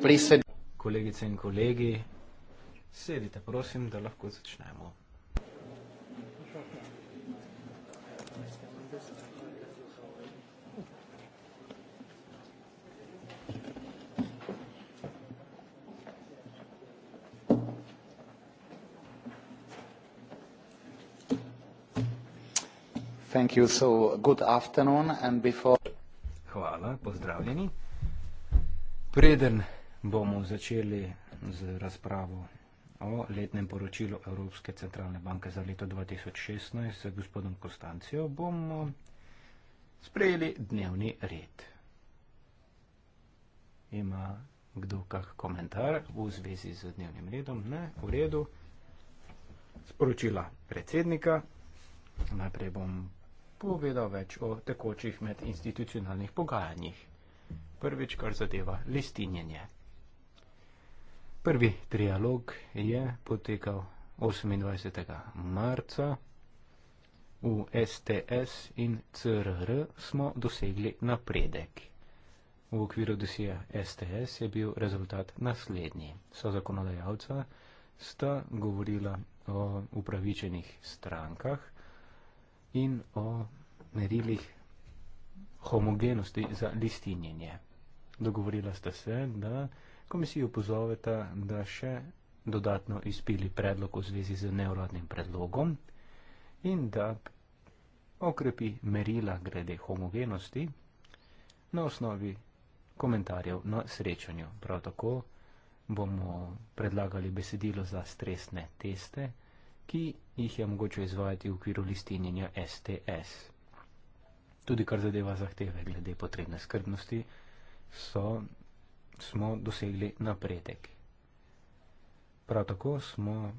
prised. Kolegice in kolegi, sedite, prosim, da lahko začnemo. Thank you, so good afternoon and before... Hvala, pozdravljeni. Preden bomo začeli z razpravo o letnem poročilu Evropske centralne banke za leto 2016 s gospodom Konstancijo, bomo sprejeli dnevni red. Ima kdo kak komentar v zvezi z dnevnim redom? Ne, v redu. Sporočila predsednika. Najprej bom povedal več o tekočih medinstitucionalnih pogajanjih. Prvič, kar zadeva listinjenje. Prvi trialog je potekal 28. marca. V STS in CRR smo dosegli napredek. V okviru dosija STS je bil rezultat naslednji. So zakonodajalca sta govorila o upravičenih strankah in o merilih homogenosti za listinjenje. Dogovorila sta se, da komisijo pozoveta, da še dodatno izpili predlog v zvezi z neuradnim predlogom in da okrepi merila glede homogenosti na osnovi komentarjev na srečanju. Prav tako bomo predlagali besedilo za stresne teste, ki jih je mogoče izvajati v okviru listinjenja STS. Tudi kar zadeva zahteve glede potrebne skrbnosti, so smo dosegli napredek. Prav tako smo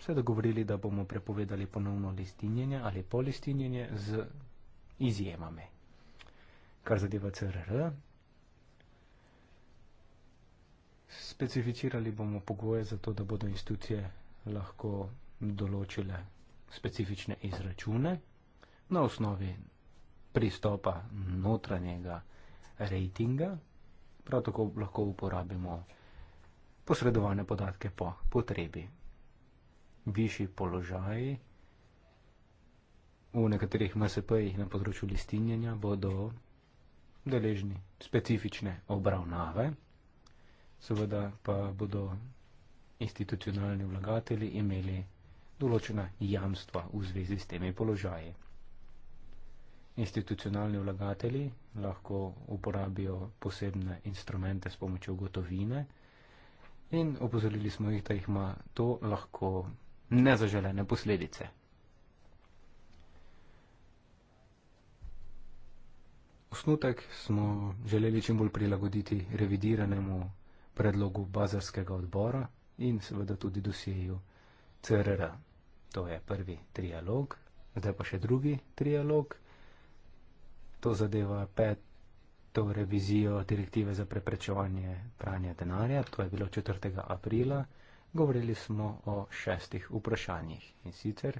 se dogovorili, da bomo prepovedali ponovno listinjenje ali polistinjenje z izjemami. Kar zadeva CRR, specificirali bomo pogoje za to, da bodo institucije lahko določile specifične izračune na osnovi pristopa notranjega izračuna rejtinga. Prav tako lahko uporabimo posredovane podatke po potrebi. Višji položaj v nekaterih MSP-jih na področju listinjenja bodo deležni specifične obravnave, seveda pa bodo institucionalni vlagatelji imeli določena jamstva v zvezi s temi položaji institucionalni vlagatelji lahko uporabijo posebne instrumente s pomočjo gotovine in opozorili smo jih, da jih ima to lahko nezaželene posledice. Osnutek smo želeli čim bolj prilagoditi revidiranemu predlogu bazarskega odbora in seveda tudi dosjeju CRR. To je prvi trialog, zdaj pa še drugi trialog. To zadeva peto revizijo direktive za preprečevanje pranja denarja, to je bilo 4. aprila. Govorili smo o šestih vprašanjih in sicer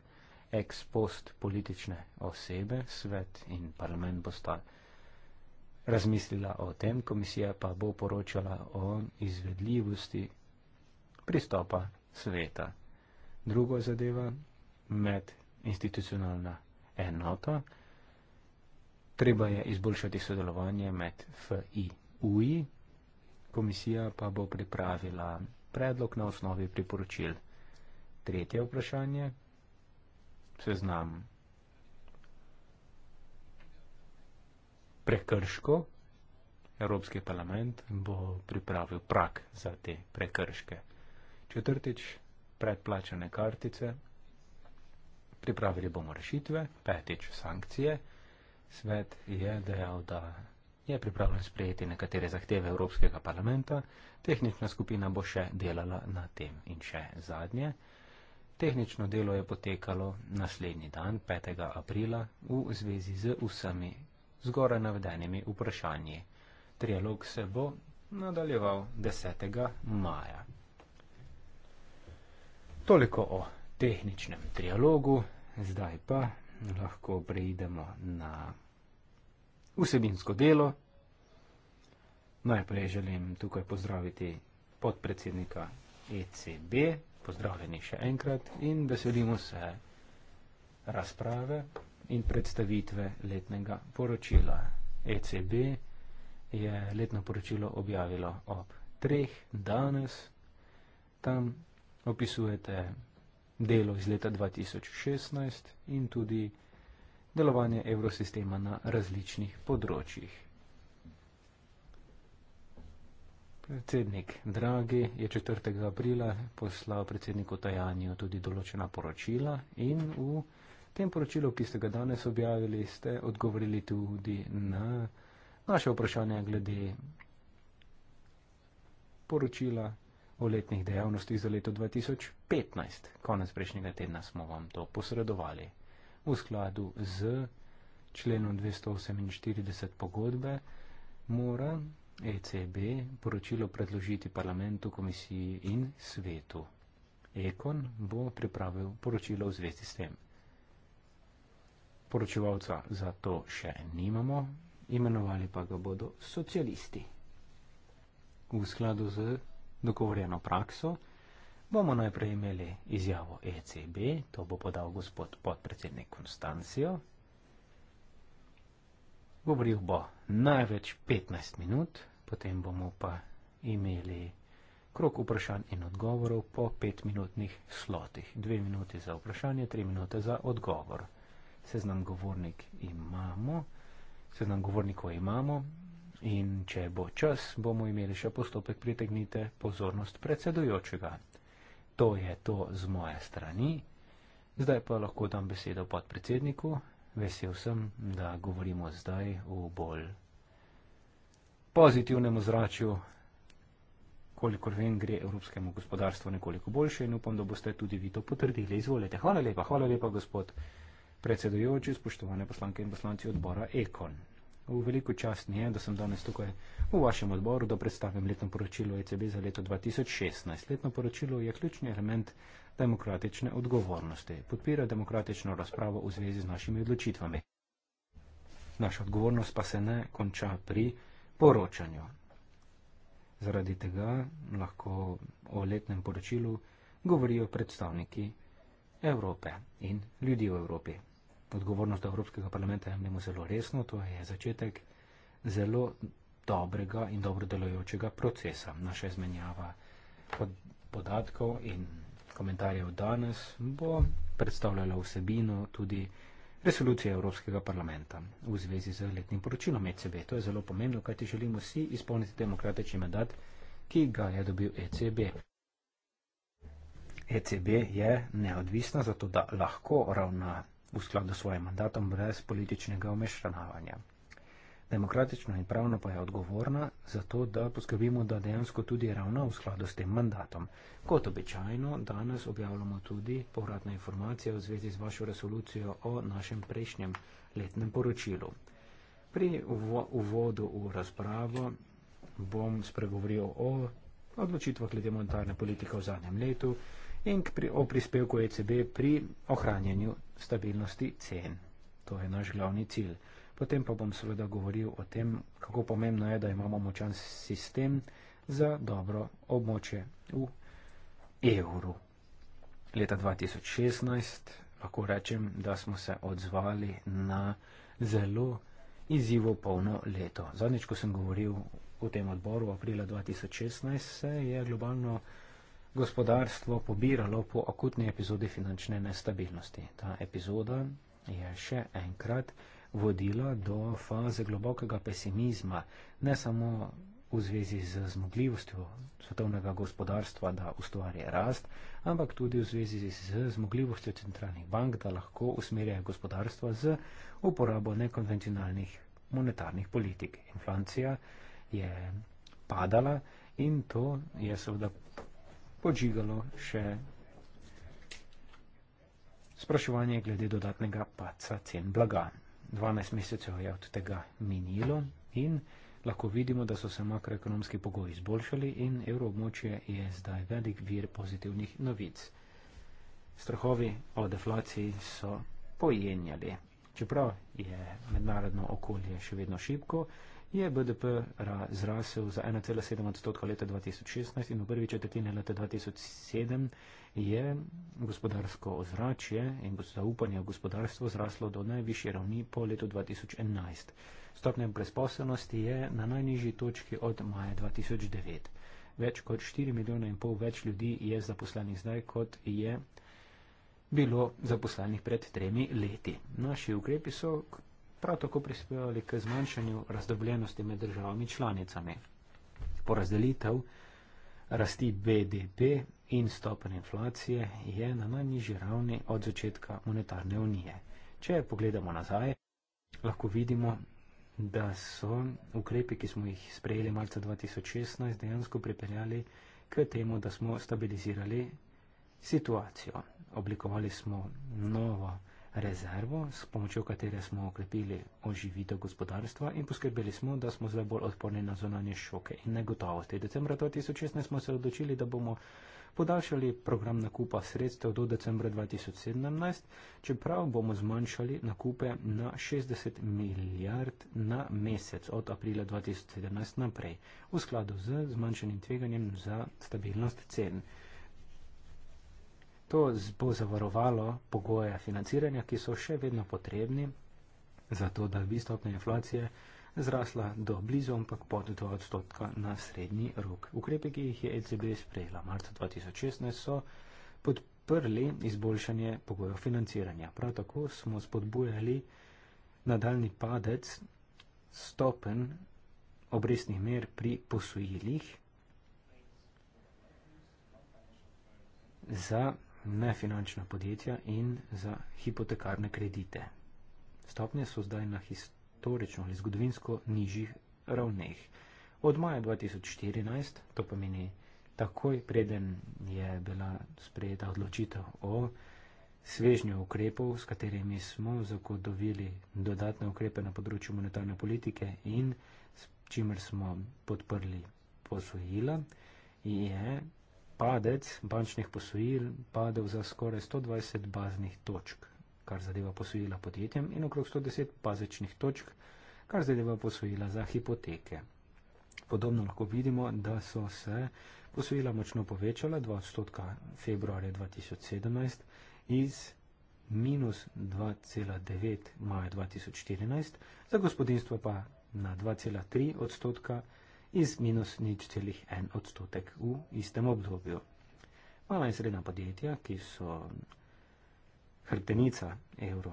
ex post politične osebe, svet in parlament bosta razmislila o tem, komisija pa bo poročala o izvedljivosti pristopa sveta. Drugo zadeva med institucionalna enota treba je izboljšati sodelovanje med FIUI, komisija pa bo pripravila predlog na osnovi priporočil. Tretje vprašanje, seznam prekrško, Evropski parlament bo pripravil prak za te prekrške. Četrtič, predplačane kartice, pripravili bomo rešitve, petič, sankcije, Svet je dejal, da je pripravljen sprejeti nekatere zahteve Evropskega parlamenta, tehnična skupina bo še delala na tem in še zadnje. Tehnično delo je potekalo naslednji dan, 5. aprila, v zvezi z vsemi zgoraj navedenimi vprašanji. Trialog se bo nadaljeval 10. maja. Toliko o tehničnem trialogu, zdaj pa lahko preidemo na vsebinsko delo. Najprej želim tukaj pozdraviti podpredsednika ECB, pozdravljeni še enkrat in veselimo se razprave in predstavitve letnega poročila. ECB je letno poročilo objavilo ob treh danes. Tam opisujete delo iz leta 2016 in tudi vsebinsko delo delovanje evrosistema na različnih področjih. Predsednik Dragi je 4. aprila poslal predsedniku Tajanju tudi določena poročila in v tem poročilu, ki ste ga danes objavili, ste odgovorili tudi na naše vprašanje glede poročila o letnih dejavnostih za leto 2015. Konec prejšnjega tedna smo vam to posredovali v skladu z členom 248 pogodbe mora ECB poročilo predložiti parlamentu, komisiji in svetu. Ekon bo pripravil poročilo v zvezi s tem. Poročevalca za to še nimamo, imenovali pa ga bodo socialisti. V skladu z dogovorjeno prakso, Bomo najprej imeli izjavo ECB, to bo podal gospod podpredsednik Konstancijo. Govoril bo največ 15 minut, potem bomo pa imeli krok vprašanj in odgovorov po 5-minutnih slotih. 2 minuti za vprašanje, 3 minute za odgovor. Seznam govornik imamo, seznam govornikov imamo in če bo čas, bomo imeli še postopek pritegnite pozornost predsedujočega to je to z moje strani. Zdaj pa lahko dam besedo podpredsedniku. Vesel sem, da govorimo zdaj v bolj pozitivnem ozračju. Kolikor vem, gre evropskemu gospodarstvu nekoliko boljše in upam, da boste tudi vi to potrdili. Izvolite. Hvala lepa, hvala lepa, gospod predsedujoči, spoštovane poslanke in poslanci odbora Ekon v veliko čast mi je, da sem danes tukaj v vašem odboru, da predstavim letno poročilo ECB za leto 2016. Letno poročilo je ključni element demokratične odgovornosti. Podpira demokratično razpravo v zvezi z našimi odločitvami. Naša odgovornost pa se ne konča pri poročanju. Zaradi tega lahko o letnem poročilu govorijo predstavniki Evrope in ljudi v Evropi odgovornost Evropskega parlamenta jemljemo zelo resno, to je začetek zelo dobrega in dobro delojočega procesa. Naša izmenjava podatkov in komentarjev danes bo predstavljala vsebino tudi resolucije Evropskega parlamenta v zvezi z letnim poročilom ECB. To je zelo pomembno, kajti želimo si izpolniti demokratični mandat, ki ga je dobil ECB. ECB je neodvisna, zato da lahko ravna v skladu s svojim mandatom brez političnega omešanja. Demokratično in pravno pa je odgovorna za to, da poskrbimo, da dejansko tudi ravna v skladu s tem mandatom. Kot običajno, danes objavljamo tudi povratne informacije v zvezi z vašo resolucijo o našem prejšnjem letnem poročilu. Pri uvodu v razpravo bom spregovoril o odločitvah glede monetarne politike v zadnjem letu in pri, o prispevku ECB pri ohranjanju stabilnosti cen. To je naš glavni cilj. Potem pa bom seveda govoril o tem, kako pomembno je, da imamo močan sistem za dobro območje v evru. Leta 2016 lahko rečem, da smo se odzvali na zelo izzivo polno leto. Zadnjič, ko sem govoril o tem odboru, aprila 2016, se je globalno gospodarstvo pobiralo po akutni epizodi finančne nestabilnosti. Ta epizoda je še enkrat vodila do faze globokega pesimizma, ne samo v zvezi z zmogljivostjo svetovnega gospodarstva, da ustvarja rast, ampak tudi v zvezi z zmogljivostjo centralnih bank, da lahko usmerja gospodarstvo z uporabo nekonvencionalnih monetarnih politik. Inflacija je padala in to je seveda podžigalo še sprašovanje glede dodatnega paca cen blaga. 12 mesecev je od tega minilo in lahko vidimo, da so se makroekonomski pogoji izboljšali in evroobmočje je zdaj velik vir pozitivnih novic. Strahovi o deflaciji so pojenjali. Čeprav je mednarodno okolje še vedno šibko, je BDP zrasel za 1,7 odstotka leta 2016 in v prvi četrtini leta 2007 je gospodarsko ozračje in zaupanje v gospodarstvo zraslo do najvišje ravni po letu 2011. Stopnja brezposelnosti je na najnižji točki od maja 2009. Več kot 4 milijona in pol več ljudi je zaposlenih zdaj, kot je bilo zaposlenih pred tremi leti. Naši ukrepi so prav tako prispevali k zmanjšanju razdobljenosti med državami članicami. Porazdelitev rasti BDP in stopen inflacije je na najnižji ravni od začetka monetarne unije. Če pogledamo nazaj, lahko vidimo, da so ukrepi, ki smo jih sprejeli marca 2016, dejansko pripeljali k temu, da smo stabilizirali situacijo. Oblikovali smo novo rezervo, s pomočjo katere smo okrepili oživitev gospodarstva in poskrbeli smo, da smo zdaj bolj odporni na zonanje šoke in negotovosti. Decembra 2016 smo se odločili, da bomo podaljšali program nakupa sredstev do decembra 2017, čeprav bomo zmanjšali nakupe na 60 milijard na mesec od aprila 2017 naprej, v skladu z zmanjšanim tveganjem za stabilnost cen. To bo zavarovalo pogoje financiranja, ki so še vedno potrebni, zato da bi stopnja inflacije zrasla do blizu, ampak pod 2 odstotka na srednji rok. Ukrepe, ki jih je ECB sprejela marca 2016, so podprli izboljšanje pogojev financiranja. Prav tako smo spodbujali nadaljni padec stopen obrestnih mer pri posojilih za nefinančna podjetja in za hipotekarne kredite. Stopnje so zdaj na historično ali zgodovinsko nižjih ravneh. Od maja 2014, to pomeni takoj preden je bila sprejeta odločitev o svežnju ukrepov, s katerimi smo zagotovili dodatne ukrepe na področju monetarne politike in s čimer smo podprli posojila, je padec bančnih posojil padel za skoraj 120 baznih točk, kar zadeva posojila podjetjem, in okrog 110 bazičnih točk, kar zadeva posojila za hipoteke. Podobno lahko vidimo, da so se posojila močno povečala 2 odstotka februarja 2017 iz minus 2,9 maja 2014, za gospodinstvo pa na 2,3 odstotka februarja iz minus nič celih en odstotek v istem obdobju. Mala in sredna podjetja, ki so hrtenica evro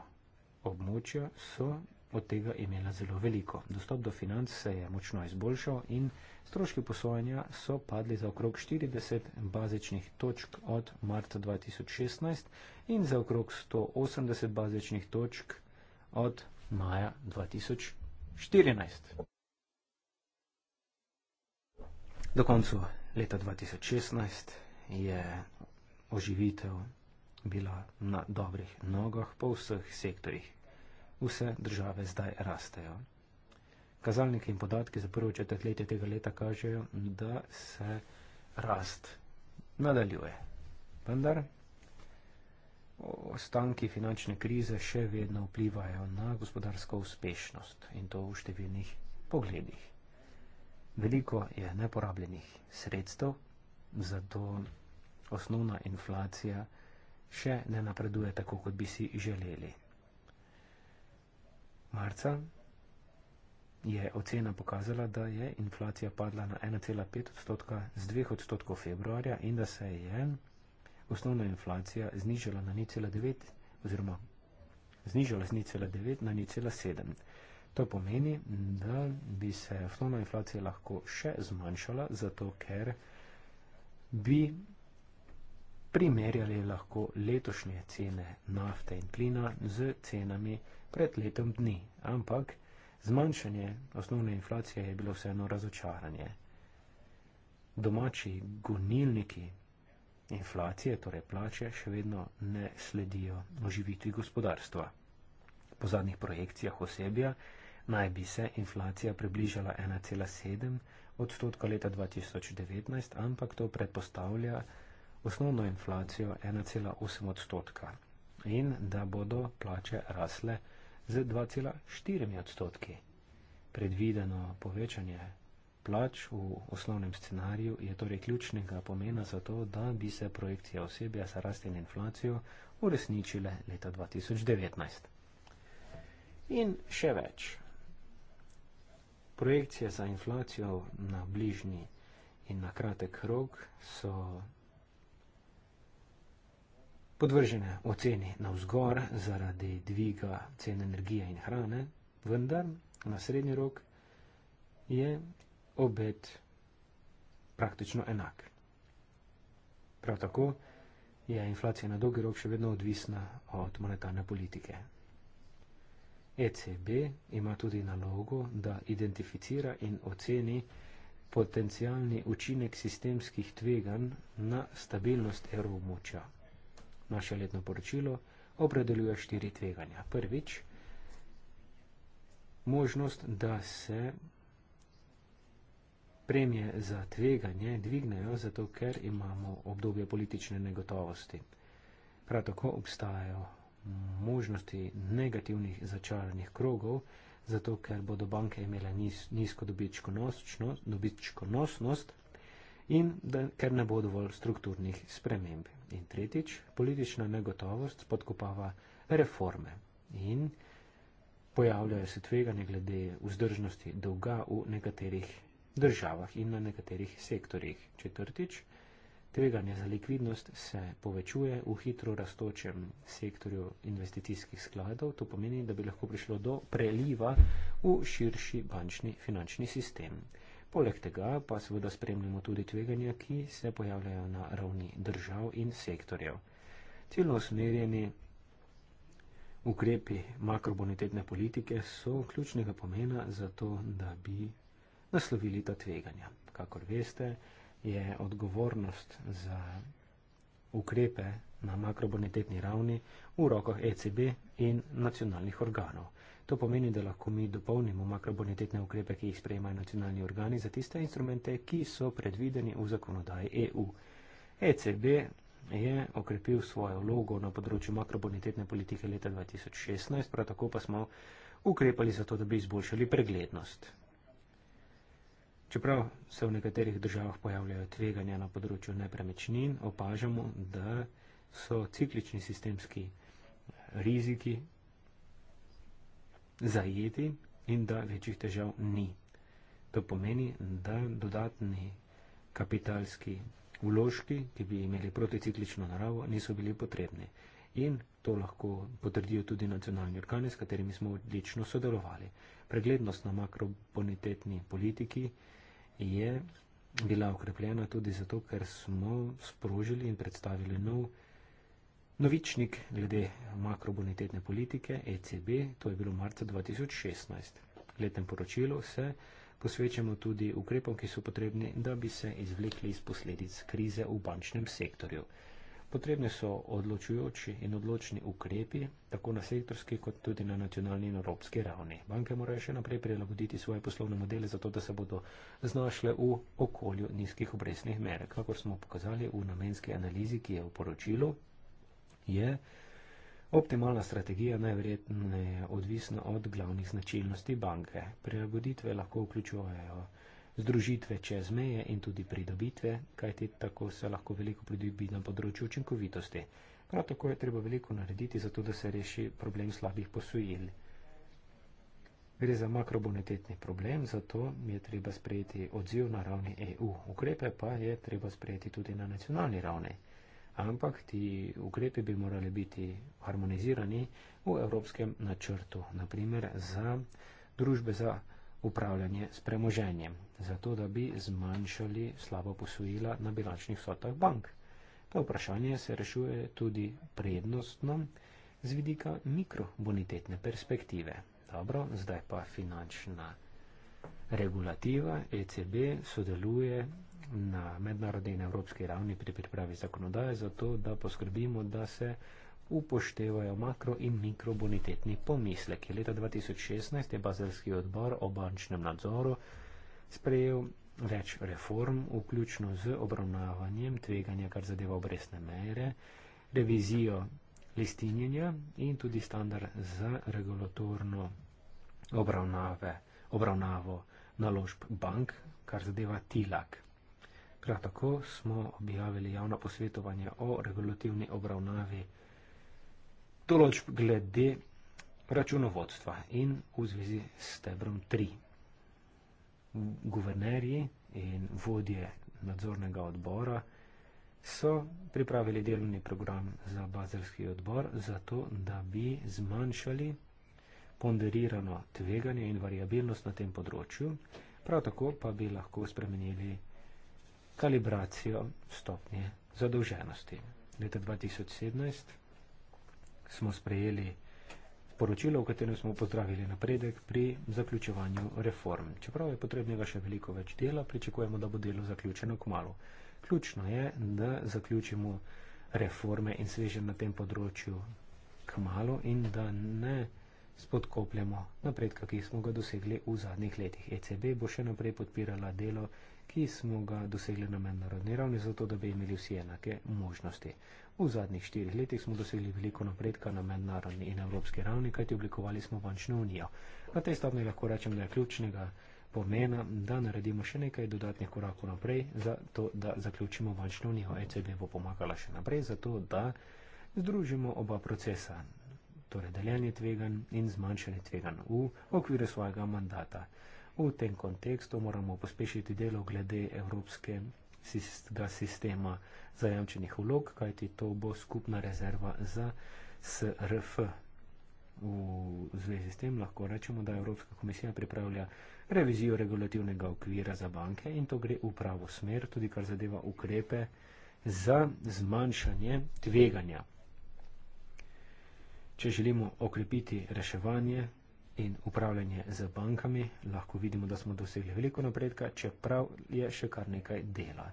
območja, so od tega imela zelo veliko. Dostop do financ se je močno izboljšal in stroški posojanja so padli za okrog 40 bazičnih točk od marca 2016 in za okrog 180 bazičnih točk od maja 2014. Do koncu leta 2016 je oživitev bila na dobrih nogah po vseh sektorjih. Vse države zdaj rastejo. Kazalniki in podatki za prvo četrtletje tega leta kažejo, da se rast nadaljuje. Vendar ostanki finančne krize še vedno vplivajo na gospodarsko uspešnost in to v številnih pogledih veliko je neporabljenih sredstev, zato osnovna inflacija še ne napreduje tako, kot bi si želeli. Marca je ocena pokazala, da je inflacija padla na 1,5 odstotka z 2 odstotkov februarja in da se je osnovna inflacija znižala na 0,9 oziroma znižala z 0,9 na 0,7. To pomeni, da bi se osnovna inflacija lahko še zmanjšala, zato ker bi primerjali lahko letošnje cene nafte in plina z cenami pred letom dni. Ampak zmanjšanje osnovne inflacije je bilo vseeno razočaranje. Domači gonilniki inflacije, torej plače, še vedno ne sledijo oživitvi gospodarstva. Po zadnjih projekcijah osebja, naj bi se inflacija približala 1,7 odstotka leta 2019, ampak to predpostavlja osnovno inflacijo 1,8 odstotka in da bodo plače rasle z 2,4 odstotki. Predvideno povečanje plač v osnovnem scenariju je torej ključnega pomena za to, da bi se projekcija osebja za rast in inflacijo uresničile leta 2019. In še več. Projekcije za inflacijo na bližnji in na kratek rok so podvržene oceni na vzgor zaradi dviga cen energije in hrane, vendar na srednji rok je obet praktično enak. Prav tako je inflacija na dolgi rok še vedno odvisna od monetarne politike ECB ima tudi nalogo, da identificira in oceni potencijalni učinek sistemskih tveganj na stabilnost evroobmočja. Naše letno poročilo opredeljuje štiri tveganja. Prvič, možnost, da se premije za tveganje dvignejo, zato ker imamo obdobje politične negotovosti. Prav tako obstajajo možnosti negativnih začaranih krogov, zato ker bodo banke imele niz, nizko dobičko nosnost in da, ker ne bo dovolj strukturnih sprememb. In tretjič, politična negotovost podkopava reforme in pojavljajo se tveganje glede vzdržnosti dolga v nekaterih državah in na nekaterih sektorjih. Četrtič, Tveganje za likvidnost se povečuje v hitro rastočem sektorju investicijskih skladov, to pomeni, da bi lahko prišlo do preliva v širši bančni finančni sistem. Poleg tega pa seveda spremljamo tudi tveganja, ki se pojavljajo na ravni držav in sektorjev. Ciljno usmerjeni ukrepi makrobonitetne politike so ključnega pomena za to, da bi naslovili ta tveganja. Kakor veste, je odgovornost za ukrepe na makrobonitetni ravni v rokah ECB in nacionalnih organov. To pomeni, da lahko mi dopolnimo makrobonitetne ukrepe, ki jih sprejemajo nacionalni organi za tiste instrumente, ki so predvideni v zakonodaji EU. ECB je okrepil svojo vlogo na področju makrobonitetne politike leta 2016, prav tako pa smo ukrepali za to, da bi izboljšali preglednost. Čeprav se v nekaterih državah pojavljajo tveganja na področju nepremičnin, opažamo, da so ciklični sistemski riziki zajeti in da večjih težav ni. To pomeni, da dodatni kapitalski vložki, ki bi imeli proticiklično naravo, niso bili potrebni. In to lahko potrdijo tudi nacionalni organi, s katerimi smo odlično sodelovali. Preglednost na makrobonitetni politiki je bila okrepljena tudi zato, ker smo sprožili in predstavili nov novičnik glede makrobonitetne politike ECB, to je bilo marca 2016. V letnem poročilu se posvečamo tudi ukrepom, ki so potrebni, da bi se izvlekli iz posledic krize v bančnem sektorju. Potrebni so odločujoči in odločni ukrepi, tako na sektorski kot tudi na nacionalni in evropski ravni. Banke morajo še naprej prilagoditi svoje poslovne modele, zato da se bodo znašle v okolju nizkih obresnih mer. Kakor smo pokazali v namenski analizi, ki je v poročilu, je optimalna strategija najverjetneje odvisna od glavnih značilnosti banke. Prilagoditve lahko vključujejo združitve čez meje in tudi pridobitve, kajti tako se lahko veliko pridobi na področju učinkovitosti. Prav tako je treba veliko narediti, zato da se reši problem slabih posojil. Gre za makrobonitetni problem, zato je treba sprejeti odziv na ravni EU. Ukrepe pa je treba sprejeti tudi na nacionalni ravni. Ampak ti ukrepi bi morali biti harmonizirani v evropskem načrtu, naprimer za družbe za upravljanje s premoženjem, zato da bi zmanjšali slabo posojila na bilančnih sotah bank. To vprašanje se rešuje tudi prednostno z vidika mikrobonitetne perspektive. Dobro, zdaj pa finančna regulativa ECB sodeluje na mednarodni in evropski ravni pri pripravi zakonodaje, zato da poskrbimo, da se upoštevajo makro in mikrobonitetni pomisleki. Leta 2016 je bazelski odbor o bančnem nadzoru sprejel več reform, vključno z obravnavanjem tveganja, kar zadeva obresne mere, revizijo listinjenja in tudi standard za regulatorno obravnave, obravnavo naložb bank, kar zadeva TILAK. Prav tako smo objavili javno posvetovanje o regulativni obravnavi določb glede računovodstva in v zvezi s stebrom 3. Guvernerji in vodje nadzornega odbora so pripravili delovni program za bazarski odbor, zato da bi zmanjšali ponderirano tveganje in variabilnost na tem področju, prav tako pa bi lahko spremenili kalibracijo stopnje zadolženosti. Leta 2017 smo sprejeli poročilo, v katerem smo pozdravili napredek pri zaključevanju reform. Čeprav je potrebnega še veliko več dela, pričakujemo, da bo delo zaključeno k malu. Ključno je, da zaključimo reforme in sveže na tem področju k malu in da ne spodkopljamo napredka, ki smo ga dosegli v zadnjih letih. ECB bo še naprej podpirala delo, ki smo ga dosegli na mednarodni ravni, zato da bi imeli vsi enake možnosti. V zadnjih štirih letih smo dosegli veliko napredka na mednarodni in evropski ravni, kajti oblikovali smo bančno unijo. Na tej stopni lahko rečem, da je ključnega pomena, da naredimo še nekaj dodatnih korakov naprej, zato da zaključimo bančno unijo. ECB bo pomagala še naprej, zato da združimo oba procesa, torej deljenje tvegan in zmanjšanje tvegan v okviru svojega mandata. V tem kontekstu moramo pospešiti delo glede Evropske sistema zajamčenih vlog, kajti to bo skupna rezerva za SRF. V zvezi s tem lahko rečemo, da Evropska komisija pripravlja revizijo regulativnega okvira za banke in to gre v pravo smer, tudi kar zadeva ukrepe za zmanjšanje tveganja. Če želimo okrepiti reševanje in upravljanje z bankami, lahko vidimo, da smo dosegli veliko napredka, čeprav je še kar nekaj dela.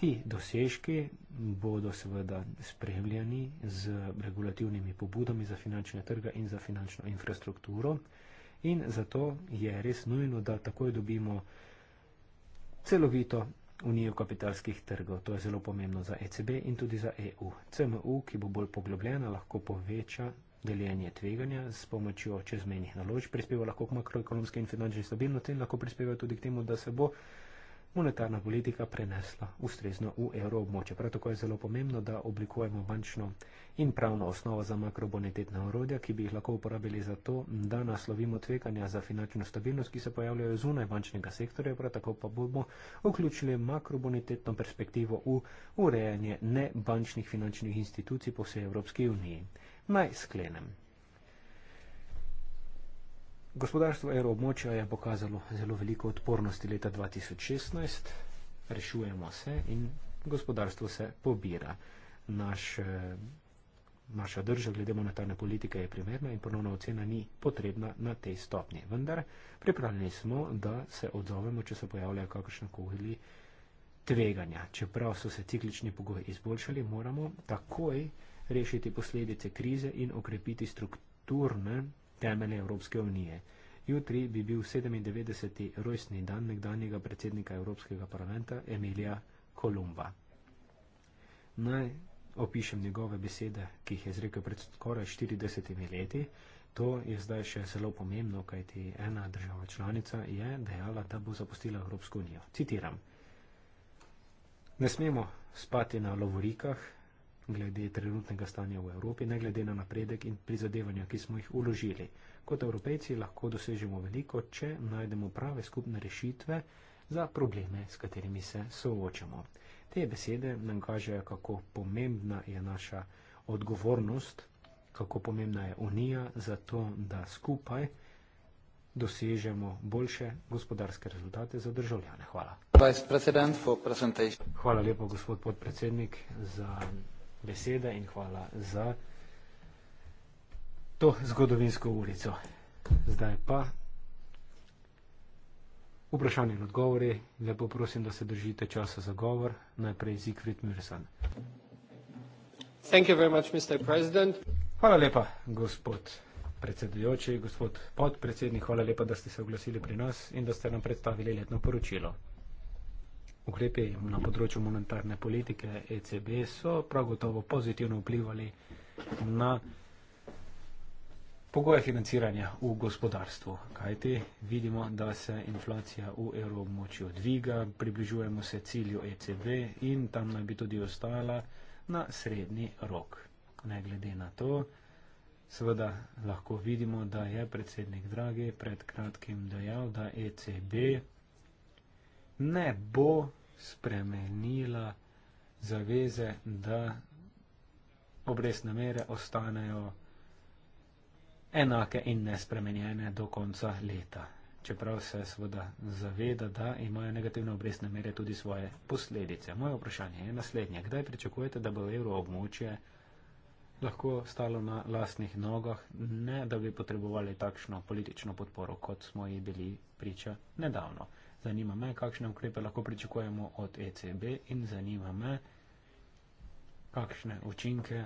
Ti dosežki bodo seveda spremljani z regulativnimi pobudami za finančne trge in za finančno infrastrukturo in zato je res nujno, da takoj dobimo celovito unijo kapitalskih trgov. To je zelo pomembno za ECB in tudi za EU. CMU, ki bo bolj poglobljena, lahko poveča deljenje tveganja s pomočjo čezmejnih naložb prispeva lahko k makroekonomske in finančne stabilnosti in lahko prispeva tudi k temu, da se bo monetarna politika prenesla ustrezno v evroobmoče. Prav tako je zelo pomembno, da oblikujemo bančno in pravno osnovo za makrobonitetna orodja, ki bi jih lahko uporabili za to, da naslovimo tveganja za finančno stabilnost, ki se pojavljajo zunaj bančnega sektorja, prav tako pa bomo vključili makrobonitetno perspektivo v urejanje nebančnih finančnih institucij po vsej Evropski uniji. Naj sklenem. Gospodarstvo evroobmočja je pokazalo zelo veliko odpornosti leta 2016, rešujemo se in gospodarstvo se pobira. Naš, eh, naša država, glede monetarne politike, je primerna in ponovna ocena ni potrebna na tej stopnji. Vendar pripravljeni smo, da se odzovemo, če se pojavljajo kakršne koli tveganja. Čeprav so se ciklični pogoji izboljšali, moramo takoj rešiti posledice krize in okrepiti strukturne temelje Evropske unije. Jutri bi bil 97. rojstni dan nekdanjega predsednika Evropskega parlamenta Emilija Kolumba. Naj opišem njegove besede, ki jih je izrekel pred skoraj 40 leti. To je zdaj še zelo pomembno, kajti ena država članica je dejala, da bo zapustila Evropsko unijo. Citiram. Ne smemo spati na lovorikah, glede trenutnega stanja v Evropi, ne glede na napredek in prizadevanja, ki smo jih uložili. Kot evropejci lahko dosežemo veliko, če najdemo prave skupne rešitve za probleme, s katerimi se soočamo. Te besede nam kažejo, kako pomembna je naša odgovornost, kako pomembna je Unija za to, da skupaj dosežemo boljše gospodarske rezultate za državljane. Hvala. Hvala lepo, gospod podpredsednik, za besede in hvala za to zgodovinsko ulico. Zdaj pa vprašanje in odgovori. Lepo prosim, da se držite časa za govor. Najprej Zikrit Mirsan. Thank you very much, Mr. President. Hvala lepa, gospod predsedujoči, gospod podpredsednik. Hvala lepa, da ste se oglasili pri nas in da ste nam predstavili letno poročilo ukrepi na področju monetarne politike ECB so prav gotovo pozitivno vplivali na pogoje financiranja v gospodarstvu. Kajti vidimo, da se inflacija v evroobmočju dviga, približujemo se cilju ECB in tam naj bi tudi ostala na srednji rok. Ne glede na to, seveda lahko vidimo, da je predsednik Dragi pred kratkim dejal, da ECB ne bo spremenila zaveze, da obrestne mere ostanejo enake in nespremenjene do konca leta. Čeprav se seveda zaveda, da imajo negativne obrestne mere tudi svoje posledice. Moje vprašanje je naslednje. Kdaj pričakujete, da bo evro območje lahko stalo na lastnih nogah, ne da bi potrebovali takšno politično podporo, kot smo ji bili priča nedavno? Zanima me, kakšne ukrepe lahko pričakujemo od ECB in zanima me, kakšne učinke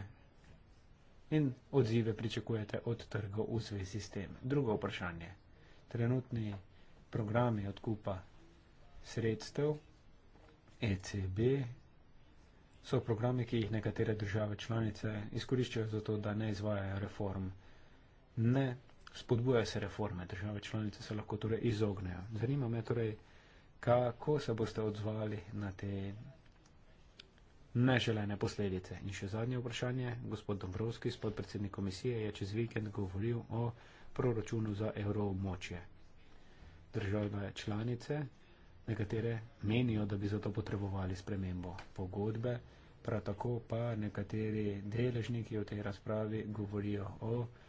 in odzive pričakujete od trga v zvezi s tem. Drugo vprašanje. Trenutni programi odkupa sredstev ECB so programi, ki jih nekatere države članice izkoriščajo za to, da ne izvajajo reform. Ne spodbujajo se reforme, države članice se lahko torej izognejo. Zanima me torej, kako se boste odzvali na te neželene posledice. In še zadnje vprašanje, gospod Dombrovski, spodpredsednik komisije, je čez vikend govoril o proračunu za evroobmočje. Države članice, nekatere menijo, da bi zato potrebovali spremembo pogodbe, prav tako pa nekateri deležniki v tej razpravi govorijo o proračunu,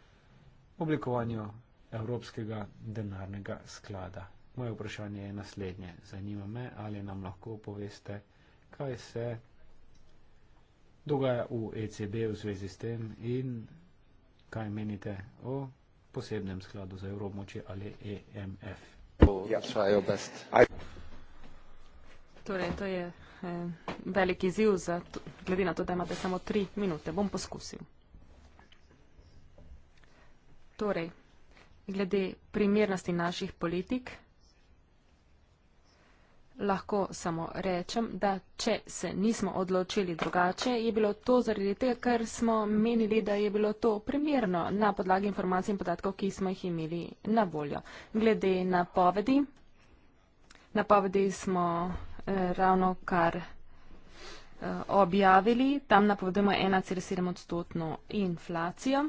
oblikovanju Evropskega denarnega sklada. Moje vprašanje je naslednje. Zanima me, ali nam lahko poveste, kaj se dogaja v ECB v zvezi s tem in kaj menite o posebnem skladu za Evropmoče ali EMF. Ja, torej, to je eh, velik izziv, glede na to, da imate samo tri minute. Bom poskusil. Torej, glede primernosti naših politik, lahko samo rečem, da če se nismo odločili drugače, je bilo to zaradi tega, ker smo menili, da je bilo to primerno na podlagi informacij in podatkov, ki smo jih imeli na voljo. Glede napovedi, napovedi smo eh, ravno kar eh, objavili, tam napovedujemo 1,7 odstotno inflacijo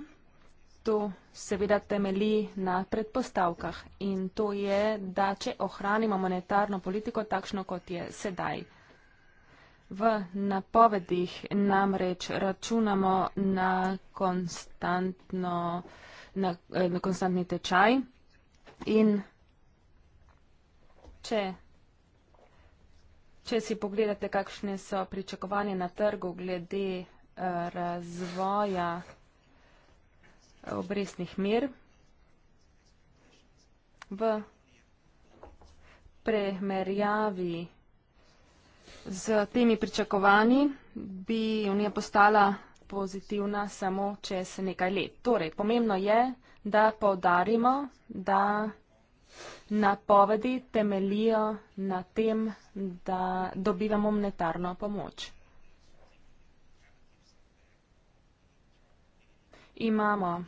projektu seveda temeli na predpostavkah in to je, da če ohranimo monetarno politiko takšno, kot je sedaj. V napovedih namreč računamo na, konstantno, na, eh, na konstantni tečaj in če, če si pogledate, kakšne so pričakovanje na trgu glede eh, razvoja obrestnih mer v premerjavi z temi pričakovanji bi unija postala pozitivna samo čez nekaj let. Torej, pomembno je, da povdarimo, da napovedi temelijo na tem, da dobivamo monetarno pomoč. Imamo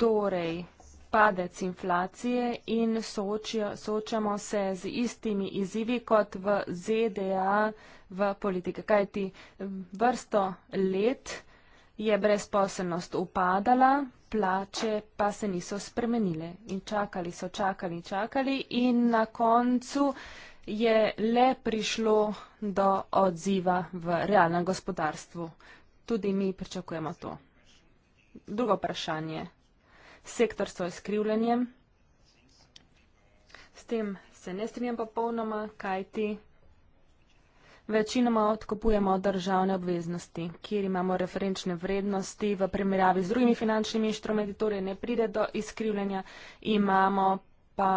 torej padec inflacije in soočijo, soočamo se z istimi izzivi kot v ZDA v politike. Kaj ti vrsto let je brezposelnost upadala, plače pa se niso spremenile in čakali so, čakali, čakali in na koncu je le prišlo do odziva v realnem gospodarstvu. Tudi mi pričakujemo to. Drugo vprašanje sektorstvo je skrivljanje. S tem se ne strinjam popolnoma, kaj ti. Večinoma odkupujemo državne obveznosti, kjer imamo referenčne vrednosti v primerjavi z drugimi finančnimi inštrumenti, torej ne pride do izkrivljanja. Imamo pa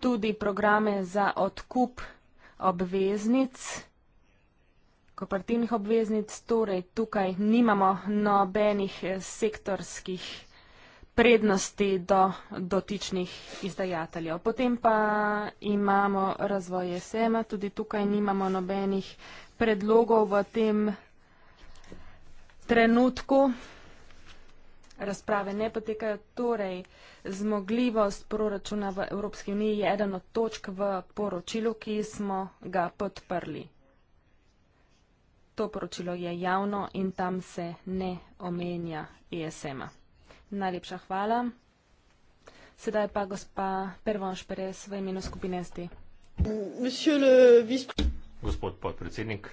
tudi programe za odkup obveznic, kooperativnih obveznic, torej tukaj nimamo nobenih sektorskih prednosti do dotičnih izdajateljev. Potem pa imamo razvoj SM-a, tudi tukaj nimamo nobenih predlogov v tem trenutku. Razprave ne potekajo, torej zmogljivost proračuna v Evropski uniji je eden od točk v poročilu, ki smo ga podprli. To poročilo je javno in tam se ne omenja ESM-a. Najlepša hvala. Sedaj pa gospa Pervonš Perez v imenu skupine ST. Gospod podpredsednik.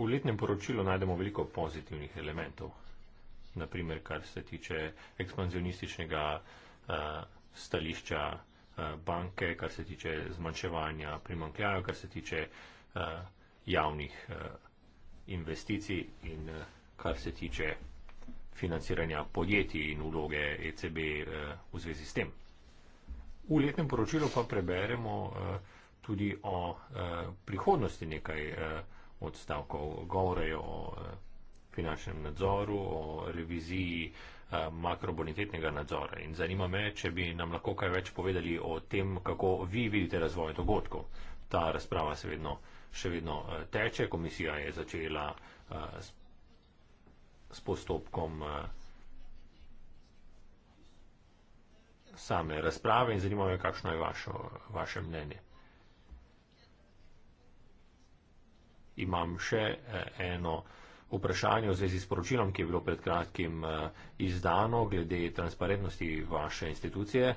V letnem poročilu najdemo veliko pozitivnih elementov, naprimer kar se tiče ekspanzionističnega uh, stališča uh, banke, kar se tiče zmanjševanja primankljajo, kar se tiče uh, javnih eh, investicij in eh, kar se tiče financiranja podjetij in vloge ECB eh, v zvezi s tem. V letnem poročilu pa preberemo tudi o prihodnosti nekaj odstavkov. Govore je o finančnem nadzoru, o reviziji makrobonitetnega nadzora. In zanima me, če bi nam lahko kaj več povedali o tem, kako vi vidite razvoj dogodkov. Ta razprava se vedno vsega še vedno eh, teče. Komisija je začela eh, s postopkom eh, same razprave in zanimajo, kakšno je vaše mnenje. Imam še eno vprašanje v zvezi s poročilom, ki je bilo pred kratkim izdano glede transparentnosti vaše institucije.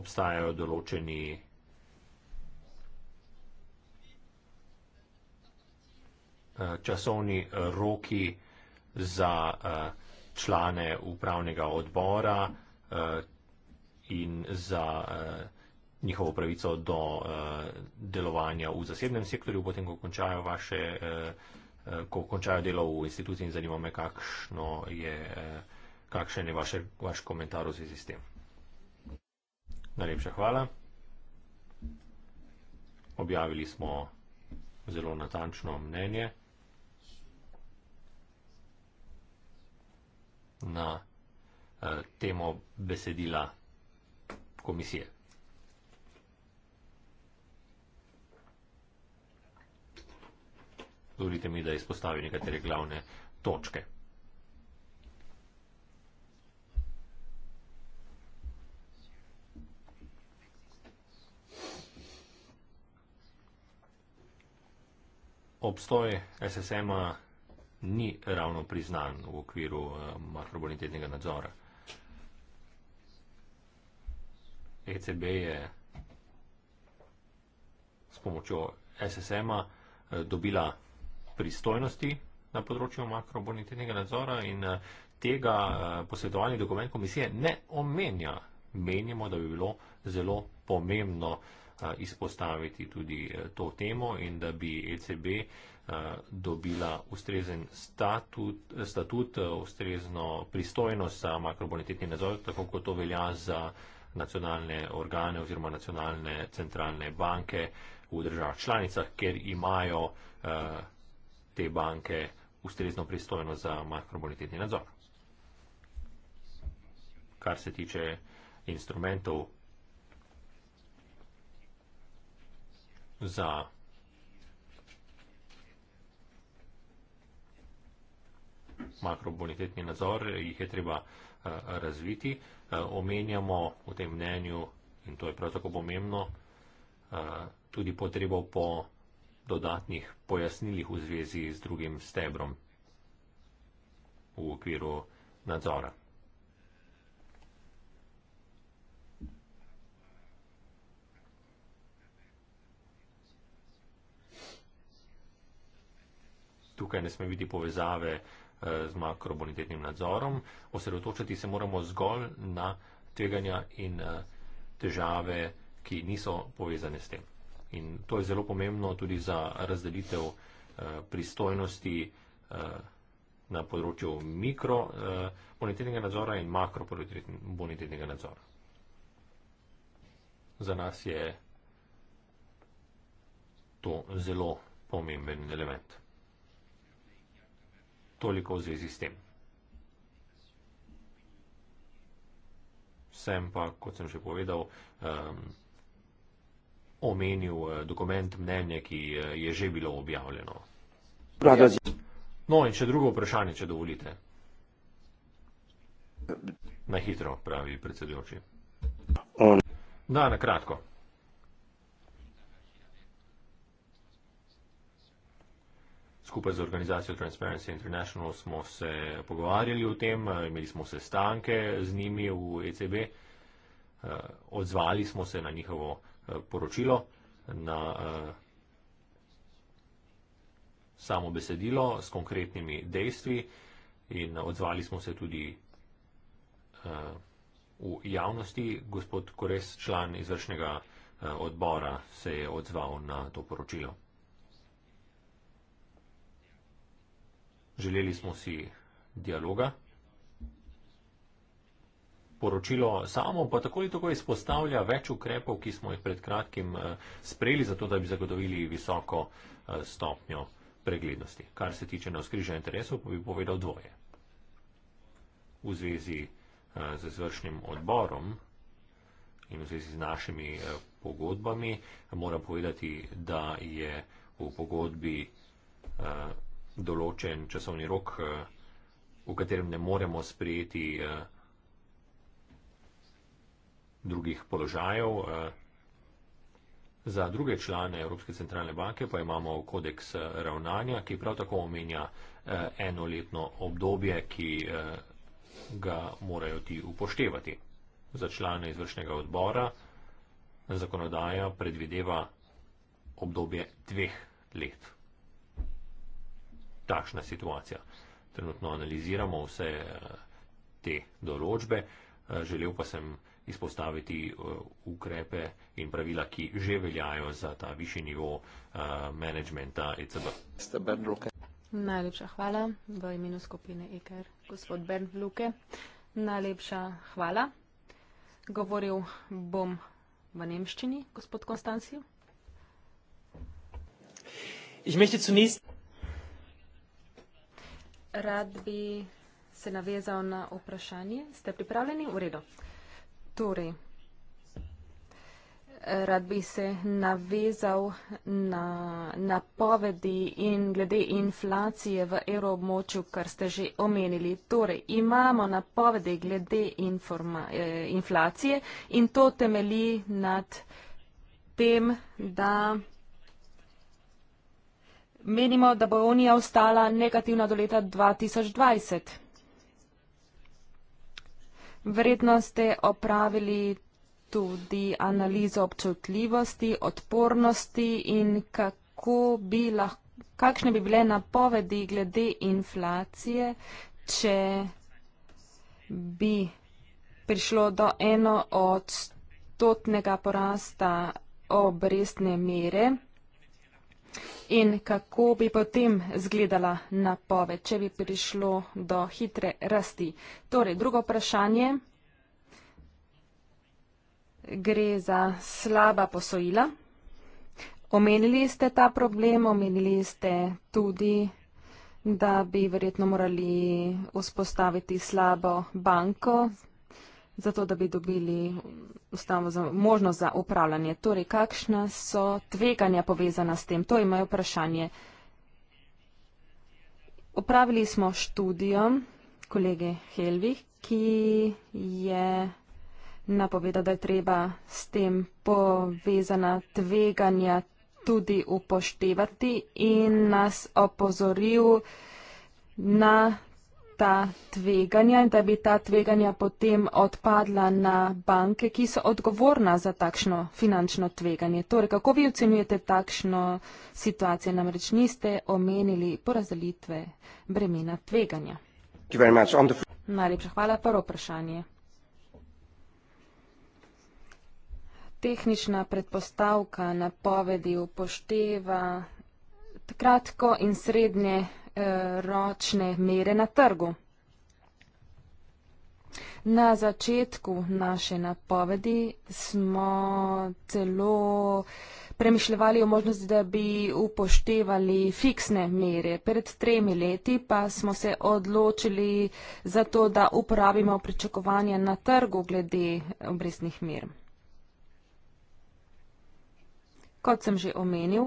Obstajajo določeni Eh, časovni roki za eh, člane upravnega odbora eh, in za njihovo pravico do delovanja v zasebnem sektorju, potem ko končajo, vaše, ko končajo delo v instituciji in zanima me, je, kakšen je vaše, vaš komentar v zvezi s tem. Najlepša hvala. Objavili smo zelo natančno mnenje. na uh, temo besedila komisije. Dovolite mi, da izpostavim nekatere glavne točke. Obstoj SSM-a ni ravno priznan v okviru eh, makrobonitetnega nadzora. ECB je s pomočjo SSM-a eh, dobila pristojnosti na področju makrobonitetnega nadzora in eh, tega posvetovalni dokument komisije ne omenja. Menimo, da bi bilo zelo pomembno uh, izpostaviti tudi e, to temo in da bi ECB e, dobila ustrezen statut, statut e, ustrezno pristojnost za makrobonitetni nadzor, tako kot to velja za nacionalne organe oziroma nacionalne centralne banke v državah članicah, ker imajo te banke ustrezno pristojnost za makrobonitetni nadzor. Kar se tiče instrumentov za makrobonitetni nadzor, jih je treba eh, razviti. Eh, omenjamo v tem mnenju, in to je prav tako pomembno, eh, tudi potrebo po dodatnih pojasnilih v zvezi z drugim stebrom v okviru nadzora. tukaj ne sme biti povezave eh, z makrobonitetnim nadzorom. Osredotočiti se moramo zgolj na tveganja in eh, težave, ki niso povezane s tem. In to je zelo pomembno tudi za razdelitev eh, pristojnosti na področju mikrobonitetnega nadzora in makrobonitetnega nadzora. Za nas je to zelo pomemben element toliko v zvezi s tem. Sem pa, kot sem že povedal, um, omenil eh, dokument mnenje, ki eh, je že bilo objavljeno. No in še drugo vprašanje, če dovolite. Na hitro, pravi predsedujoči. Da, na kratko. skupaj z organizacijo Transparency International smo se pogovarjali o tem, imeli smo sestanke z njimi v ECB, eh, odzvali smo se na njihovo eh, poročilo, na eh, samo besedilo s konkretnimi dejstvi in odzvali smo se tudi v javnosti. Gospod Kores, član izvršnega odbora, se je odzval na to poročilo. Želeli smo si dialoga. Poročilo samo pa tako ali tako izpostavlja več ukrepov, ki smo jih pred kratkim eh, sprejeli, zato da bi zagotovili visoko eh, stopnjo preglednosti. Kar se tiče navskrižja interesov, pa bi povedal dvoje. V zvezi eh, z izvršnim odborom in v zvezi z našimi pogodbami moram povedati, da je v pogodbi določen časovni rok, eh, v katerem ne moremo sprejeti eh, drugih položajev. Eh, za druge člane Evropske centralne banke pa imamo kodeks ravnanja, ki prav tako omenja enoletno obdobje, ki ga morajo ti upoštevati. Za člane izvršnega odbora zakonodaja predvideva obdobje dveh let takšna situacija. Trenutno analiziramo vse eh, te določbe, eh, želel pa sem izpostaviti eh, ukrepe in pravila, ki že veljajo za ta višji nivo menedžmenta ECB. Najlepša hvala v imenu skupine EKR, gospod Bernd Luke. Najlepša hvala. Govoril bom v nemščini, gospod Konstancij. Ich möchte zunächst rad bi se navezal na vprašanje. Ste pripravljeni? V redu. Torej, rad bi se navezal na napovedi in glede inflacije v evroobmočju, kar ste že omenili. Torej, imamo napovedi glede informa, eh, inflacije in to temeli nad tem, da menimo, da bo unija ostala negativna do leta 2020. Verjetno ste opravili tudi analizo občutljivosti, odpornosti in kako bi lahko. Kakšne bi bile napovedi glede inflacije, če bi prišlo do eno odstotnega porasta obrestne mere? In kako bi potem zgledala napove, če bi prišlo do hitre rasti? Torej, drugo vprašanje gre za slaba posojila. Omenili ste ta problem, omenili ste tudi, da bi verjetno morali vzpostaviti slabo banko, zato da bi dobili za, možnost za upravljanje. Torej, kakšna so tveganja povezana s tem? To je moje vprašanje. Opravili smo študijo kolege Helvih, ki je napovedal, da je treba s tem povezana tveganja tudi upoštevati in nas opozoril na ta tveganja in da bi ta tveganja potem odpadla na banke, ki so odgovorna za takšno finančno tveganje. Torej, kako vi ocenjujete takšno situacijo? Namreč niste omenili porazdelitve bremena tveganja. Najlepša hvala. Prvo vprašanje. Tehnična predpostavka napovedi upošteva kratko in srednje Eh, ročne mere na trgu. Na začetku naše napovedi smo celo premišljevali o možnosti, da bi upoštevali fiksne mere. Pred tremi leti pa smo se odločili za to, da uporabimo pričakovanje na trgu glede obrestnih mer. Kot sem že omenil,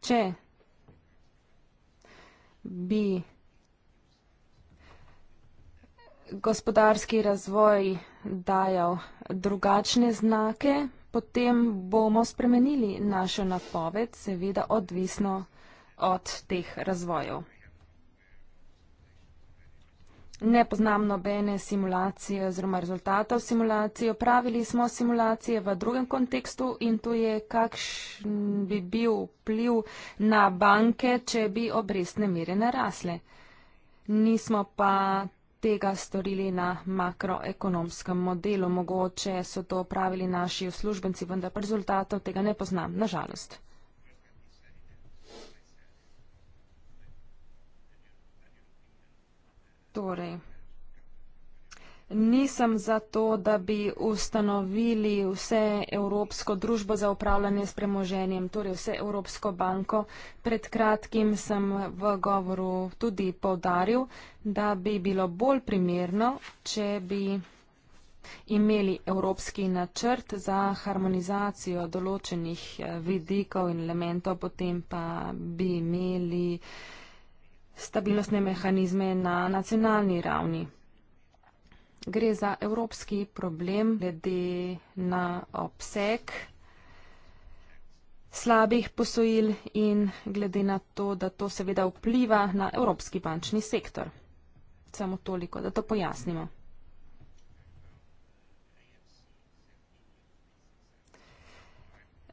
če bi gospodarski razvoj dajal drugačne znake, potem bomo spremenili našo napoved, seveda odvisno od teh razvojev. Ne poznam nobene simulacije oziroma rezultatov simulacije. Opravili smo simulacije v drugem kontekstu in to je, kakšen bi bil pliv na banke, če bi obrestne mere narasle. Nismo pa tega storili na makroekonomskem modelu. Mogoče so to opravili naši uslužbenci, vendar rezultatov tega ne poznam, nažalost. Torej, nisem za to, da bi ustanovili vse Evropsko družbo za upravljanje s premoženjem, torej vse Evropsko banko. Pred kratkim sem v govoru tudi povdaril, da bi bilo bolj primerno, če bi imeli evropski načrt za harmonizacijo določenih eh, vidikov in elementov, potem pa bi imeli. Uh, stabilnostne mehanizme na nacionalni ravni. Gre za evropski problem glede na obseg slabih posojil in glede na to, da to seveda vpliva na evropski bančni sektor. Samo toliko, da to pojasnimo.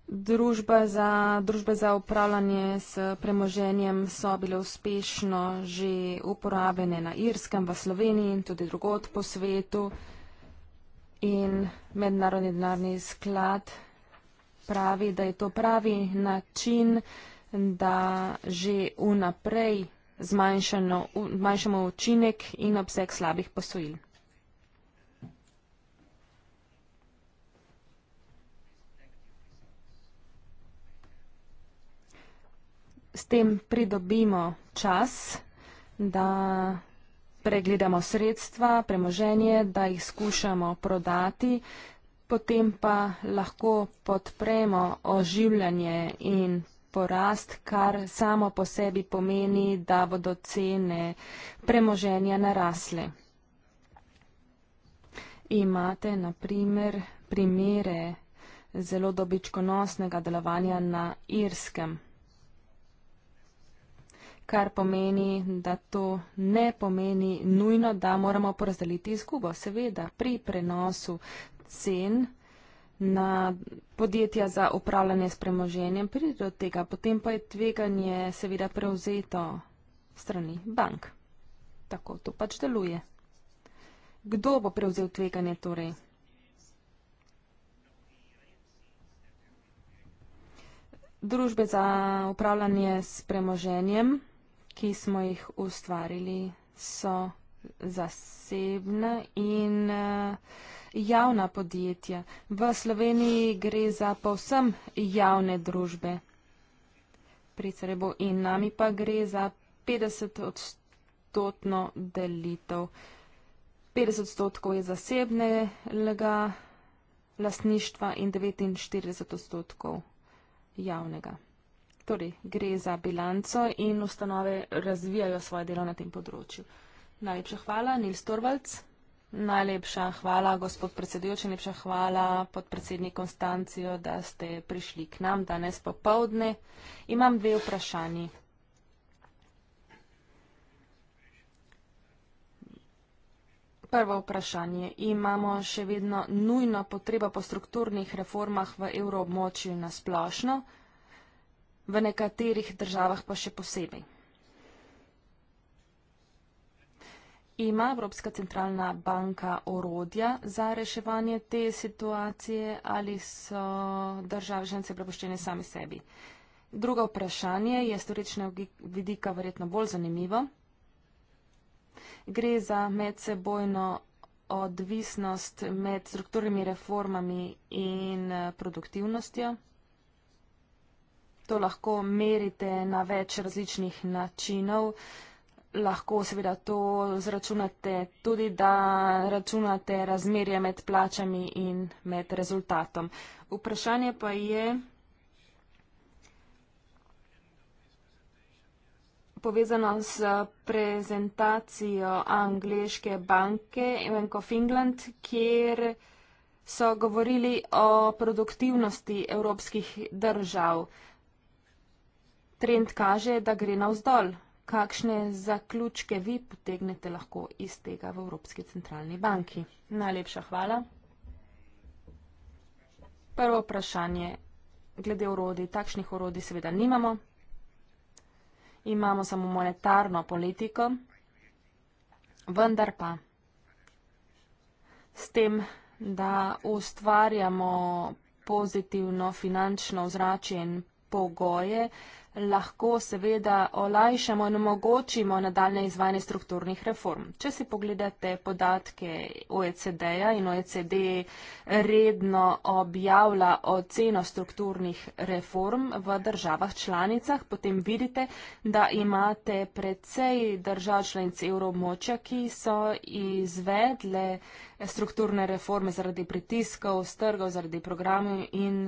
Družbe za, družbe za upravljanje s premoženjem so bile uspešno že uporabljene na Irskem, v Sloveniji in tudi drugot po svetu. In Mednarodni denarni sklad pravi, da je to pravi način, da že vnaprej zmanjšamo učinek in obseg slabih posojil. s tem pridobimo čas, da pregledamo sredstva, premoženje, da jih skušamo prodati, potem pa lahko podpremo oživljanje in porast, kar samo po sebi pomeni, da bodo cene premoženja narasle. Imate na primer primere zelo dobičkonosnega delovanja na irskem kar pomeni, da to ne pomeni nujno, da moramo porazdeliti izgubo. Seveda, pri prenosu cen na podjetja za upravljanje s premoženjem pride do tega, potem pa je tveganje seveda prevzeto strani bank. Tako to pač deluje. Kdo bo prevzel tveganje torej? Družbe za upravljanje s premoženjem ki smo jih ustvarili, so zasebna in eh, javna podjetja. V Sloveniji gre za povsem javne družbe pri Cerebu in nami pa gre za 50 odstotno delitev. 50 odstotkov je zasebnega lastništva in 49 odstotkov javnega torej gre za bilanco in ustanove razvijajo svoje delo na tem področju. Najlepša hvala, Nils Torvalc. Najlepša hvala, gospod predsedujoči, najlepša hvala podpredsednik Konstancijo, da ste prišli k nam danes popovdne. Imam dve vprašanji. Prvo vprašanje. Imamo še vedno nujno potrebo po strukturnih reformah v evroobmočju na splošno v nekaterih državah pa še posebej. Ima Evropska centralna banka orodja za reševanje te situacije ali so države žence prepoščene sami sebi? Drugo vprašanje je storičnega vidika verjetno bolj zanimivo. Gre za medsebojno odvisnost med strukturnimi reformami in eh, produktivnostjo. To lahko merite na več različnih načinov. Lahko seveda to zračunate tudi, da računate razmerje med plačami in med rezultatom. Vprašanje pa je, povezano s prezentacijo angliške banke Bank of England, kjer so govorili o produktivnosti evropskih držav trend kaže, da gre navzdol. Kakšne zaključke vi potegnete lahko iz tega v Evropski centralni banki? Najlepša hvala. Prvo vprašanje glede orodij. Takšnih orodij seveda nimamo. Imamo samo monetarno politiko, vendar pa s tem, da ustvarjamo pozitivno finančno ozračje in pogoje, lahko seveda olajšamo in omogočimo nadaljne izvajanje strukturnih reform. Če si pogledate podatke OECD-ja in OECD redno objavlja oceno strukturnih reform v državah članicah, potem vidite, da imate precej držav članic evromočja, ki so izvedle strukturne reforme zaradi pritiskov, strgov, zaradi programov in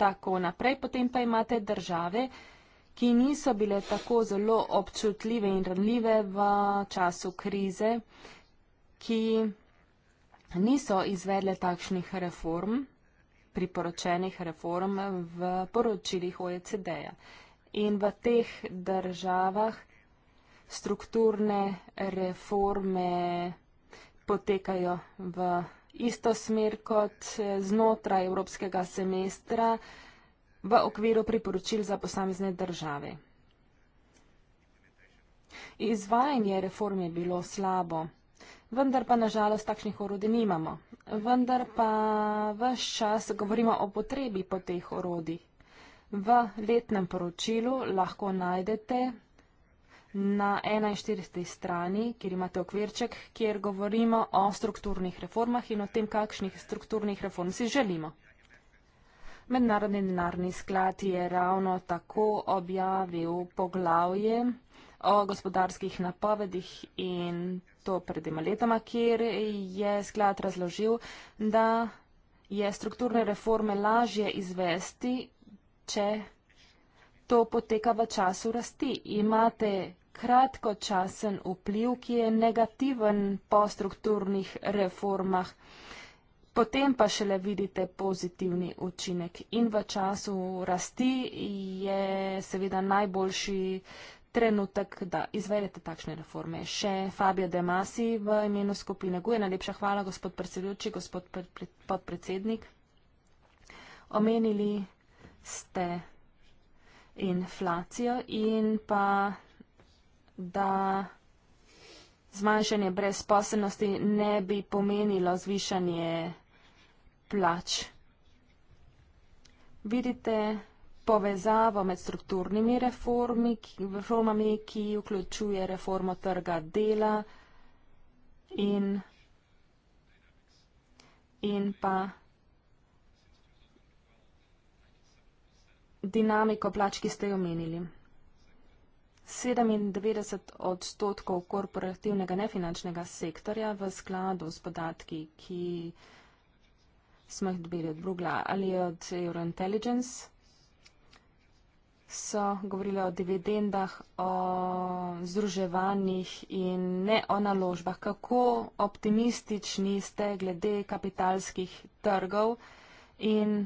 tako naprej. Potem pa imate države, ki niso bile tako zelo občutljive in ranljive v času krize, ki niso izvedle takšnih reform, priporočenih reform v poročilih OECD-ja. In v teh državah strukturne reforme potekajo v isto smer kot eh, znotraj evropskega semestra v okviru priporočil za posamezne države. Izvajanje reform je bilo slabo, vendar pa nažalost takšnih orodij nimamo. Vendar pa vse čas govorimo o potrebi po teh orodjih. V letnem poročilu lahko najdete na 41. strani, kjer imate okvirček, kjer govorimo o strukturnih reformah in o tem, kakšnih strukturnih reform si želimo. Mednarodni denarni sklad je ravno tako objavil poglavje o gospodarskih napovedih in to pred dvema letoma, kjer je sklad razložil, da je strukturne reforme lažje izvesti, če to poteka v času rasti. Imate kratkočasen vpliv, ki je negativen po strukturnih reformah. Potem pa šele vidite pozitivni učinek. In v času rasti je seveda najboljši trenutek, da izvedete takšne reforme. Še Fabio De Masi v imenu skupine Guje. Najlepša hvala, gospod predsedujoči, gospod podpredsednik. Omenili ste inflacijo in pa da zmanjšanje brezposobnosti ne bi pomenilo zvišanje plač. Vidite povezavo med strukturnimi reformi, ki, reformami, ki vključuje reformo trga dela in, in pa dinamiko plač, ki ste jo omenili. 97 odstotkov korporativnega nefinančnega sektorja v skladu s podatki, ki smo jih dobili od Brugla ali od Eurointelligence, so govorili o dividendah, o združevanjih in ne o naložbah. Kako optimistični ste glede kapitalskih trgov in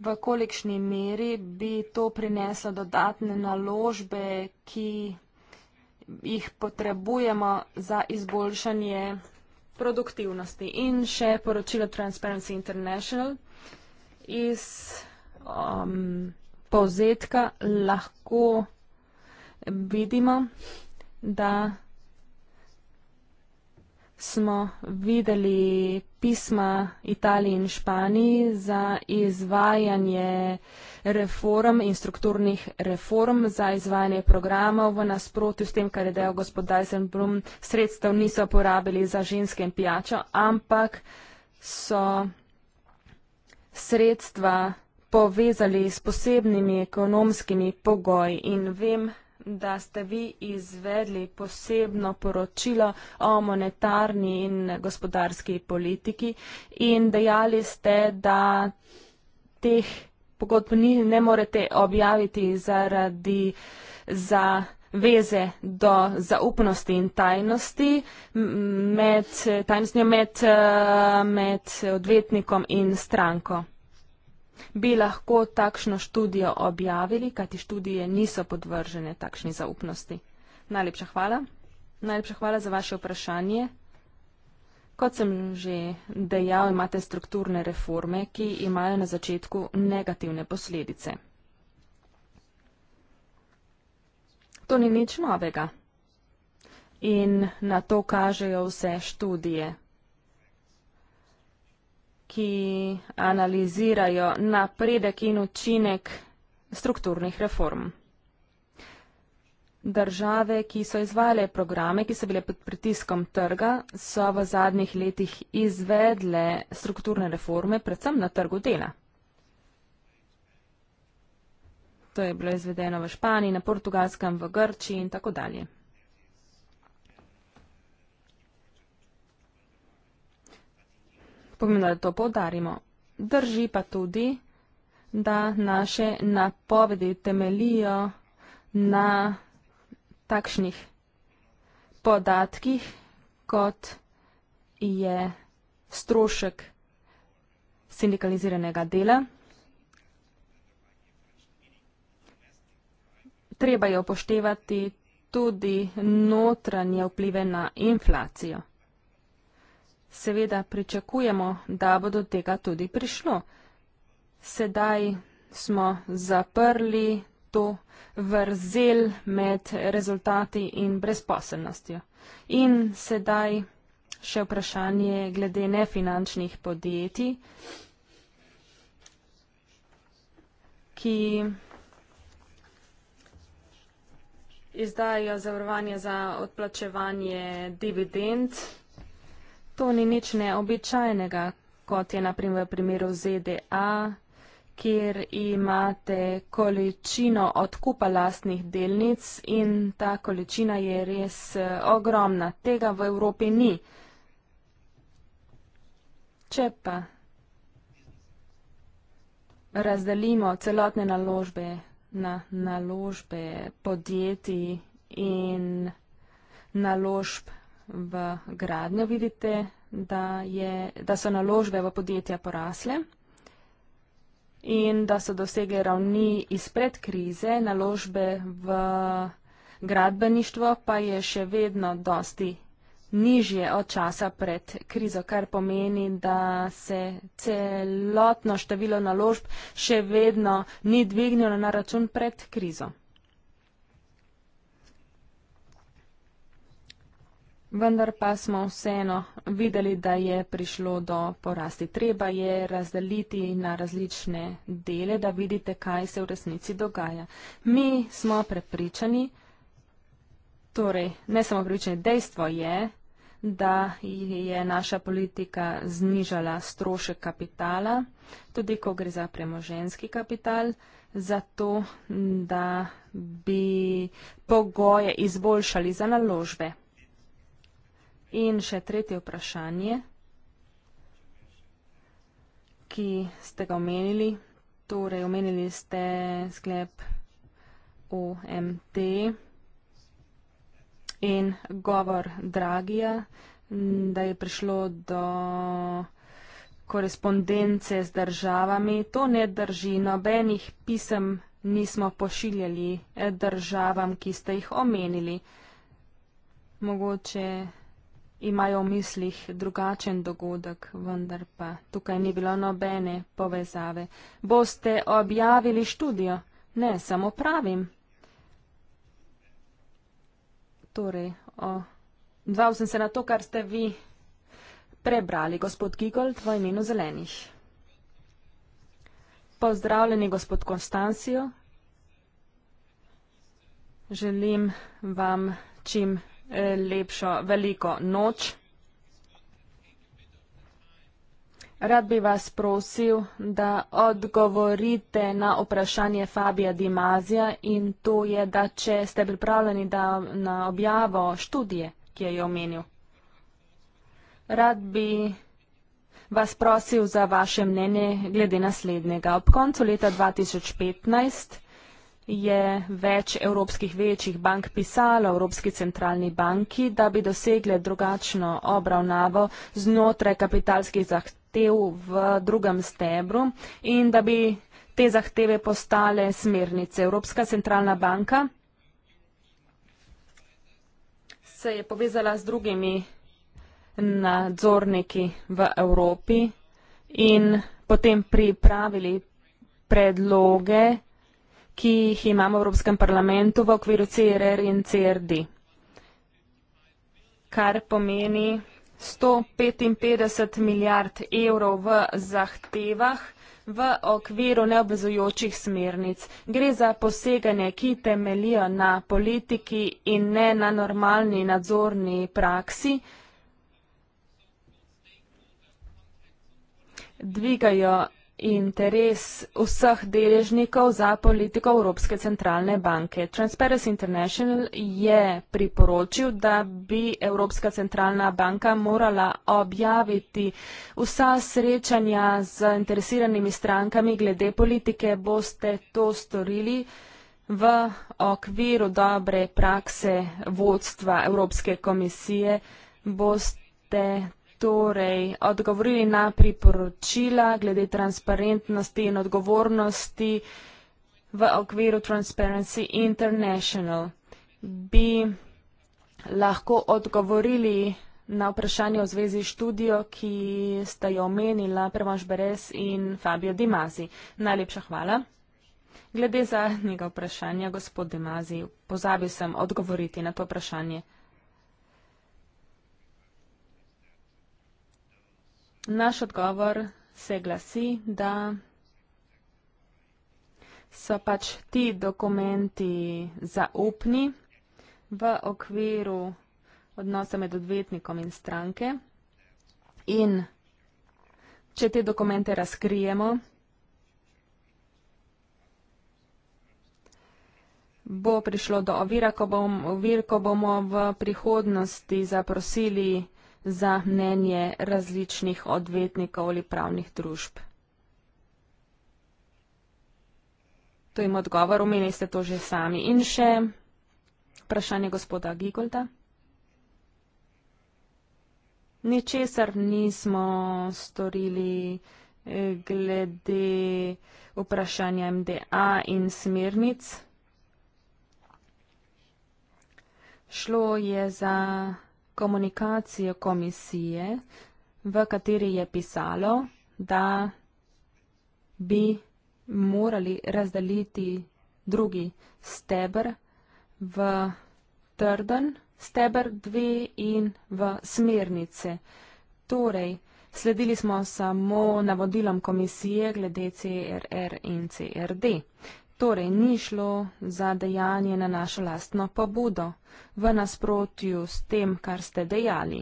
v kolikšni meri bi to prineslo dodatne naložbe, ki jih potrebujemo za izboljšanje produktivnosti. In še poročilo Transparency International iz um, povzetka lahko vidimo, da smo videli pisma Italiji in Španiji za izvajanje reform in strukturnih reform za izvajanje programov v nasprotju s tem, kar je dejal gospod Dijsselbloem, sredstev niso porabili za ženske in pijačo, ampak so sredstva povezali s posebnimi ekonomskimi pogoji in vem, da ste vi izvedli posebno poročilo o monetarni in gospodarski politiki in dejali ste, da teh pogodb ne morete objaviti zaradi za veze do zaupnosti in tajnosti med, tajnostjo med, eh, med odvetnikom in stranko bi lahko takšno študijo objavili, kajti študije niso podvržene takšni zaupnosti. Najlepša hvala. Najlepša hvala za vaše vprašanje. Kot sem že dejal, imate strukturne reforme, ki imajo na začetku negativne posledice. To ni nič novega. In na to kažejo vse študije ki analizirajo napredek in učinek strukturnih reform. Države, ki so izvale programe, ki so bile pod pritiskom trga, so v zadnjih letih izvedle strukturne reforme, predvsem na trgu dela. To je bilo izvedeno v Španiji, na Portugalskem, v Grčiji in tako dalje. pomembno, da to povdarimo. Drži pa tudi, da naše napovedi temelijo na takšnih podatkih, kot je strošek sindikaliziranega dela. Treba je upoštevati tudi notranje vplive na inflacijo seveda pričakujemo, da bo do tega tudi prišlo. Sedaj smo zaprli to vrzel med rezultati in brezposelnostjo. In sedaj še vprašanje glede nefinančnih podjetij, ki izdajajo zavarovanje za odplačevanje dividend. To ni nič neobičajnega, kot je na primer v primeru ZDA, kjer imate količino odkupa lastnih delnic in ta količina je res eh, ogromna. Tega v Evropi ni. Če pa razdelimo celotne naložbe na naložbe podjetij in naložb v gradnjo vidite, da, je, da so naložbe v podjetja porasle in da so dosegle ravni izpred krize, naložbe v gradbeništvo pa je še vedno dosti nižje od časa pred krizo, kar pomeni, da se celotno število naložb še vedno ni dvignilo na račun pred krizo. Vendar pa smo vseeno videli, da je prišlo do porasti. Treba je razdeliti na različne dele, da vidite, kaj se v resnici dogaja. Mi smo prepričani, torej ne samo prepričani, dejstvo je, da je naša politika znižala strošek kapitala, tudi ko gre za premoženski kapital, zato da bi pogoje izboljšali za naložbe. In še tretje vprašanje, ki ste ga omenili. Torej, omenili ste sklep OMT in govor Dragija, da je prišlo do korespondence z državami. To ne drži, nobenih pisem nismo pošiljali državam, ki ste jih omenili. Mogoče imajo v mislih drugačen dogodek, vendar pa tukaj ni bilo nobene povezave. Boste objavili študijo? Ne, samo pravim. Torej, o, dval sem se na to, kar ste vi prebrali, gospod Gigold, v imenu zelenih. Pozdravljeni, gospod Konstancijo. Želim vam čim lepšo veliko noč. Rad bi vas prosil, da odgovorite na vprašanje Fabija Dimazija in to je, da če ste pripravljeni da na objavo študije, ki je jo omenil. Rad bi vas prosil za vaše mnenje glede naslednjega. Ob koncu leta 2015 je več evropskih večjih bank pisalo Evropski centralni banki, da bi dosegle drugačno obravnavo znotraj kapitalskih zahtev v drugem stebru in da bi te zahteve postale smernice. Evropska centralna banka se je povezala z drugimi nadzorniki v Evropi in potem pripravili predloge, ki jih imamo v Evropskem parlamentu v okviru CRR in CRD, kar pomeni 155 milijard evrov v zahtevah v okviru neobvezujočih smernic. Gre za poseganje, ki temelijo na politiki in ne na normalni nadzorni praksi. Dvigajo interes vseh deležnikov za politiko Evropske centralne banke. Transparency International je priporočil, da bi Evropska centralna banka morala objaviti vsa srečanja z interesiranimi strankami glede politike. Boste to storili v okviru dobre prakse vodstva Evropske komisije. Boste torej odgovorili na priporočila glede transparentnosti in odgovornosti v okviru Transparency International. Bi lahko odgovorili na vprašanje v zvezi s študijo, ki sta jo omenila Prvaš Beres in Fabio Di Masi. Najlepša hvala. Glede zadnjega vprašanja, gospod Di Masi, pozabil sem odgovoriti na to vprašanje. Naš odgovor se glasi, da so pač ti dokumenti zaupni v okviru odnosa med odvetnikom in stranke. In če te dokumente razkrijemo, bo prišlo do ovir, ko bomo, ovir, ko bomo v prihodnosti zaprosili za mnenje različnih odvetnikov ali pravnih družb. To jim odgovor, omenili ste to že sami. In še vprašanje gospoda Gigolda. Ničesar nismo storili eh, glede vprašanja MDA in smernic. Šlo je za komunikacijo komisije, v kateri je pisalo, da bi morali razdeliti drugi stebr v trden stebr dve in v smernice. Torej, sledili smo samo navodilom komisije glede CRR in CRD. Torej ni šlo za dejanje na našo lastno pobudo, v nasprotju s tem, kar ste dejali.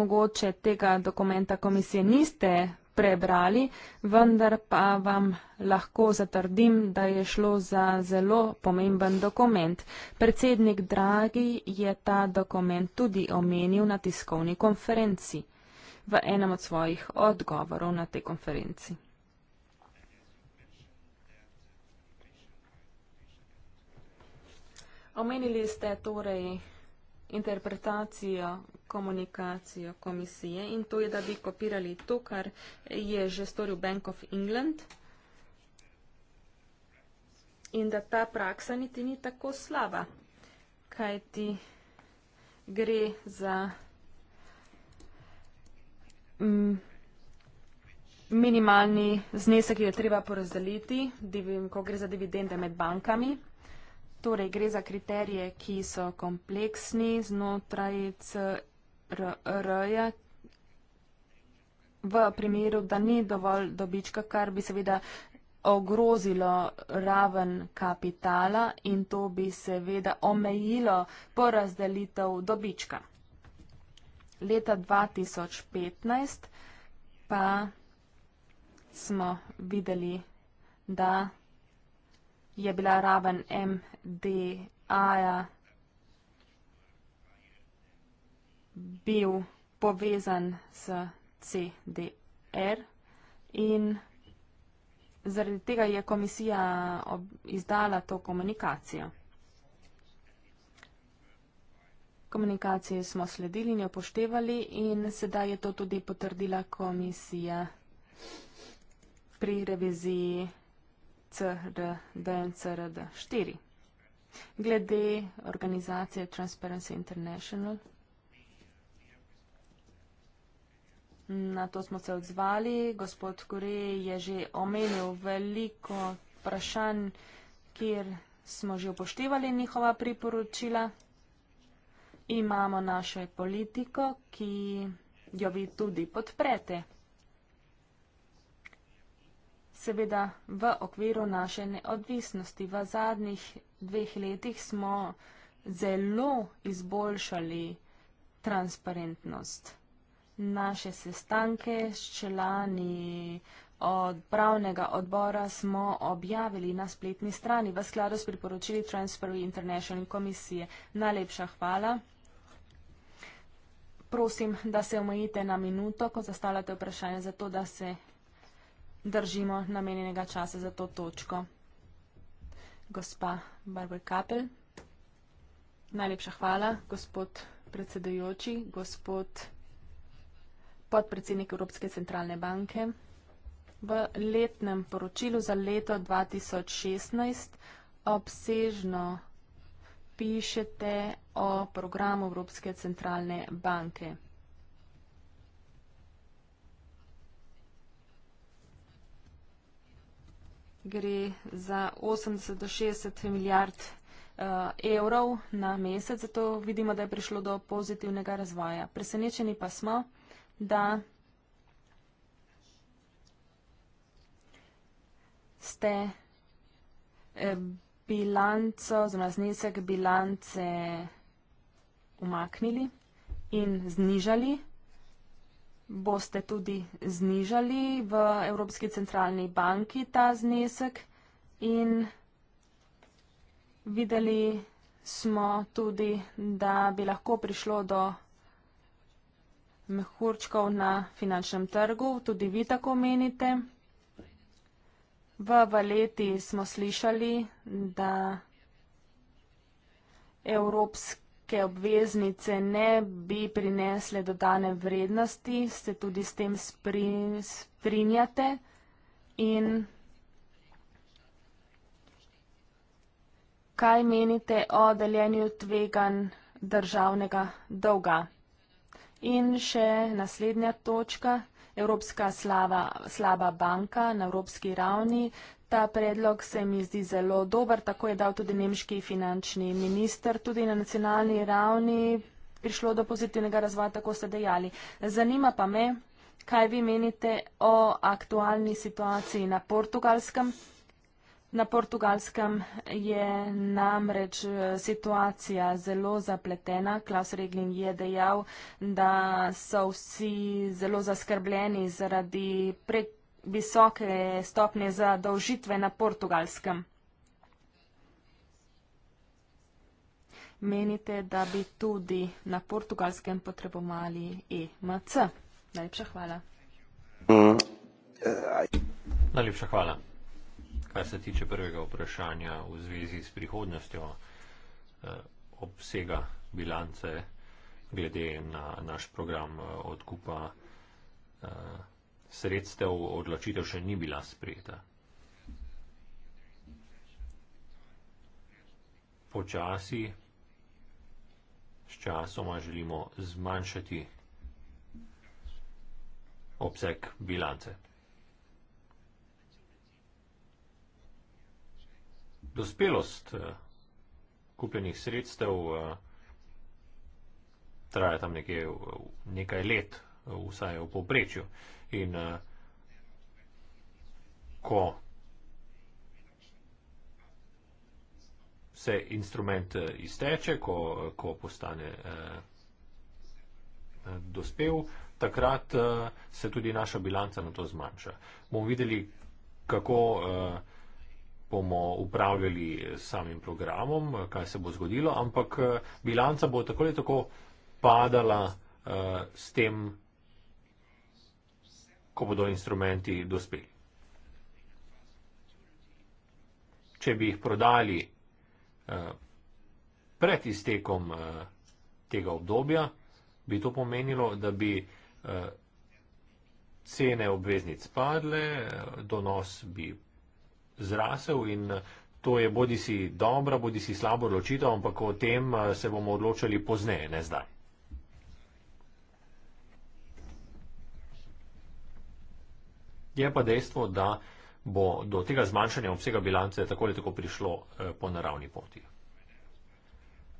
Mogoče tega dokumenta komisije niste prebrali, vendar pa vam lahko zatrdim, da je šlo za zelo pomemben dokument. Predsednik Dragi je ta dokument tudi omenil na tiskovni konferenci v enem od svojih odgovorov na tej konferenci. Omenili ste torej interpretacijo, komunikacijo komisije in to je, da bi kopirali to, kar je že storil Bank of England in da ta praksa niti ni tako slaba, kaj ti gre za mm, minimalni znesek, ki jo treba porazdeliti, ko gre za dividende med bankami. Uh, Torej, gre za kriterije, ki so kompleksni znotraj CRR-ja. V primeru, da ni dovolj dobička, kar bi seveda ogrozilo raven kapitala in to bi seveda omejilo porazdelitev dobička. Leta 2015 pa smo videli, da je bila raven MDA-ja bil povezan s CDR in zaradi tega je komisija izdala to komunikacijo. Komunikacije smo sledili in jo poštevali in sedaj je to tudi potrdila komisija pri reviziji komunikacije. CRD in CRD 4. Glede organizacije Transparency International, na to smo se odzvali. Gospod Kure je že omenil veliko vprašanj, kjer smo že upoštevali njihova priporočila. Imamo našo politiko, ki jo vi tudi podprete. Seveda v okviru naše neodvisnosti v zadnjih dveh letih smo zelo izboljšali transparentnost. Naše sestanke s člani od pravnega odbora smo objavili na spletni strani v skladu s priporočili Transparency International komisije. Najlepša hvala. Prosim, da se omejite na minuto, ko zastavljate vprašanje, zato da se držimo namenjenega časa za to točko. Gospa Barbara Kapel, najlepša hvala, gospod predsedujoči, gospod podpredsednik Evropske centralne banke. V letnem poročilu za leto 2016 obsežno pišete o programu Evropske centralne banke. gre za 80 do 60 milijard eh, evrov na mesec, zato vidimo, da je prišlo do pozitivnega razvoja. Presenečeni pa smo, da ste eh, bilanco, oziroma znesek bilance umaknili in znižali boste tudi znižali v Evropski centralni banki ta znesek in videli smo tudi, da bi lahko prišlo do mehurčkov na finančnem trgu, tudi vi tako menite. V valeti smo slišali, da evropski evropske obveznice ne bi prinesle dodane vrednosti, se tudi s tem strinjate. In kaj menite o deljenju tvegan državnega dolga? In še naslednja točka. Evropska slava, slaba banka na evropski ravni Ta predlog se mi zdi zelo dober, tako je dal tudi nemški finančni minister, tudi na nacionalni ravni prišlo do pozitivnega razvoja, tako ste dejali. Zanima pa me, kaj vi menite o aktualni situaciji na portugalskem. Na portugalskem je namreč eh, situacija zelo zapletena. Klaus Regling je dejal, da so vsi zelo zaskrbljeni zaradi pretekljivosti visoke stopnje za dolžitve na portugalskem. Menite, da bi tudi na portugalskem potrebovali EMC? Najlepša hvala. Mm. Najlepša hvala. Kar se tiče prvega vprašanja v zvezi s prihodnostjo eh, obsega bilance glede na naš program eh, odkupa eh, sredstev odločitev še ni bila sprejeta. Počasi, s časoma želimo zmanjšati obseg bilance. Dospelost eh, kupljenih sredstev eh, traja tam nekaj, nekaj let, vsaj v poprečju. In eh, ko se instrument eh, izteče, ko, ko postane eh, dospev, takrat se tudi naša bilanca na to zmanjša. Bomo videli, kako bomo upravljali s samim programom, kaj se bo zgodilo, ampak bilanca bo tako ali tako padala s tem ko bodo instrumenti dospeli. Če bi jih prodali eh, pred iztekom eh, tega obdobja, bi to pomenilo, da bi eh, cene obveznic padle, donos bi zrasel in to je bodi si dobra, bodi si slabo odločitev, ampak o tem se bomo odločali pozneje, ne zdaj. Je pa dejstvo, da bo do tega zmanjšanja obsega bilance tako ali tako prišlo eh, po naravni poti.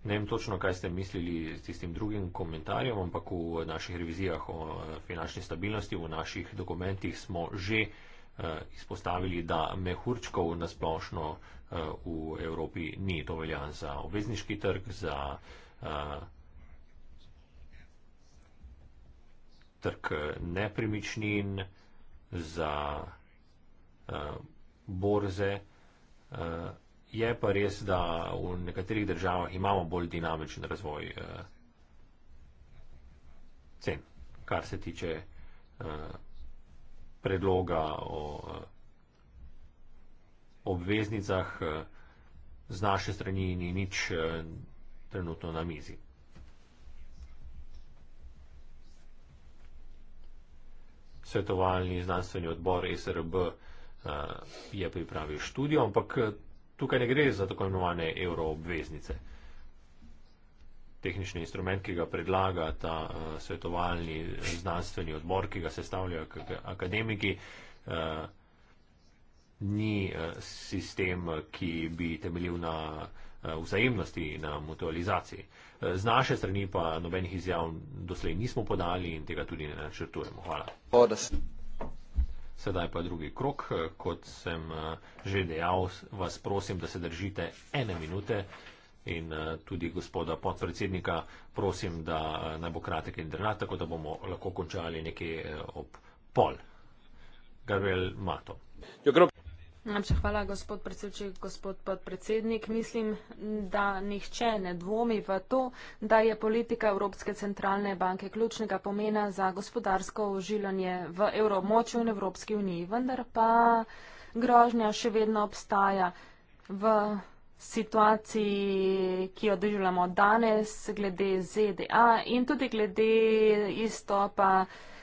Ne vem točno, kaj ste mislili s tistim drugim komentarjem, ampak v naših revizijah o eh, finančni stabilnosti, v naših dokumentih smo že eh, izpostavili, da mehurčkov nasplošno v Evropi ni. To velja za obvezniški trg, za trg nepremičnin, za uh, borze. Uh, je pa res, da v nekaterih državah imamo bolj dinamičen razvoj uh, cen, kar se tiče uh, predloga o uh, obveznicah. Uh, z naše strani ni nič uh, trenutno na mizi. svetovalni znanstveni odbor SRB eh, je pripravil študijo, ampak eh, tukaj ne gre za tako imenovane euroobveznice. Tehnični instrument, ki ga predlaga ta eh, svetovalni znanstveni odbor, ki ga sestavljajo akademiki, ni sistem, ki bi temeljil na vzajemnosti, na mutualizaciji. Eh, z naše strani pa nobenih izjav doslej nismo podali in tega tudi ne načrtujemo. Hvala. Sedaj pa drugi krok. Eh, kot sem eh, že dejal, vas prosim, da se držite ene minute in tudi gospoda podpredsednika prosim, da naj bo kratek internat, tako da bomo lahko končali nekje ob pol. Gabriel Mato. Jo, Najlepša hvala, gospod predsedujoči, gospod podpredsednik. Mislim, da nihče ne dvomi v to, da je politika Evropske centralne banke ključnega pomena za gospodarsko oživljanje v evromočju in Evropski uniji. Vendar pa grožnja še vedno obstaja v situaciji, ki jo doživljamo danes, glede ZDA in tudi glede izstopa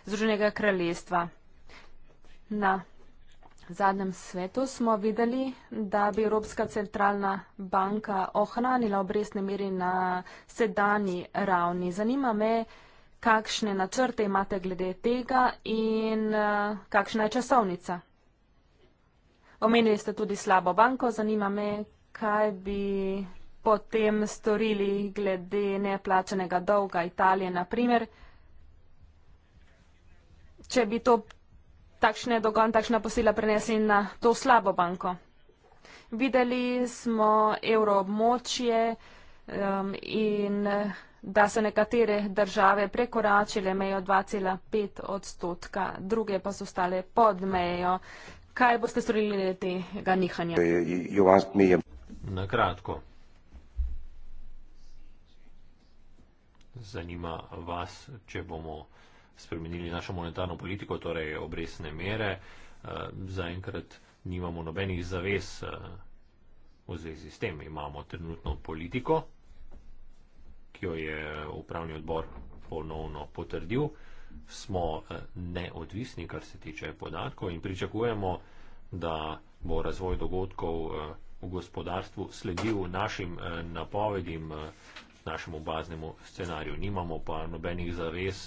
Združenega kraljestva. Na zadnjem svetu smo videli, da bi Evropska centralna banka ohranila obrestne meri na sedani ravni. Zanima me, kakšne načrte imate glede tega in eh, kakšna je časovnica. Omenili ste tudi slabo banko, zanima me, kaj bi potem storili glede neplačenega dolga Italije, naprimer, če bi to takšne dogon, takšna posila prenesli na to slabo banko. Videli smo evroobmočje um, in da so nekatere države prekoračile mejo 2,5 odstotka, druge pa so stale pod mejo. Kaj boste storili glede tega nihanja? Na kratko. Zanima vas, če bomo spremenili našo monetarno politiko, torej obresne mere. Eh, zaenkrat nimamo nobenih zavez eh, v zvezi s tem. Imamo trenutno politiko, ki jo je upravni odbor ponovno potrdil. Smo eh, neodvisni, kar se tiče podatkov in pričakujemo, da bo razvoj dogodkov v gospodarstvu sledil našim napovedim, našemu baznemu scenariju. Nimamo pa nobenih zavez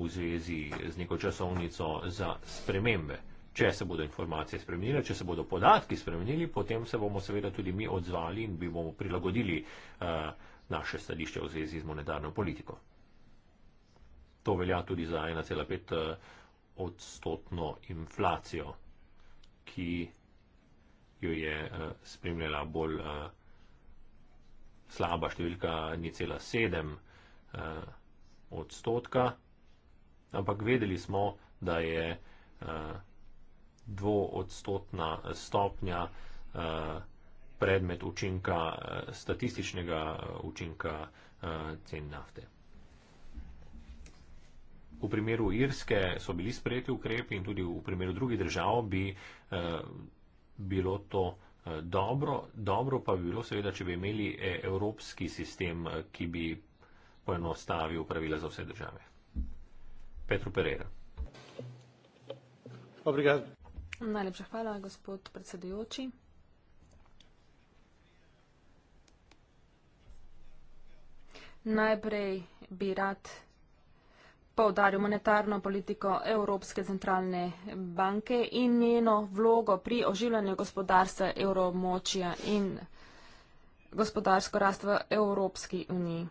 v zvezi z neko časovnico za spremembe. Če se bodo informacije spremenile, če se bodo podatki spremenili, potem se bomo seveda tudi mi odzvali in bi bomo prilagodili uh, naše stališče v zvezi z monetarno politiko. To velja tudi za 1,5 eh, odstotno inflacijo, ki jo je uh, spremljala bolj uh, slaba številka, ni cela sedem uh, odstotka ampak vedeli smo, da je eh, dvoodstotna stopnja eh, predmet učinka, eh, statističnega učinka cen nafte. V primeru Irske so bili sprejeti ukrepi in tudi v primeru drugih držav bi bilo to dobro. Dobro pa bi bilo seveda, če bi imeli evropski sistem, ki bi poenostavil pravila za vse države. Petru Pereira. Obrigado. Najlepša hvala, gospod predsedujoči. Najprej bi rad poudaril monetarno politiko Evropske centralne banke in njeno vlogo pri oživljanju gospodarstva evromočja in gospodarsko rast v Evropski uniji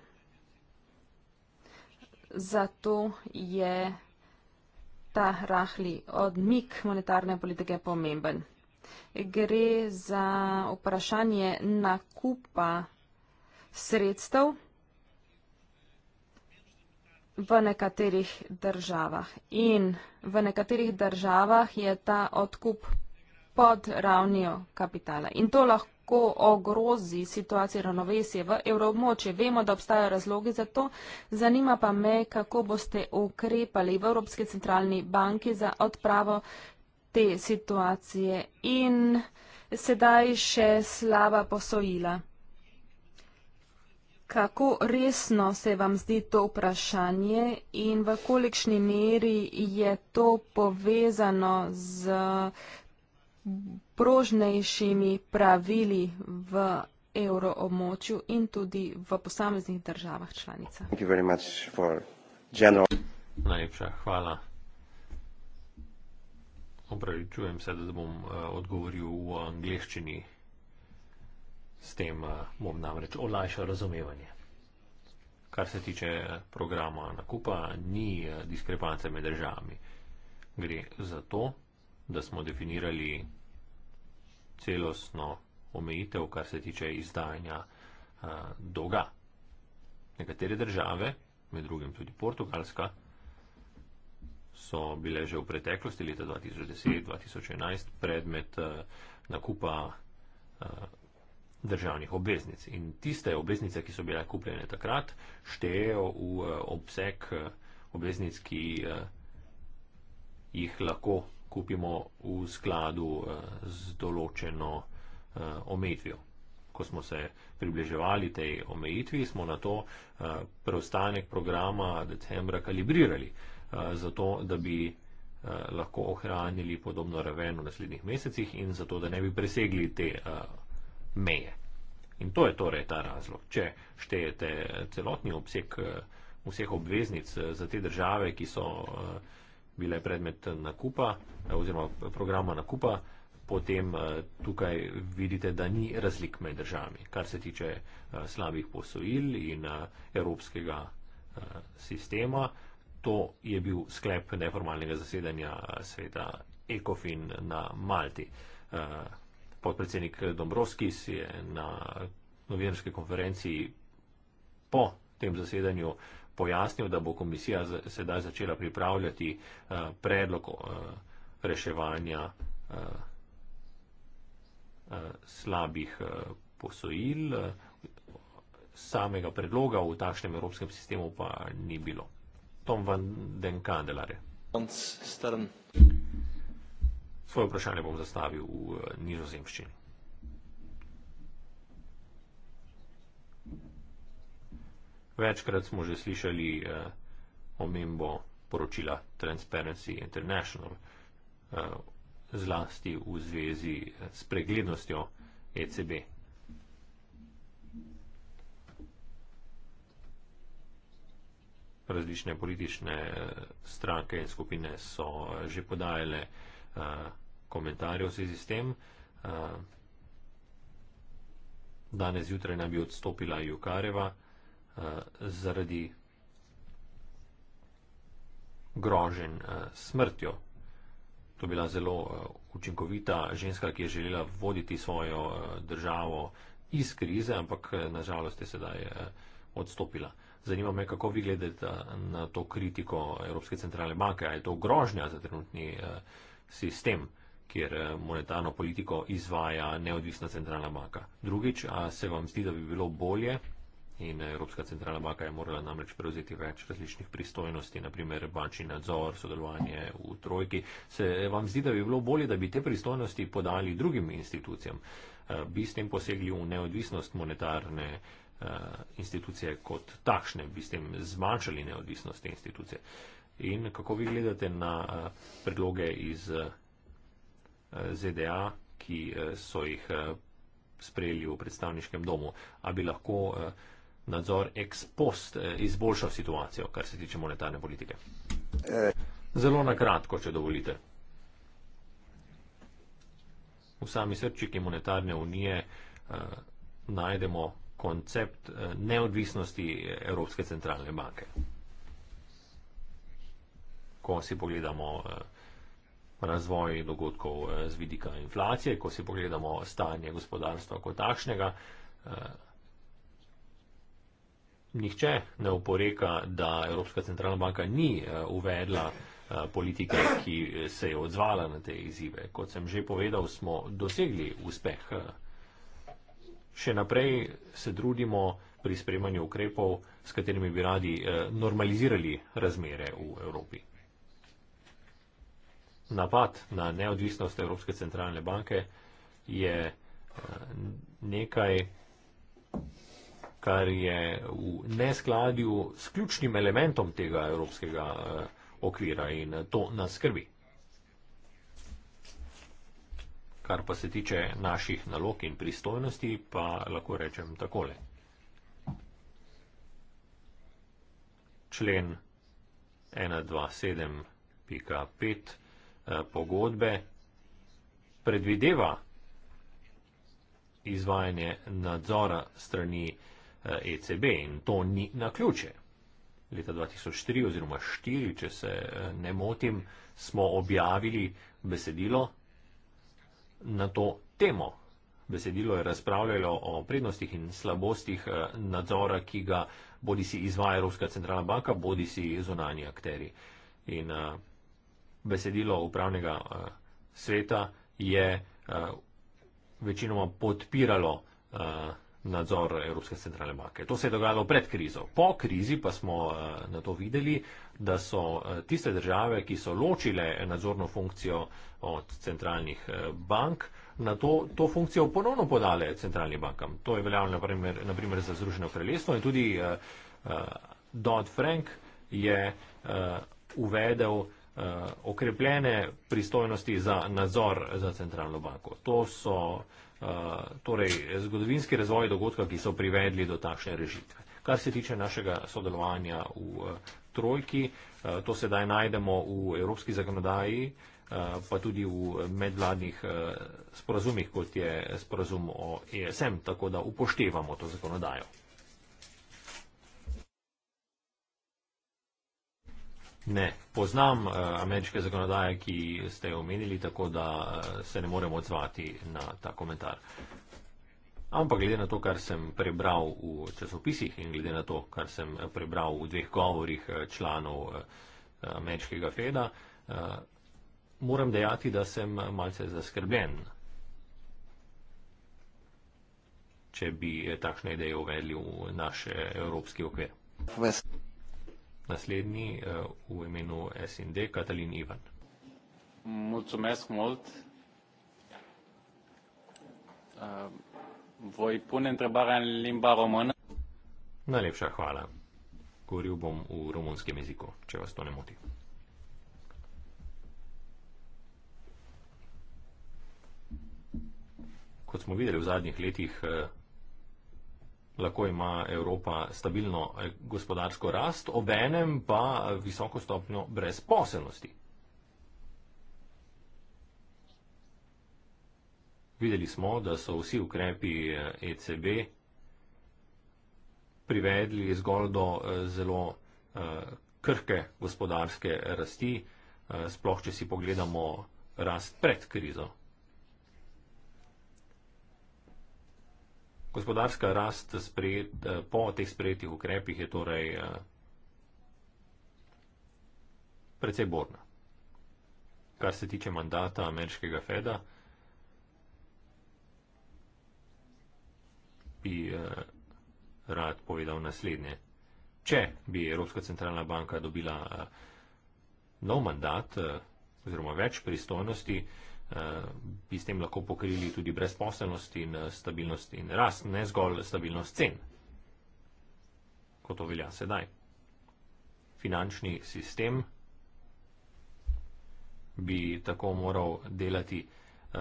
zato je ta rahli odmik monetarne politike pomemben. Gre za vprašanje nakupa sredstev v nekaterih državah. In v nekaterih državah je ta odkup pod ravnijo kapitala. In to lahko lahko ogrozi situacijo ravnovesje v evroobmočju. Vemo, da obstajajo razlogi za to. Zanima pa me, kako boste ukrepali v Evropski centralni banki za odpravo te situacije in sedaj še slaba posojila. Kako resno se vam zdi to vprašanje in v kolikšni meri je to povezano z najstrožnejšimi pravili v evroobmočju in tudi v posameznih državah članicah. Najlepša hvala. Opravičujem se, da bom uh, odgovoril v angleščini. S tem uh, bom namreč olajšal razumevanje. Kar se tiče eh, programa nakupa, ni uh, diskrepance med državami. Gre za to, da smo definirali celostno omejitev, kar se tiče izdajanja uh, dolga. Nekatere države, med drugim tudi Portugalska, so bile že v preteklosti, leta 2010-2011, predmet uh, nakupa uh, državnih obveznic. In tiste obveznice, ki so bile kupljene takrat, štejejo v uh, obseg uh, obveznic, ki uh, jih lahko kupimo v skladu eh, z določeno eh, omejitvijo. Ko smo se približevali tej omejitvi, smo na to eh, preostanek programa decembra kalibrirali, zato da bi lahko ohranili podobno raven v naslednjih mesecih in zato da ne bi presegli te meje. In to je torej ta razlog. Če štejete celotni obseg vseh obveznic za te države, ki so bile predmet nakupa eh, oziroma programa nakupa, potem eh, tukaj vidite, da ni razlik med državami, kar se tiče eh, slabih posojil in evropskega sistema. To je bil sklep neformalnega zasedanja sveta ECOFIN na Malti. Podpredsednik Dombrovskis je na novinarske konferenciji po tem zasedanju pojasnil, da bo komisija sedaj začela pripravljati eh, predlog eh, reševanja eh, slabih posojil. Samega predloga v takšnem evropskem sistemu pa ni bilo. Tom van den Kandelare. Svoje vprašanje bom zastavil v nizozemščini. Večkrat smo že slišali eh, omembo poročila Transparency International, eh, zlasti v zvezi eh, s preglednostjo ECB. Različne politične eh, stranke in skupine so eh, že podajale eh, komentarje v zvezi s tem. Eh, danes zjutraj naj bi odstopila Jukareva. Eh, zaradi groženj eh, s smrtjo. To je bila zelo eh, učinkovita ženska, ki je želela voditi svojo državo iz krize, ampak nažalost je sedaj odstopila. Zanima me, kako vi gledate na to kritiko Evropske centralne banke. Je to grožnja za trenutni sistem, kjer monetarno politiko izvaja neodvisna centralna banka? Drugič, a se vam zdi, da bi bilo bolje, in Evropska centralna banka je morala namreč prevzeti več različnih pristojnosti, naprimer bančni nadzor, sodelovanje v trojki. Se vam zdi, da bi bilo bolje, da bi te pristojnosti podali drugim institucijam? Eh, bi s tem posegli v neodvisnost monetarne eh, institucije kot takšne, bi s tem zmanjšali neodvisnost te institucije? In kako vi gledate na eh, predloge iz ZDA, ki so jih sprejeli v predstavniškem domu? A bi lahko nadzor ex post eh, izboljšal situacijo, kar se tiče monetarne politike? Eh. Zelo na kratko, če dovolite. V sami srčiki monetarne unije eh, najdemo koncept eh, neodvisnosti Evropske centralne banke. Ko si pogledamo eh, razvoj dogodkov eh, z vidika inflacije, ko si pogledamo stanje gospodarstva kot takšnega, eh, nihče ne oporeka, da Evropska centralna banka ni eh, uvedla eh, politike, ki eh, se je odzvala na te izzive. Kot sem že povedal, smo dosegli uspeh. Še naprej se trudimo pri sprejemanju ukrepov, s katerimi bi radi normalizirali razmere v Evropi. Napad na neodvisnost Evropske centralne banke je nekaj, kar je v neskladju s ključnim elementom tega evropskega eh, okvira in to nas skrbi. Kar pa se tiče naših nalog in pristojnosti, pa lahko rečem takole. Člen 127.5 eh, pogodbe predvideva izvajanje nadzora strani evropskega ECB eh, e in to ni na ključe. Leta 2003 oziroma 2004, če se eh, ne motim, smo objavili besedilo na to temo. Besedilo je razpravljalo o prednostih in slabostih eh, nadzora, ki ga bodi si izvaja Evropska centralna banka, bodi si zunani akteri. In besedilo upravnega sveta je večinoma podpiralo nadzor Evropske centralne banke. To se je dogajalo pred krizo. Po krizi pa smo eh, na to videli, da so eh, tiste države, ki so ločile nadzorno funkcijo od centralnih eh, bank, na to, to funkcijo ponovno podale centralnim bankam. To je veljavno naprimer, naprimer za Združeno kraljestvo in tudi uh, Dodd Frank je uh, uvedel uh, okrepljene pristojnosti za nadzor za centralno banko. To so uh, Eh, torej zgodovinski razvoj dogodka, ki so privedli do takšne rešitve. Kar se tiče našega sodelovanja v eh, trojki, eh, to sedaj najdemo v evropski zakonodaji, pa tudi v medvladnih sporazumih, kot je sporazum o ESM, tako da upoštevamo to zakonodajo. ne poznam uh, ameriške zakonodaje, ki ste jo omenili, tako da uh, se ne morem odzvati na ta komentar. Ampak glede na to, kar sem prebral v časopisih in glede na to, kar sem eh, prebral v dveh govorih članov ameriškega feda, moram dejati, da sem malce zaskrbljen, če bi takšne ideje uvedli v naš evropski okvir. Vest. Naslednji eh, v imenu SND, Katalin Ivan. Mulțumesc mult. Eh, voi pune întrebarea în limba română. Najlepša hvala. Govoril bom v romunskem jeziku, če vas to ne moti. Kot smo videli v zadnjih letih, eh, lahko ima Evropa stabilno eh, gospodarsko rast, obenem pa visoko stopnjo brezposelnosti. Videli smo, da so vsi ukrepi ECB eh, e privedli zgolj do eh, zelo krhke gospodarske rasti, sploh če si pogledamo rast pred krizo. Gospodarska rast sprejet, eh, po teh sprejetih ukrepih je torej eh, precej borna. Kar se tiče mandata ameriškega feda, bi eh, rad povedal naslednje. Če bi Evropska centralna banka dobila nov mandat oziroma več pristojnosti, bi s tem lahko pokrili tudi brezposelnost in eh, stabilnost in rast, ne zgolj stabilnost cen, kot to velja sedaj. Finančni sistem bi tako moral delati eh,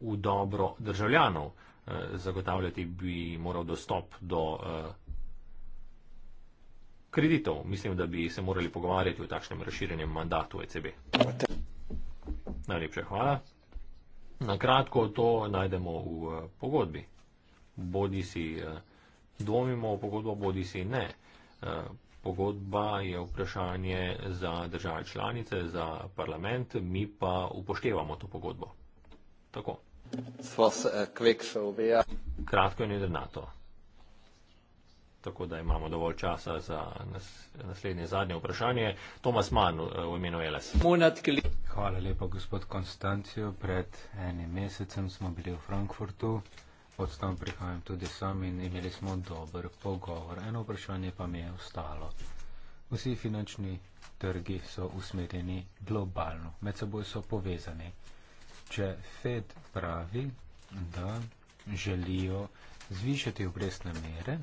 v dobro državljanov, eh, zagotavljati bi moral dostop do kreditov. Mislim, da bi se morali pogovarjati o takšnem razširjenem mandatu ECB. Najlepša hvala. Na kratko to najdemo v eh, pogodbi. Bodi si eh, dvomimo v pogodbo, bodi si ne. Eh, pogodba je vprašanje za države članice, za parlament, mi pa upoštevamo to pogodbo. Tako. Sva se kvek še ubija. Kratko in jedrnato tako da imamo dovolj časa za nas, naslednje zadnje vprašanje. Tomas Mann eh, v imenu LS. Hvala lepa, gospod Konstancijo. Pred enim mesecem smo bili v Frankfurtu, od tam prihajam tudi sam in imeli smo dober pogovor. Eno vprašanje pa mi je ostalo. Vsi finančni trgi so usmerjeni globalno, med seboj so povezani. Če Fed pravi, da želijo zvišati obrestne mere,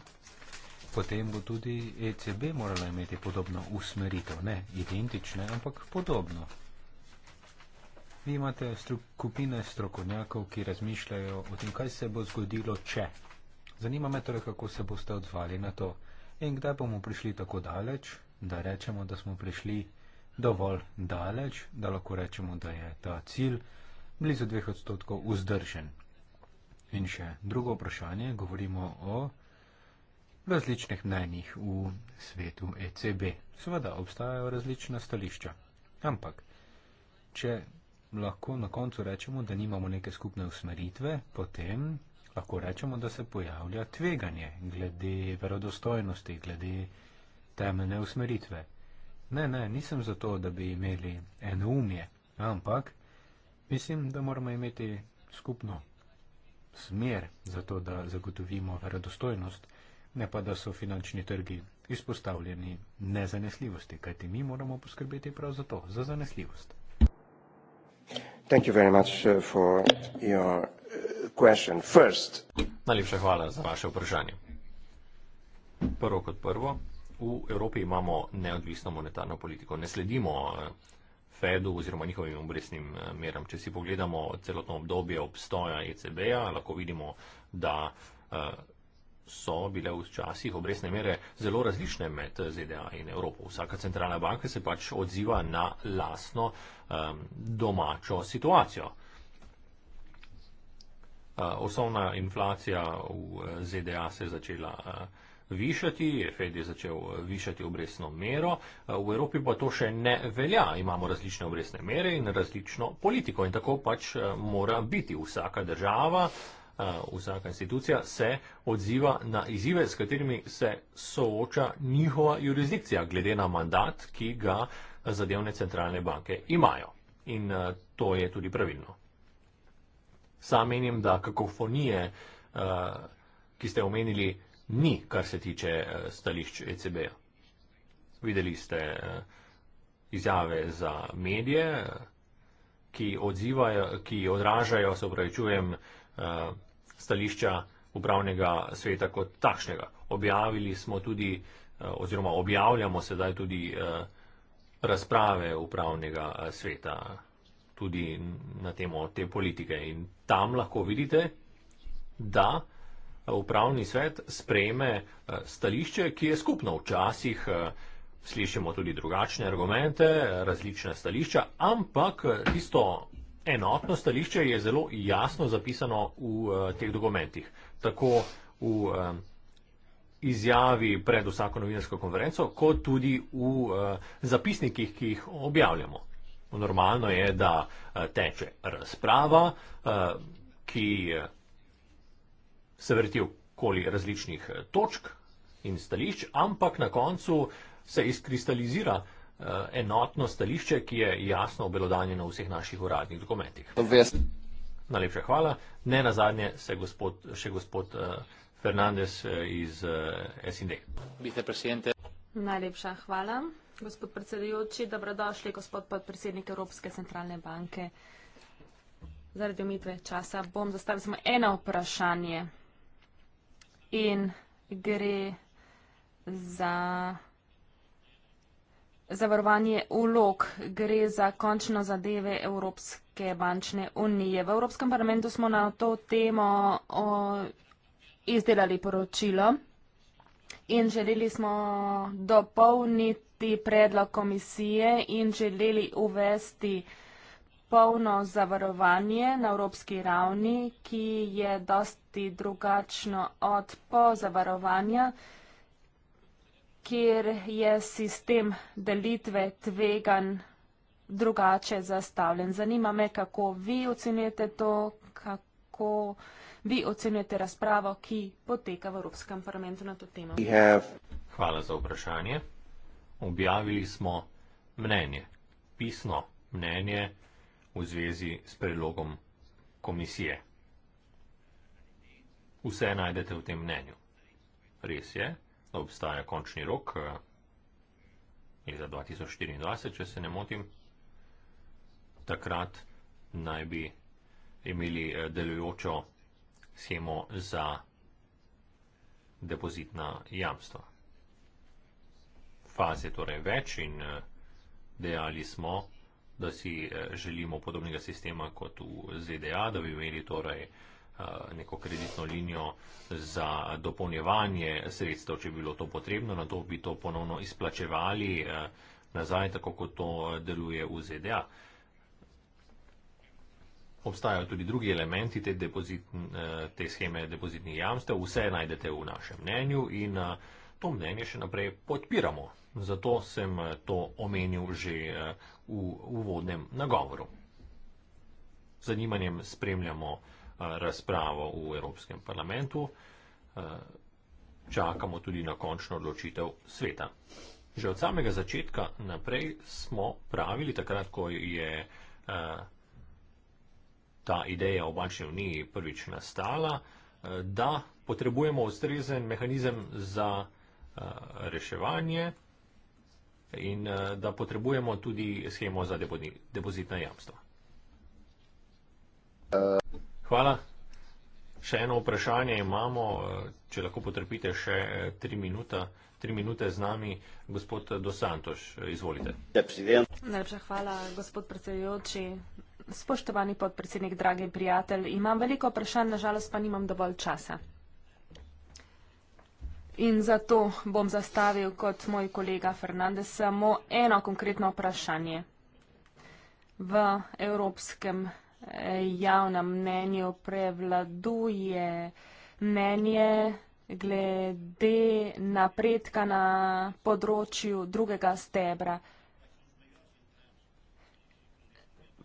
potem bo tudi ECB morala imeti podobno usmeritev, ne identične, ampak podobno. Vi imate skupine stru strokovnjakov, ki razmišljajo o tem, kaj se bo zgodilo, če. Zanima me torej, kako se boste odzvali na to in kdaj bomo prišli tako daleč, da rečemo, da smo prišli dovolj daleč, da lahko rečemo, da je ta cilj blizu dveh odstotkov vzdržen. In še drugo vprašanje, govorimo o različnih mnenjih v svetu ECB. Seveda obstajajo različna stališča, ampak če lahko na koncu rečemo, da nimamo neke skupne usmeritve, potem lahko rečemo, da se pojavlja tveganje glede verodostojnosti, glede temeljne usmeritve. Ne, ne, nisem zato, da bi imeli enoumje, ampak mislim, da moramo imeti skupno smer za to, da zagotovimo verodostojnost ne pa da so finančni trgi izpostavljeni nezanesljivosti, kajti mi moramo poskrbeti prav za to, za zanesljivost. Thank you very much uh, for your uh, question. First. Najlepša hvala za vaše vprašanje. Prvo kot prvo, v Evropi imamo neodvisno monetarno politiko. Ne sledimo uh, Fedu oziroma njihovim obrestnim meram. Če si pogledamo celotno obdobje obstoja ECB-ja, lahko vidimo, da so bile včasih obresne mere zelo različne med eh, ZDA in Evropo. Vsaka centralna banka se pač odziva na lasno um, ehm, domačo situacijo. Uh, osnovna inflacija v eh, ZDA se je začela uh, višati, Fed je začel višati obresno mero, uh, v Evropi pa to še ne velja. Imamo različne obresne mere in različno politiko in tako pač uh, mora biti. Vsaka država uh, vsaka institucija se odziva na izzive, s katerimi se sooča njihova jurisdikcija, glede na mandat, ki ga zadevne centralne banke imajo. In to je tudi pravilno. Sam menim, da kakofonije, ki ste omenili, ni, kar se tiče stališč ECB-ja. Videli ste izjave za medije, ki, odzivajo, ki odražajo, se upravičujem, stališča upravnega sveta kot takšnega. Objavili smo tudi, eh, oziroma objavljamo sedaj tudi eh, razprave upravnega eh, sveta, tudi na temo te politike. In tam lahko vidite, da upravni svet sprejme stališče, ki je skupno včasih. Slišimo tudi drugačne argumente, različne stališča, ampak tisto enotno stališče je zelo jasno zapisano v eh, teh dokumentih. Tako v eh, izjavi pred vsako novinarsko konferenco, kot tudi v eh, zapisnikih, ki jih objavljamo. Normalno je, da teče razprava, ki se vrti okoli različnih točk in stališč, ampak na koncu se izkristalizira Eh, enotno stališče, ki je jasno obelodanjeno v vseh naših uradnih dokumentih. Najlepša hvala. Ne na zadnje se gospod, še gospod eh, Fernandez eh, iz SND. Najlepša hvala, gospod predsedujoči. Dobrodošli, gospod podpredsednik Evropske centralne banke. Zaradi omitve časa bom zastavil samo eno vprašanje. In gre za zavarovanje ulog gre za končno zadeve Evropske bančne unije. V Evropskem parlamentu smo na to temo o, izdelali poročilo in želeli smo dopolniti predlog komisije in želeli uvesti polno zavarovanje na evropski ravni, ki je dosti drugačno od pozavarovanja kjer je sistem delitve tvegan drugače zastavljen. Zanima me, kako vi ocenjujete to, kako vi ocenjujete razpravo, ki poteka v Evropskem parlamentu na to temo. Hvala za vprašanje. Objavili smo mnenje, pisno mnenje v zvezi s predlogom komisije. Vse najdete v tem mnenju. Res je, obstaja končni rok, je za 2024, če se ne motim. Takrat naj bi imeli eh, delujočo schemo za depozitna jamstva. Faz je torej več in eh, dejali smo, da si eh, želimo podobnega sistema kot v ZDA, da bi imeli torej Eh, neko kreditno linijo za dopolnjevanje sredstev, če bi bilo to potrebno, na to bi to ponovno izplačevali eh, nazaj, tako kot to deluje v ZDA. Obstajajo tudi drugi elementi te, depozitn, eh, te scheme depozitnih jamstev, vse najdete v našem mnenju in to mnenje še naprej podpiramo. Zato sem to omenil že v uvodnem nagovoru. Zanimanjem spremljamo razpravo v Evropskem parlamentu. Eh, čakamo tudi na končno odločitev sveta. Že od samega začetka naprej smo pravili, takrat, ko je eh, ta ideja o bančni uniji prvič nastala, eh, da potrebujemo ustrezen mehanizem za reševanje in da potrebujemo tudi schemo za depozitna jamstva. Uh. Hvala. Še eno vprašanje imamo, eh, če lahko potrpite še eh, tri, minuta, tri minute z nami. Gospod Dosantoš, eh, izvolite. Ja, Najlepša hvala, gospod predsedujoči. Spoštovani podpredsednik, dragi prijatelj, imam veliko vprašanj, nažalost pa nimam dovolj časa. In zato bom zastavil kot moj kolega Fernandez samo eno konkretno vprašanje. V Evropskem javnem mnenju prevladuje mnenje glede napredka na področju drugega stebra.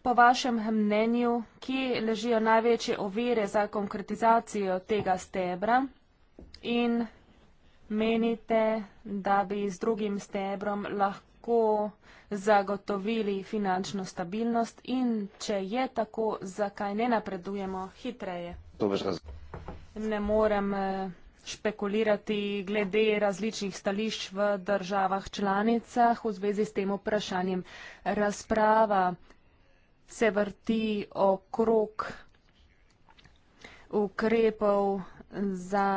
Po vašem mnenju, kje ležijo največje ovire za konkretizacijo tega stebra in menite, da bi z drugim stebrom lahko tako zagotovili finančno stabilnost in če je tako, zakaj ne napredujemo hitreje? Ne morem eh, špekulirati glede različnih stališč v državah članicah v zvezi s tem vprašanjem. Razprava se vrti okrog ukrepov za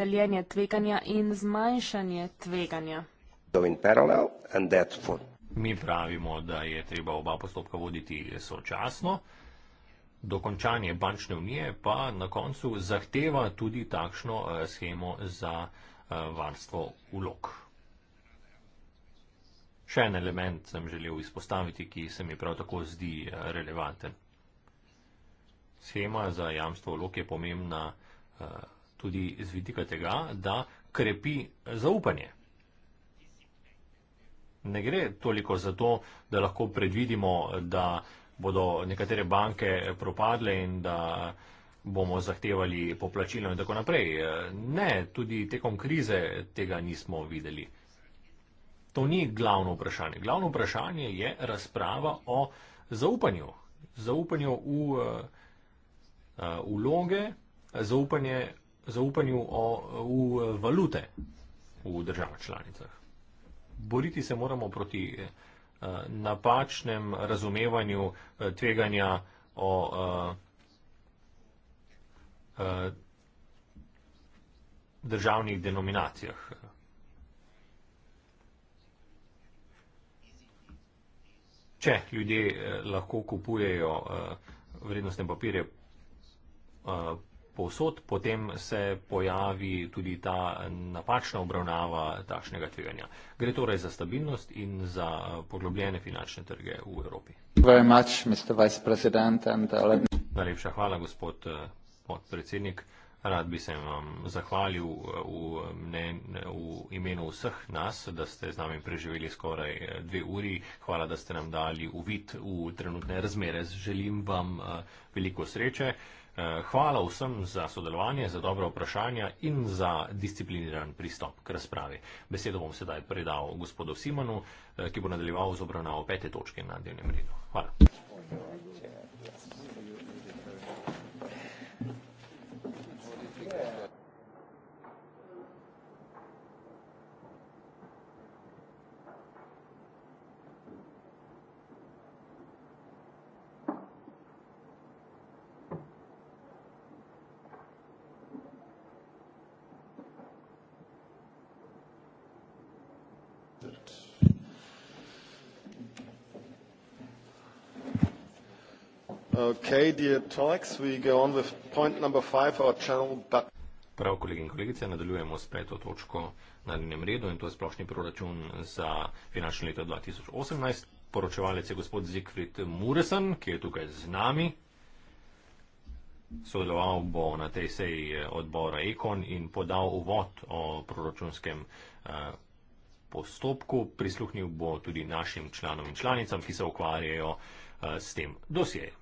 deljenje tveganja in zmanjšanje tveganja. Mi pravimo, da je treba oba postopka voditi sočasno. Dokončanje bančne unije pa na koncu zahteva tudi takšno eh, schemo za eh, varstvo ulog. Še en element sem želel izpostaviti, ki se mi prav tako zdi eh, relevanten. Schema za jamstvo ulog je pomembna tudi z vidika tega, da krepi zaupanje ne gre toliko za to, da lahko predvidimo, da bodo nekatere banke propadle in da bomo zahtevali poplačilo in tako naprej. Ne, tudi tekom krize tega nismo videli. To ni glavno vprašanje. Glavno vprašanje je razprava o zaupanju. Zaupanju v eh, vloge, zaupanje, zaupanju o, v valute v državah članicah boriti se moramo proti eh, napačnem razumevanju eh, tveganja o eh, državnih denominacijah. Če ljudje lahko kupujejo vrednostne papirje povsod, potem se pojavi tudi ta napačna obravnava takšnega tveganja. Gre torej za stabilnost in za eh, poglobljene finančne trge v Evropi. Much, uh, Najlepša hvala, gospod eh, podpredsednik. Rad bi se vam zahvalil eh, v, ne, v imenu vseh nas, da ste z nami preživeli skoraj dve uri. Hvala, da ste nam dali uvid v trenutne razmere. Želim vam veliko sreče. Eh, hvala vsem za sodelovanje, za dobro vprašanje in za discipliniran pristop k razpravi. Besedo bom sedaj predal gospodu Simonu, eh, ki bo nadaljeval z obravnavo pete točke na dnevnem redu. Hvala. Okay, dear talks, we go on with point number five, our channel. But Prav, kolegi in kolegice, nadaljujemo s peto točko na dnevnem redu in to je splošni proračun za finančno leto 2018. Poročevalec je gospod Zigfrid Muresen, ki je tukaj z nami. Sodeloval bo na tej seji eh, odbora Ekon in podal uvod o proračunskem eh, postopku. Prisluhnil bo tudi našim članom in članicam, ki se ukvarjajo eh, s tem dosjejem.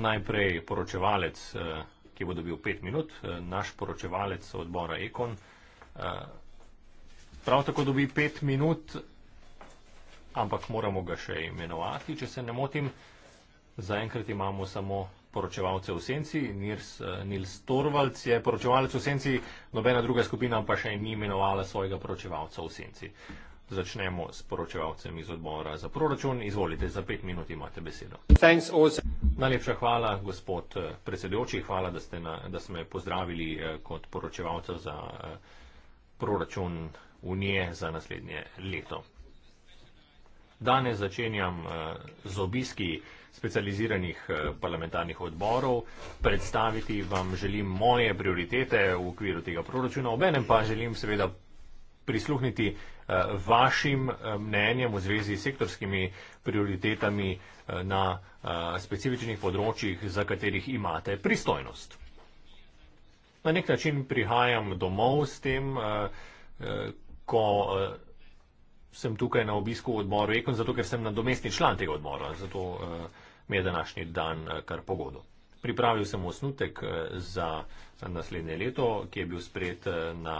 najprej poročevalec, eh, ki bo dobil pet minut, eh, naš poročevalec odbora Ekon. Eh, prav tako dobi pet minut, ampak moramo ga še imenovati, če se ne motim. Zaenkrat imamo samo poročevalce v senci, Nils, Nils Torvalc je poročevalec v senci, nobena druga skupina pa še ni imenovala svojega poročevalca v senci. Začnemo s poročevalcem iz odbora za proračun. Izvolite, za pet minut imate besedo. Najlepša hvala, gospod eh, predsedujoči. Hvala, da ste, na, da ste me pozdravili eh, kot poročevalca za eh, proračun Unije za naslednje leto. Danes začenjam z obiski specializiranih parlamentarnih odborov. Predstaviti vam želim moje prioritete v okviru tega proračuna. Obenem pa želim seveda prisluhniti eh, vašim eh, mnenjem v zvezi s sektorskimi prioritetami eh, na specifičnih področjih, za katerih imate pristojnost. Na nek način prihajam domov s tem, ko sem tukaj na obisku v odboru Ekon, zato ker sem nadomestni član tega odbora, zato mi je današnji dan kar pogodo pripravil sem osnutek eh, za naslednje leto, ki je bil sprejet eh, na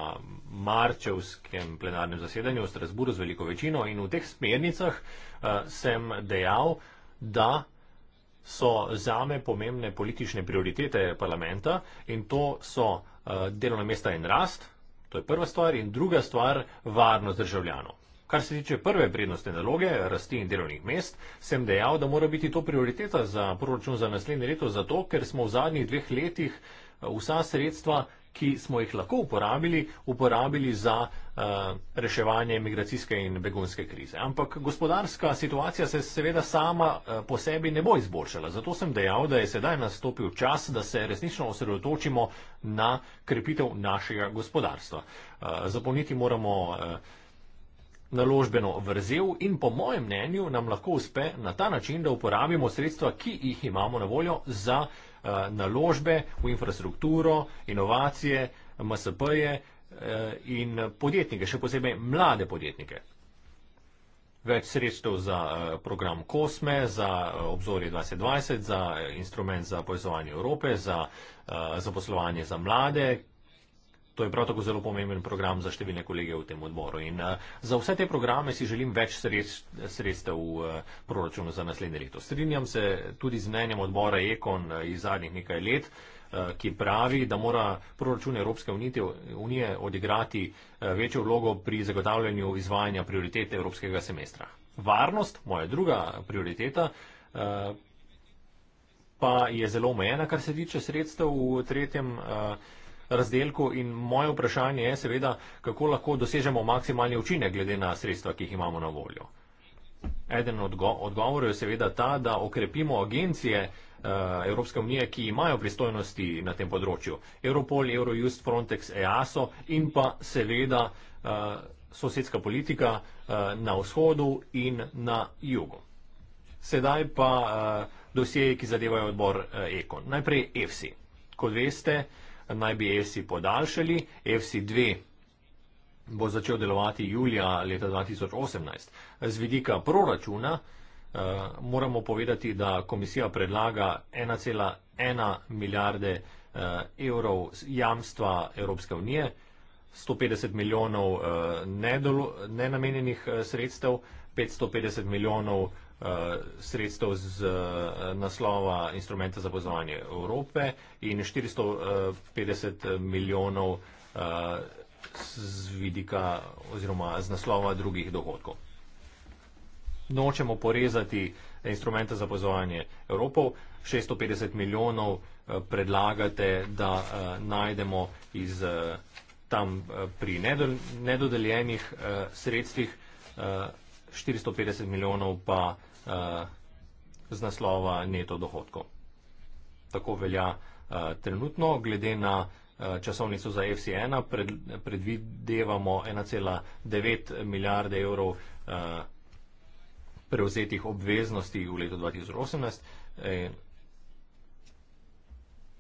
marčevskem plenarnem zasedanju v Strasburu z veliko večino in v teh smernicah eh, sem dejal, da so zame pomembne politične prioritete parlamenta in to so delovna mesta in rast, to je prva stvar, in druga stvar, varnost državljanov. Kar se tiče prve vrednostne naloge, rasti in delovnih mest, sem dejal, da mora biti to prioriteta za proračun za naslednje leto, zato ker smo v zadnjih dveh letih eh, vsa sredstva, ki smo jih lahko uporabili, uporabili za uh, reševanje migracijske in begunske krize. Ampak gospodarska situacija se seveda sama uh, po sebi ne bo izboljšala. Zato sem dejal, da je sedaj nastopil čas, da se resnično osredotočimo na krepitev našega gospodarstva. Uh, zapolniti moramo. Uh, naložbeno vrzel in po mojem mnenju nam lahko uspe na ta način, da uporabimo sredstva, ki jih imamo na voljo za eh, naložbe v infrastrukturo, inovacije, MSP-je eh, in podjetnike, še posebej mlade podjetnike. Več sredstev za eh, program Kosme, za obzorje 2020, za instrument za povezovanje Evrope, za zaposlovanje za mlade, To je prav tako zelo pomemben program za številne kolege v tem odboru. In eh, za vse te programe si želim več sredstev v eh, proračunu za naslednje leto. Strinjam se tudi z mnenjem odbora Ekon eh, iz zadnjih nekaj let, ki pravi, da mora proračun Evropske unije odigrati večjo vlogo pri zagotavljanju izvajanja prioritete Evropskega semestra. Varnost, moja druga prioriteta, pa je zelo omejena, kar se tiče sredstev v tretjem razdelku in moje vprašanje je seveda, kako lahko dosežemo maksimalni učinek glede na sredstva, ki jih imamo na voljo. Eden od odgovorov je seveda ta, da okrepimo agencije eh, Evropske unije, ki imajo pristojnosti na tem področju. Europol, Eurojust, Frontex, EASO in pa seveda eh, sosedska politika eh, na vzhodu in na jugu. Sedaj pa dosjeje, ki zadevajo odbor EKON. Najprej EFSI. Kot veste, naj bi EFSI podaljšali. EFSI 2 bo začel delovati julija leta 2018. Z vidika proračuna eh, moramo povedati, da komisija predlaga 1,1 milijarde eh, evrov jamstva Evropske unije. 150 milijonov eh, nenamenjenih sredstev, 550 milijonov Eh, sredstev z eh, naslova instrumenta za poznavanje Evrope in 450 eh, milijonov z vidika oziroma z naslova drugih dohodkov. Nočemo porezati instrumenta za poznavanje Evropov, 650 milijonov predlagate, da najdemo iz tam pri nedodeljenih sredstvih, 450 milijonov pa Eh, z naslova neto dohodkov. Tako velja eh, trenutno, glede na eh, časovnico za FC1 predvidevamo 1,9 milijarde evrov preuzetih obveznosti v letu 2018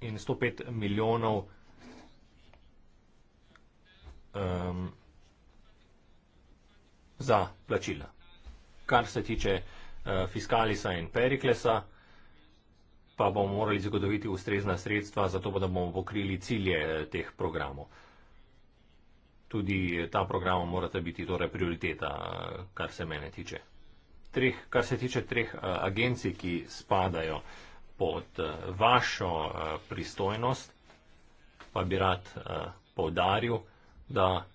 in 105 milijonov ehm, za plačila. Kar se tiče uh, Eh, Fiskalisa in Periklesa, pa bomo morali zagotoviti ustrezna sredstva, zato pa da bomo pokrili cilje eh, teh programov. Tudi eh, ta program mora biti torej prioriteta, kar se mene tiče. Treh, kar se tiče treh agencij, ki spadajo pod vašo pristojnost, pa bi rad poudaril, da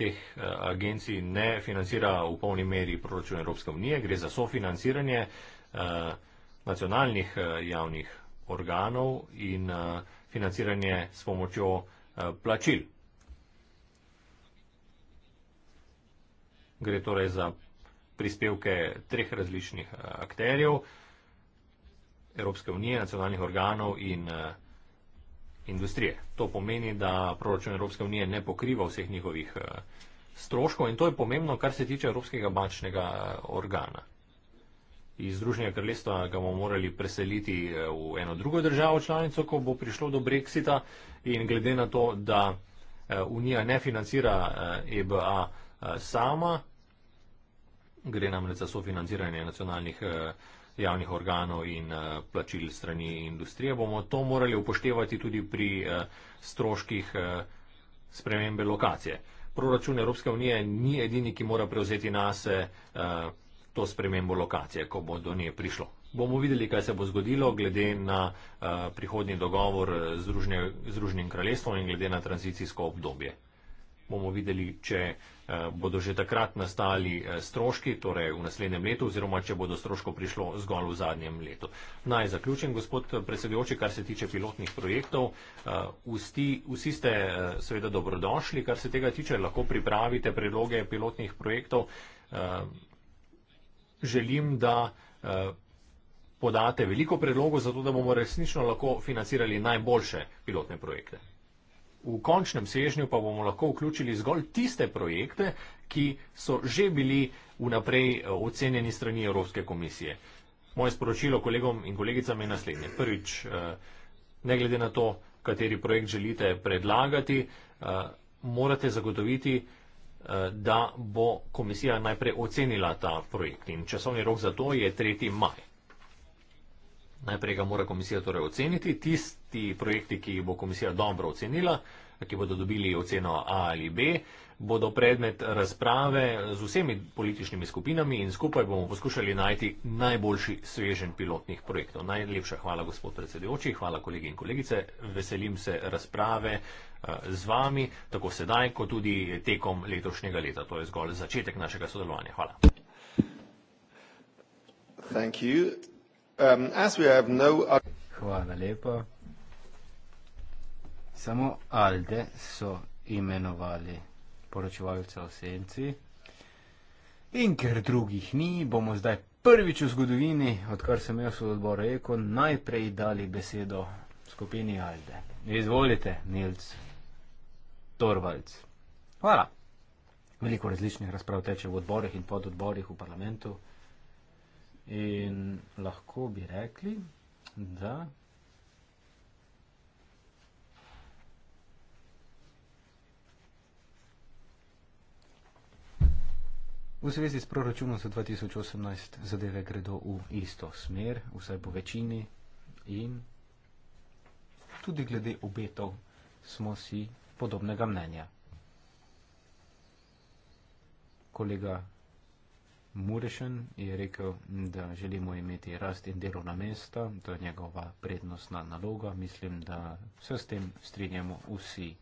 teh eh, agencij ne financira v polni meri proračun Evropske unije, gre za sofinanciranje eh, nacionalnih eh, javnih organov in financiranje s pomočjo plačil. Gre torej za prispevke treh različnih akterjev, Evropske unije, nacionalnih organov in plačil industrije. To pomeni, da proračun Evropske unije ne pokriva vseh njihovih eh, stroškov in to je pomembno, kar se tiče Evropskega bančnega eh, organa. Iz Združenja kraljestva ga bomo morali preseliti eh, v eno drugo državo članico, ko bo prišlo do brexita in glede na to, da Unija ne financira EBA e sama, gre namreč za sofinanciranje nacionalnih javnih organov in eh, plačil strani industrije, bomo to morali upoštevati tudi pri eh, stroških eh, spremembe lokacije. Proračun Evropske unije ni edini, ki mora prevzeti na se to spremembo lokacije, ko bo do nje prišlo. Bomo videli, kaj se bo zgodilo glede na prihodni dogovor z Združenim kraljestvom in glede na tranzicijsko obdobje bomo videli, če eh, bodo že takrat nastali eh, stroški, torej v naslednjem letu, oziroma če bodo stroško prišlo zgolj v zadnjem letu. Naj zaključim, gospod eh, predsedujoči, kar se tiče pilotnih projektov. Vsi, vsi ste seveda dobrodošli, kar se tega tiče, lahko pripravite predloge pilotnih projektov. Želim, da podate veliko predlogov za to, da bomo resnično lahko financirali najboljše pilotne projekte v končnem sežnju pa bomo lahko vključili zgolj tiste projekte, ki so že bili vnaprej eh, ocenjeni strani Evropske komisije. Moje sporočilo kolegom in kolegicam je naslednje. Prvič, eh, ne glede na to, kateri projekt želite predlagati, eh, morate zagotoviti, da bo komisija najprej ocenila ta projekt. In časovni rok za to je 3. maj. Najprej ga mora komisija torej oceniti. Tisti projekti, ki jih bo komisija dobro ocenila, ki bodo dobili oceno A ali B, bodo predmet razprave z vsemi političnimi skupinami in skupaj bomo poskušali najti najboljši svežen pilotnih projektov. Najlepša hvala, gospod predsedujoči, hvala kolegi in kolegice. Veselim se razprave eh, z vami, tako sedaj, kot tudi tekom letošnjega leta. To je zgolj začetek našega sodelovanja. Hvala. Thank you. Um, no Hvala lepa. Samo Alde so imenovali poročevalca o senci. In ker drugih ni, bomo zdaj prvič v zgodovini, odkar sem jaz v odboru rekel, najprej dali besedo skupini Alde. Izvolite, Nils Torvalc. Hvala. Veliko različnih razprav teče v odborih in pododborih v parlamentu. In lahko bi rekli, da v zvezi s proračunom za 2018 zadeve gredo v isto smer, vsaj po večini in tudi glede obetov smo si podobnega mnenja. Kolega Murešen je rekel, da želimo imeti rast in delovna mesta, to je njegova prednostna naloga. Mislim, da se s tem strinjamo vsi.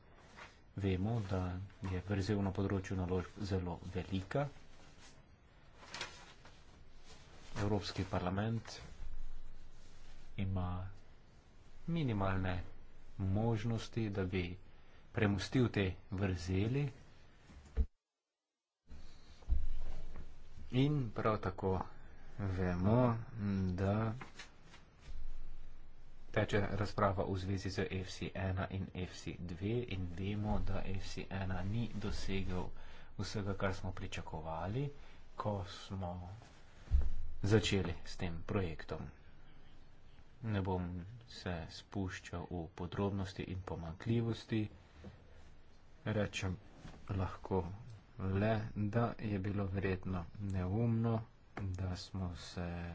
Vemo, da je vrzel na področju naložb zelo velika. Evropski parlament ima minimalne možnosti, da bi premustil te vrzeli. In prav tako vemo, da teče razprava v zvezi z FC1 in FC2 in vemo, da FC1 ni dosegel vsega, kar smo pričakovali, ko smo začeli s tem projektom. Ne bom se spuščal v podrobnosti in pomankljivosti, rečem lahko le, da je bilo verjetno neumno, da smo se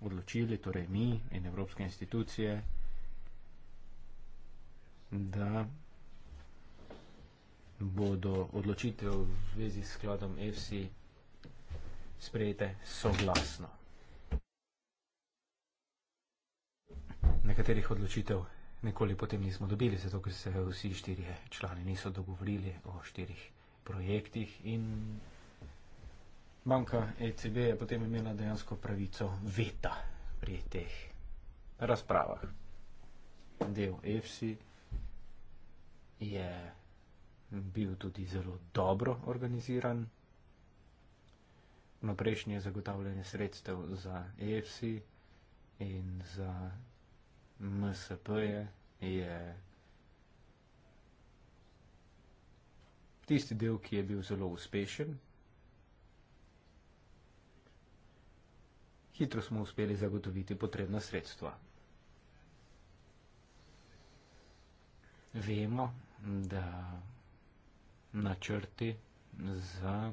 odločili, torej mi in evropske institucije, da bodo odločitve v vezi s skladom EFSI sprejete soglasno. Nekaterih odločitev nekoli potem nismo dobili, zato ker se vsi štirje člani niso dogovorili o štirih odločitev projektih in banka ECB je potem imela dejansko pravico veta pri teh razpravah. Del EFSI je bil tudi zelo dobro organiziran. Naprejšnje zagotavljanje sredstev za EFSI in za MSP je tisti del, ki je bil zelo uspešen. Hitro smo uspeli zagotoviti potrebna sredstva. Vemo, da načrti za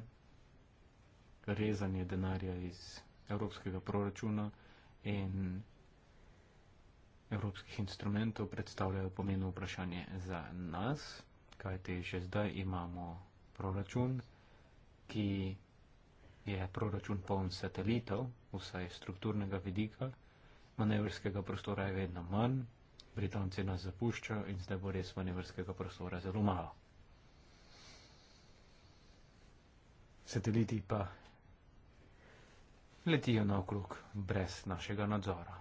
rezanje denarja iz evropskega proračuna in evropskih instrumentov predstavljajo pomeno vprašanje za nas kaj ti že zdaj imamo proračun, ki je proračun poln satelitov, vsaj strukturnega vidika, manevrskega prostora je vedno manj, Britanci nas zapuščajo in zdaj bo res manevrskega prostora zelo malo. Sateliti pa letijo naokrog brez našega nadzora.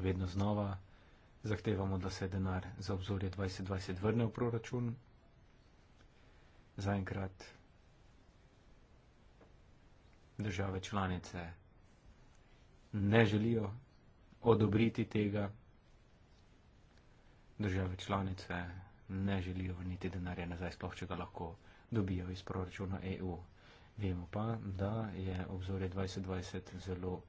Vedno znova Zahtevamo, da se denar za obzorje 2020 vrne v proračun. Zaenkrat države članice ne želijo odobriti tega. Države članice ne želijo vrniti denarja nazaj, sploh če ga lahko dobijo iz proračuna EU. Vemo pa, da je obzorje 2020 zelo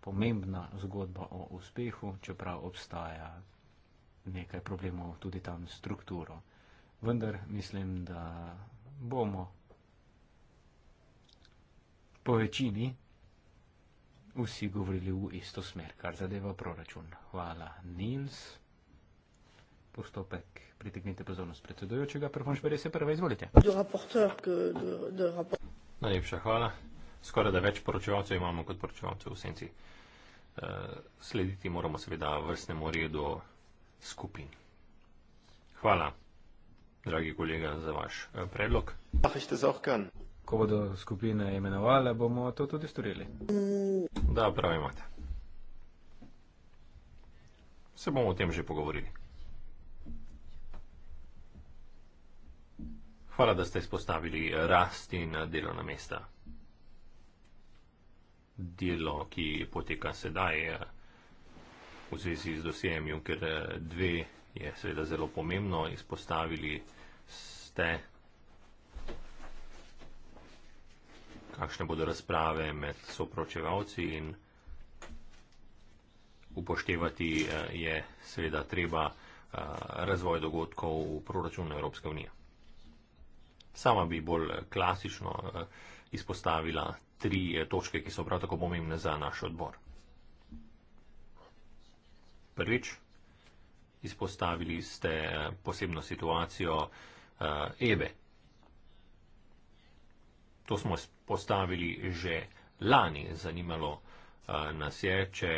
pomembna zgodba o uspehu, čeprav obstaja nekaj problemov tudi tam s strukturo. Vendar mislim, da bomo po večini vsi govorili v isto smer, kar zadeva proračun. Hvala, Nils. Postopek, pritegnite pozornost predsedujočega, prvom šperi se prva, izvolite. Najlepša hvala. Skoraj da več poročevalcev imamo kot poročevalcev v senci. Uh, slediti moramo seveda vrstnemu redu skupin. Hvala, dragi kolega, za vaš eh, predlog. Ko bodo skupine imenovali, bomo to tudi storili. Da, prav imate. Se bomo o tem že pogovorili. Hvala, da ste izpostavili eh, rast in eh, delovna mesta. Delo, ki poteka sedaj, je v zvezi z dosjejem Juncker 2 eh, je seveda zelo pomembno. Izpostavili ste, kakšne bodo razprave med soproočevalci in upoštevati eh, je seveda treba eh, razvoj dogodkov v proračunu Evropske unije. Sama bi bolj klasično izpostavila tri točke, ki so prav tako pomembne za naš odbor. Prvič, izpostavili ste eh, posebno situacijo eh, Ebe. To smo postavili že lani. Zanimalo eh, nas je, če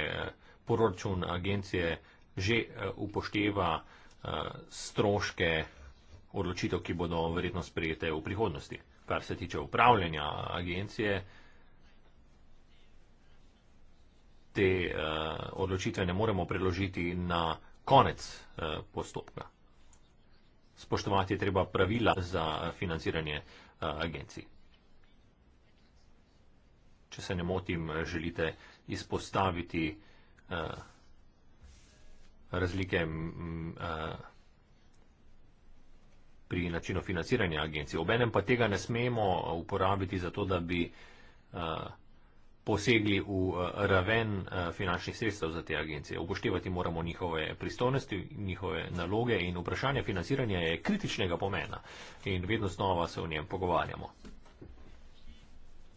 poročun agencije že upošteva stroške odločitev, ki bodo verjetno sprejete v prihodnosti. Kar se tiče upravljanja agencije, te uh, odločitve ne moremo preložiti na konec uh, postopka. Spoštovati je treba pravila za eh, financiranje uh, agencij. Če se ne motim, želite izpostaviti uh, razlike m, uh, pri načinu financiranja agencij. Obenem pa tega ne smemo uporabiti zato, da bi uh, posegli v eh, raven eh, finančnih sredstev za te agencije. Upoštevati moramo njihove pristojnosti, njihove naloge in vprašanje financiranja je kritičnega pomena in vedno znova se o njem pogovarjamo.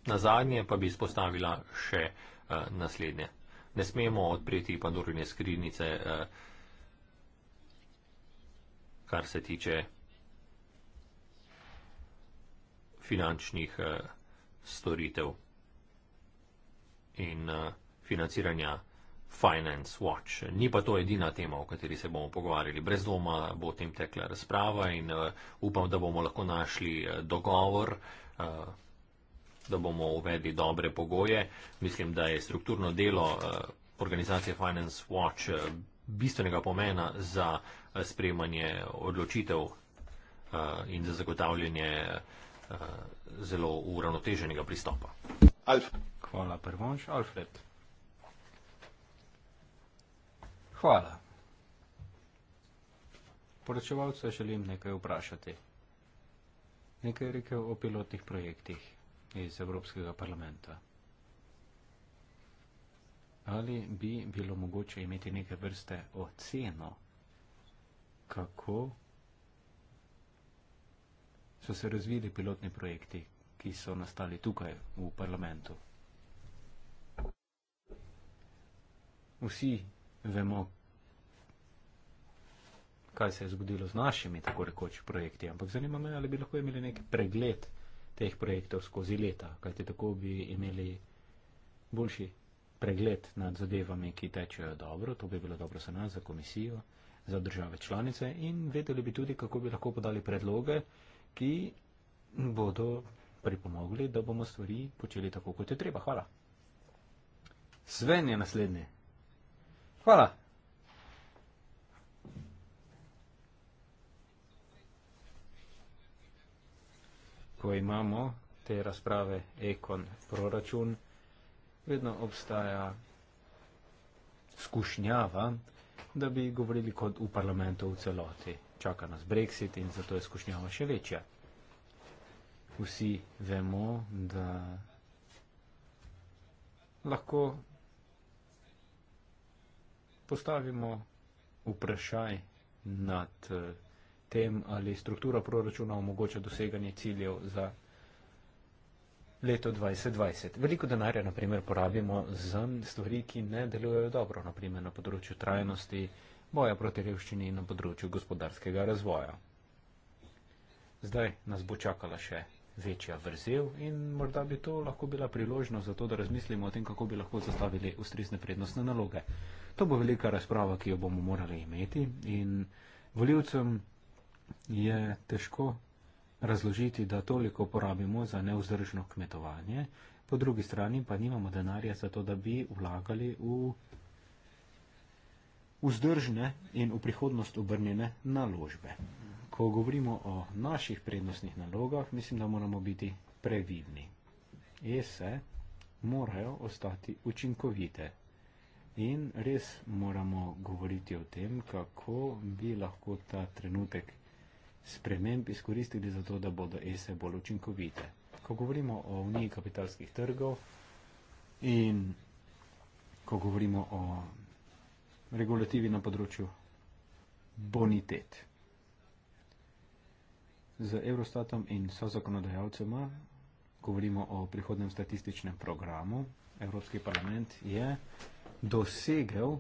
Na zadnje pa bi izpostavila še eh, naslednje. Ne smemo odpreti pandorine skrinice, kar se tiče finančnih storitev in eh, financiranja Finance Watch. Ni pa to edina tema, o kateri se bomo pogovarjali. Brez doma bo o tem tekla razprava in eh, upam, da bomo lahko našli eh, dogovor, da bomo uvedli dobre pogoje. Mislim, da je strukturno delo organizacije Finance Watch bistvenega pomena za sprejemanje odločitev in za zagotavljanje zelo uravnoteženega pristopa. Alfa. Hvala, Prvonš. Alfred. Hvala. Poročevalce želim nekaj vprašati. Nekaj rekel o pilotnih projektih iz Evropskega parlamenta. Ali bi bilo mogoče imeti neke vrste oceno, kako so se razvili pilotni projekti, ki so nastali tukaj v parlamentu? vsi vemo, kaj se je zgodilo z našimi tako rekoč projekti, ampak zanima me, ali bi lahko imeli nek pregled teh projektov skozi leta, kajti tako bi imeli boljši pregled nad zadevami, ki tečejo dobro, to bi bilo dobro za nas, za komisijo, za države članice in vedeli bi tudi, kako bi lahko podali predloge, ki bodo pripomogli, da bomo stvari počeli tako, kot je treba. Hvala. Sven je naslednji. Hvala. Ko imamo te razprave ekon proračun, vedno obstaja skušnjava, da bi govorili kot v parlamentu v celoti. Čaka nas Brexit in zato je skušnjava še večja. Vsi vemo, da lahko postavimo vprašaj nad eh, tem, ali struktura proračuna omogoča doseganje ciljev za leto 2020. Veliko denarja, na primer, porabimo za stvari, ki ne delujejo dobro, na primer na področju trajnosti, boja proti revščini in na področju gospodarskega razvoja. Zdaj nas bo čakala še večja vrzel in morda bi to lahko bila priložnost za to, da razmislimo o tem, kako bi lahko zastavili ustrezne prednostne naloge. To bo velika razprava, ki jo bomo morali imeti in voljivcem je težko razložiti, da toliko porabimo za neuzdržno kmetovanje, po drugi strani pa nimamo denarja za to, da bi vlagali v vzdržne in v prihodnost obrnjene naložbe ko govorimo o naših prednostnih nalogah, mislim, da moramo biti previdni. ESE morajo ostati učinkovite. In res moramo govoriti o tem, kako bi lahko ta trenutek sprememb izkoristili za to, da bodo ESE bolj učinkovite. Ko govorimo o uniji kapitalskih trgov in ko govorimo o regulativi na področju bonitet z Eurostatom in so zakonodajalcema. Govorimo o prihodnem statističnem programu. Evropski parlament je dosegel,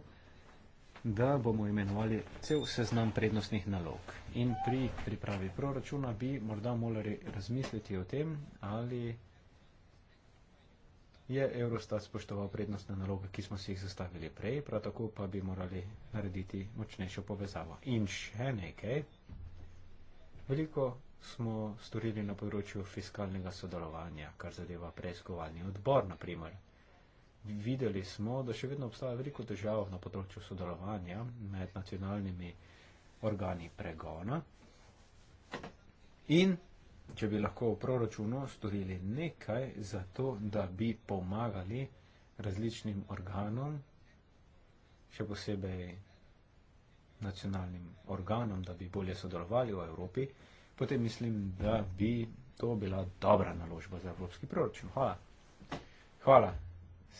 da bomo imenovali cel seznam prednostnih nalog. In pri pripravi proračuna bi morda morali razmisliti o tem, ali je Eurostat spoštoval prednostne naloge, ki smo si jih zastavili prej, prav tako pa bi morali narediti močnejšo povezavo. In še nekaj. Veliko smo storili na področju fiskalnega sodelovanja, kar zadeva preiskovalni odbor, naprimer. Videli smo, da še vedno obstaja veliko težav na področju sodelovanja med nacionalnimi organi pregona. In če bi lahko v proračunu storili nekaj za to, da bi pomagali različnim organom, še posebej nacionalnim organom, da bi bolje sodelovali v Evropi, potem mislim, da bi to bila dobra naložba za evropski proračun. Hvala. Hvala.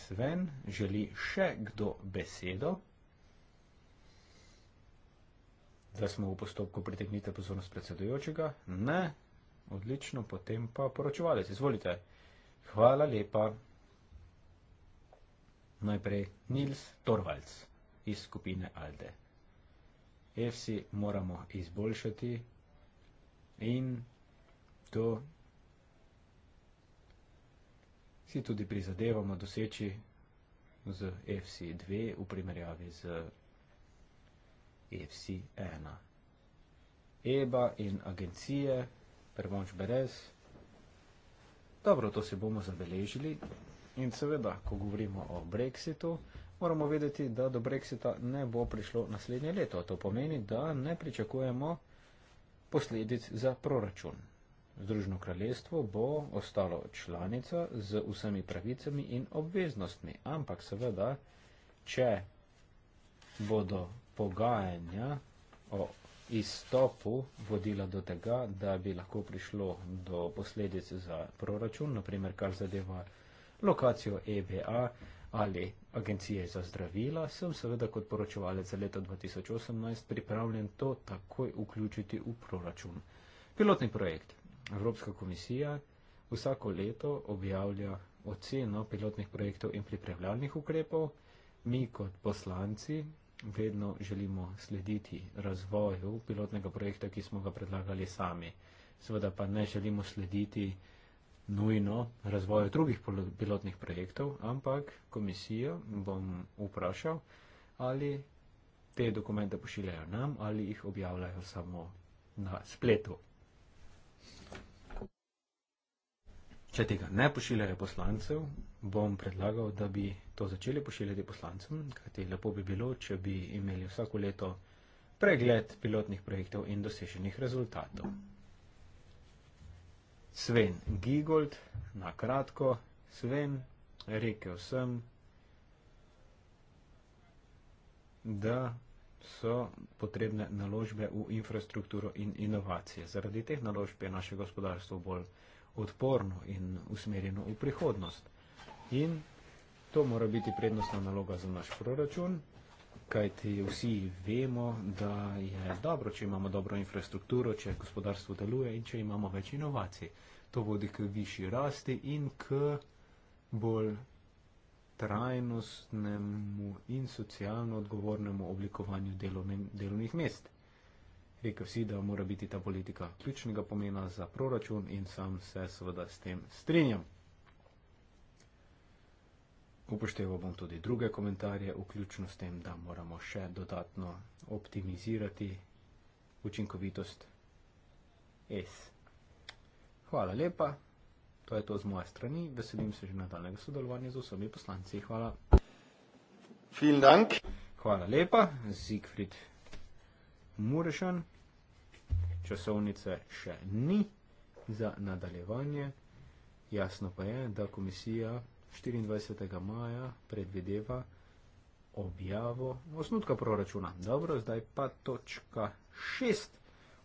Sven, želi še kdo besedo? Da smo v postopku pritegnite pozornost predsedujočega? Ne. Odlično, potem pa poročevalec. Izvolite. Hvala lepa. Najprej Nils Torvalc iz skupine Alde. EFSI moramo izboljšati, in to si tudi prizadevamo doseči z FC2 v primerjavi z FC1. EBA e in agencije, Prvonč Berez, dobro, to se bomo zabeležili in seveda, ko govorimo o Brexitu, moramo vedeti, da do Brexita ne bo prišlo naslednje leto. To pomeni, da ne pričakujemo, da ne pričakujemo, posledic za proračun. Združeno kraljestvo bo ostalo članica z vsemi pravicami in obveznostmi, ampak seveda, če bodo pogajanja o izstopu vodila do tega, da bi lahko prišlo do posledic za proračun, naprimer kar zadeva lokacijo EBA, ali agencije za zdravila, sem seveda kot poročevalec za leto 2018 pripravljen to takoj vključiti v proračun. Pilotni projekt. Evropska komisija vsako leto objavlja oceno pilotnih projektov in pripravljalnih ukrepov. Mi kot poslanci vedno želimo slediti razvoju pilotnega projekta, ki smo ga predlagali sami. Seveda pa ne želimo slediti nujno razvoju drugih pilotnih projektov, ampak komisijo bom vprašal, ali te dokumente pošiljajo nam ali jih objavljajo samo na spletu. Če tega ne pošiljajo poslancev, bom predlagal, da bi to začeli pošiljati poslancem, kajti lepo bi bilo, če bi imeli vsako leto pregled pilotnih projektov in doseženih rezultatov. Sven Gigold, na kratko, Sven, rekel sem, da so potrebne naložbe v infrastrukturo in inovacije. Zaradi teh naložb je naše gospodarstvo bolj odporno in usmerjeno v prihodnost. In to mora biti prednostna naloga za naš proračun kajti vsi vemo, da je dobro, če imamo dobro infrastrukturo, če gospodarstvo deluje in če imamo več inovacij. To vodi k višji rasti in k bolj trajnostnemu in socialno odgovornemu oblikovanju delovne, delovnih mest. Rekel si, da mora biti ta politika ključnega pomena za proračun in sam se seveda s tem strinjam. Upošteval bom tudi druge komentarje, vključno s tem, da moramo še dodatno optimizirati učinkovitost S. Hvala lepa, to je to z moje strani, veselim se že nadaljnega sodelovanja z vsemi poslanci. Hvala. Vielen Dank. Hvala lepa, Siegfried Murešan. Časovnice še ni za nadaljevanje. Jasno pa je, da komisija. 24. maja predvideva objavo osnutka proračuna. Dobro, zdaj pa točka 6.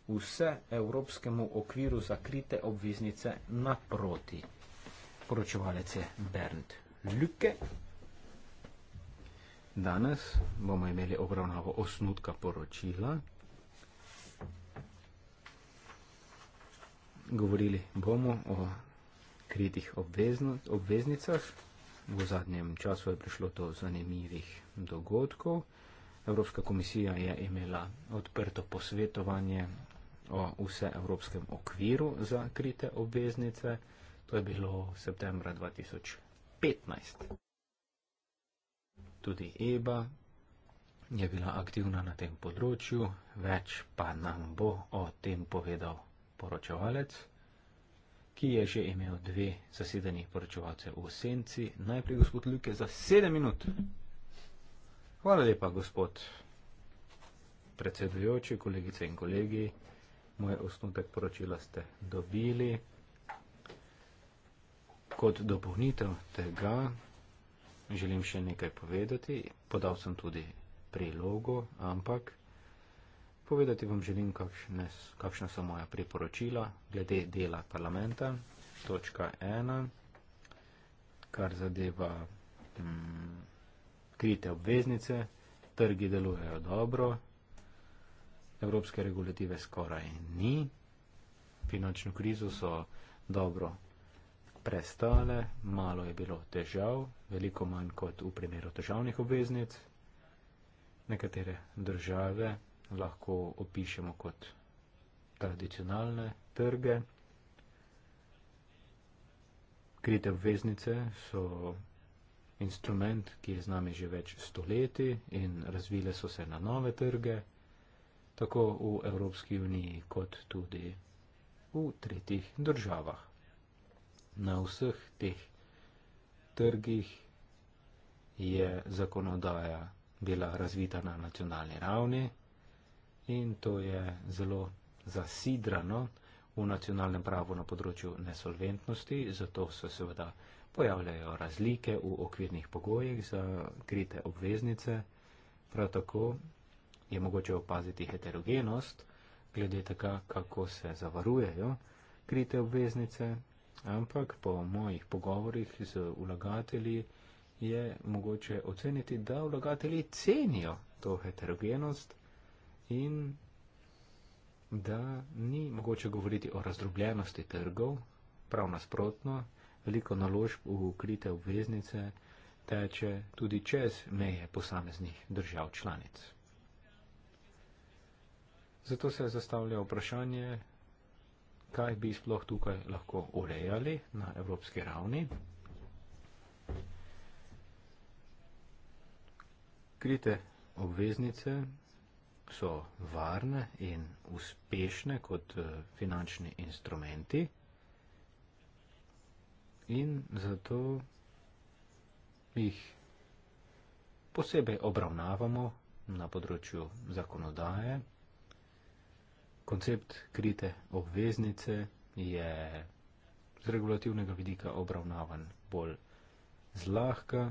Vse evropskemu okviru za krite obveznice naproti. Poročevalec je Bernd Lüke. Danes bomo imeli obravnavo osnutka poročila. Govorili bomo o kritih obvezno, obveznicah. V zadnjem času je prišlo do zanimivih dogodkov. Evropska komisija je imela odprto posvetovanje o vseevropskem okviru za krite obveznice. To je bilo v septembra 2015. Tudi EBA je bila aktivna na tem področju, več pa nam bo o tem povedal poročevalec ki je že imel dve zasedeni poročevalce v senci. Najprej gospod Luke za sedem minut. Hvala lepa, gospod predsedujoči, kolegice in kolegi. Moj osnutek poročila ste dobili. Kot dopolnitev tega želim še nekaj povedati. Podal sem tudi prilogo, ampak Povedati vam želim, kakšne, kakšna so moja priporočila glede dela parlamenta. Točka ena, kar zadeva hm, krite obveznice, trgi delujejo dobro, evropske regulative skoraj ni, finančno krizo so dobro prestale, malo je bilo težav, veliko manj kot v primeru državnih obveznic. Nekatere države lahko opišemo kot tradicionalne trge. Krite obveznice so instrument, ki je z nami že več stoletij in razvile so se na nove trge, tako v Evropski uniji kot tudi v tretjih državah. Na vseh teh trgih je zakonodaja bila razvita na nacionalni ravni, in to je zelo zasidrano v nacionalnem pravu na področju nesolventnosti, zato se seveda pojavljajo razlike v okvirnih pogojih za krite obveznice. Prav tako je mogoče opaziti heterogenost glede tega, kako se zavarujejo krite obveznice, ampak po mojih pogovorih z vlagatelji je mogoče oceniti, da vlagatelji cenijo to heterogenost in da ni mogoče govoriti o razdrobljenosti trgov, prav nasprotno, veliko naložb v ukrite obveznice teče tudi čez meje posameznih držav članic. Zato se zastavlja vprašanje, kaj bi sploh tukaj lahko urejali na evropski ravni. Krite obveznice so varne in uspešne kot eh, finančni instrumenti. In zato jih posebej obravnavamo na področju zakonodaje. Koncept krite obveznice je z regulativnega vidika obravnavan bolj zlahka.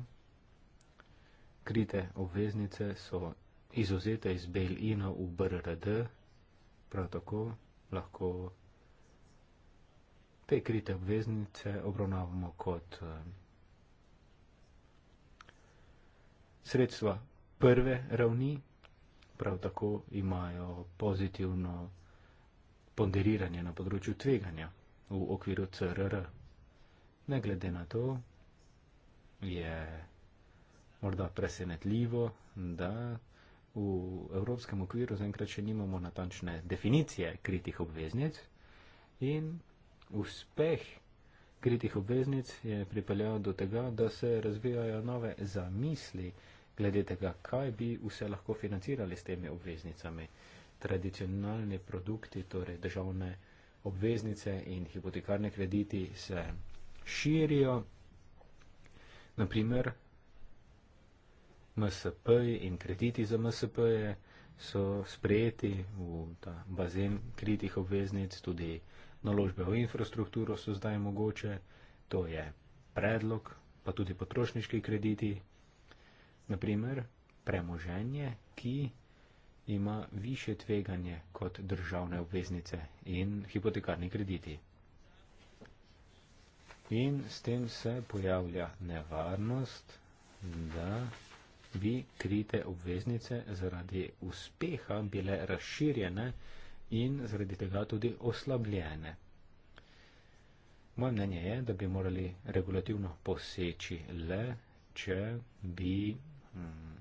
Krite obveznice so izuzeta iz Belina v BRD, prav tako lahko te krite obveznice obravnavamo kot eh, sredstva prve ravni, prav tako imajo pozitivno ponderiranje na področju tveganja v okviru CRR. Ne glede na to, je morda presenetljivo, da V evropskem okviru zaenkrat še nimamo natančne definicije kritih obveznic in uspeh kritih obveznic je pripeljal do tega, da se razvijajo nove zamisli glede tega, kaj bi vse lahko financirali s temi obveznicami. Tradicionalni produkti, torej državne obveznice in hipotekarne krediti se širijo. Naprimer, MSP in krediti za MSP -je so sprejeti v ta bazen kritih obveznic, tudi naložbe v infrastrukturo so zdaj mogoče, to je predlog, pa tudi potrošniški krediti, naprimer premoženje, ki ima više tveganje kot državne obveznice in hipotekarni krediti. In s tem se pojavlja nevarnost, da vi krite obveznice zaradi uspeha bile razširjene in zaradi tega tudi oslabljene. Moje mnenje je, da bi morali regulativno poseči le, če bi hm,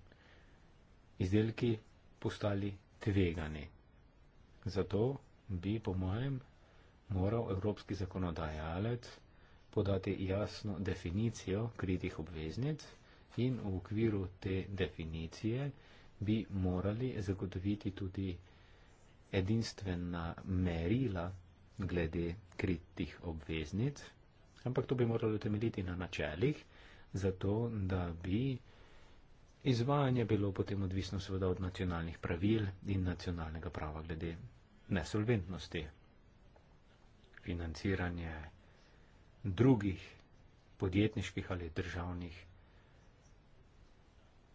izdelki postali tvegani. Zato bi, po mojem, moral evropski zakonodajalec podati jasno definicijo kritih obveznic in v okviru te definicije bi morali zagotoviti tudi edinstvena merila glede kritih obveznic, ampak to bi moralo temeljiti na načelih, zato da bi izvajanje bilo potem odvisno seveda od nacionalnih pravil in nacionalnega prava glede nesolventnosti. Financiranje drugih podjetniških ali državnih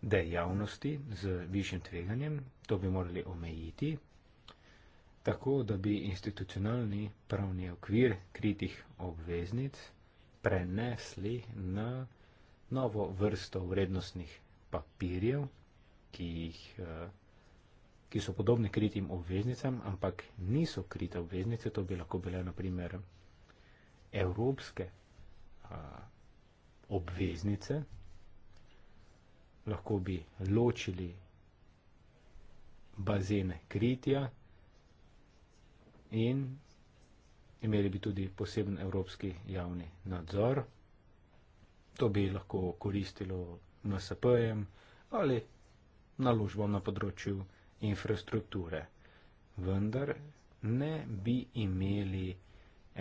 dejavnosti z višjim tveganjem, to bi morali omejiti, tako da bi institucionalni pravni okvir kritih obveznic prenesli na novo vrsto vrednostnih papirjev, ki, jih, eh, ki so podobne kritim obveznicam, ampak niso krite obveznice, to bi lahko bile naprimer evropske eh, obveznice, lahko bi ločili bazene kritja in imeli bi tudi poseben evropski javni nadzor. To bi lahko koristilo NSP-jem ali naložbam na področju infrastrukture. Vendar ne bi imeli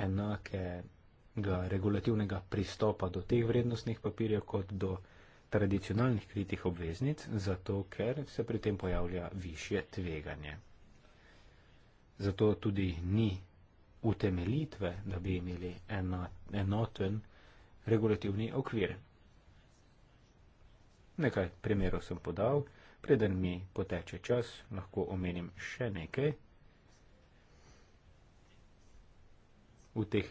enakega regulativnega pristopa do teh vrednostnih papirjev kot do infrastrukture tradicionalnih kritih obveznic, zato ker se pri tem pojavlja više tveganje. Zato tudi ni utemelitve, da bi imeli eno, enoten regulativni okvir. Nekaj primerov sem podal, preden mi poteče čas, lahko omenim še nekaj. V teh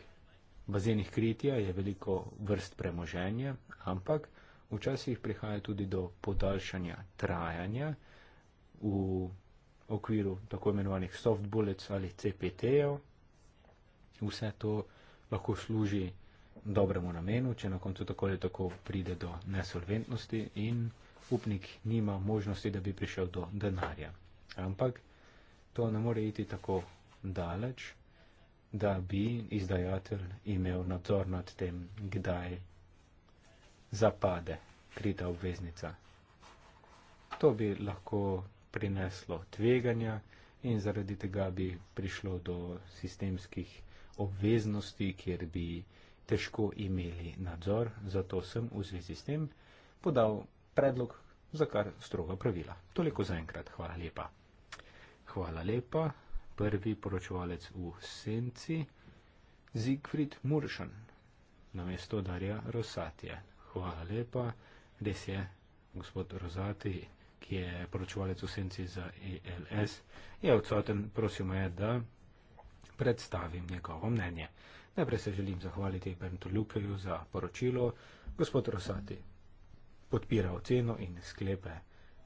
bazenih kritja je veliko vrst premoženja, ampak Včasih prihaja tudi do podaljšanja trajanja v okviru tako imenovanih soft bullets ali CPT-jev. Vse to lahko služi dobremu namenu, če na koncu tako ali tako pride do nesolventnosti in upnik nima možnosti, da bi prišel do denarja. Ampak to ne more iti tako daleč, da bi izdajatelj imel nadzor nad tem, kdaj zapade krita obveznica. To bi lahko prineslo tveganja in zaradi tega bi prišlo do sistemskih obveznosti, kjer bi težko imeli nadzor, zato sem v zvezi s tem podal predlog za kar stroga pravila. Toliko za enkrat, hvala lepa. Hvala lepa, prvi poročevalec v senci, Zigfrid Muršan, namesto Darja Rosatija. Hvala lepa. Res je, gospod Rozati, ki je poročevalec v senci za ELS, je odsoten, prosil me je, da predstavim njegovo mnenje. Najprej se želim zahvaliti Bernu Lukeju za poročilo. Gospod Rosati podpira oceno in sklepe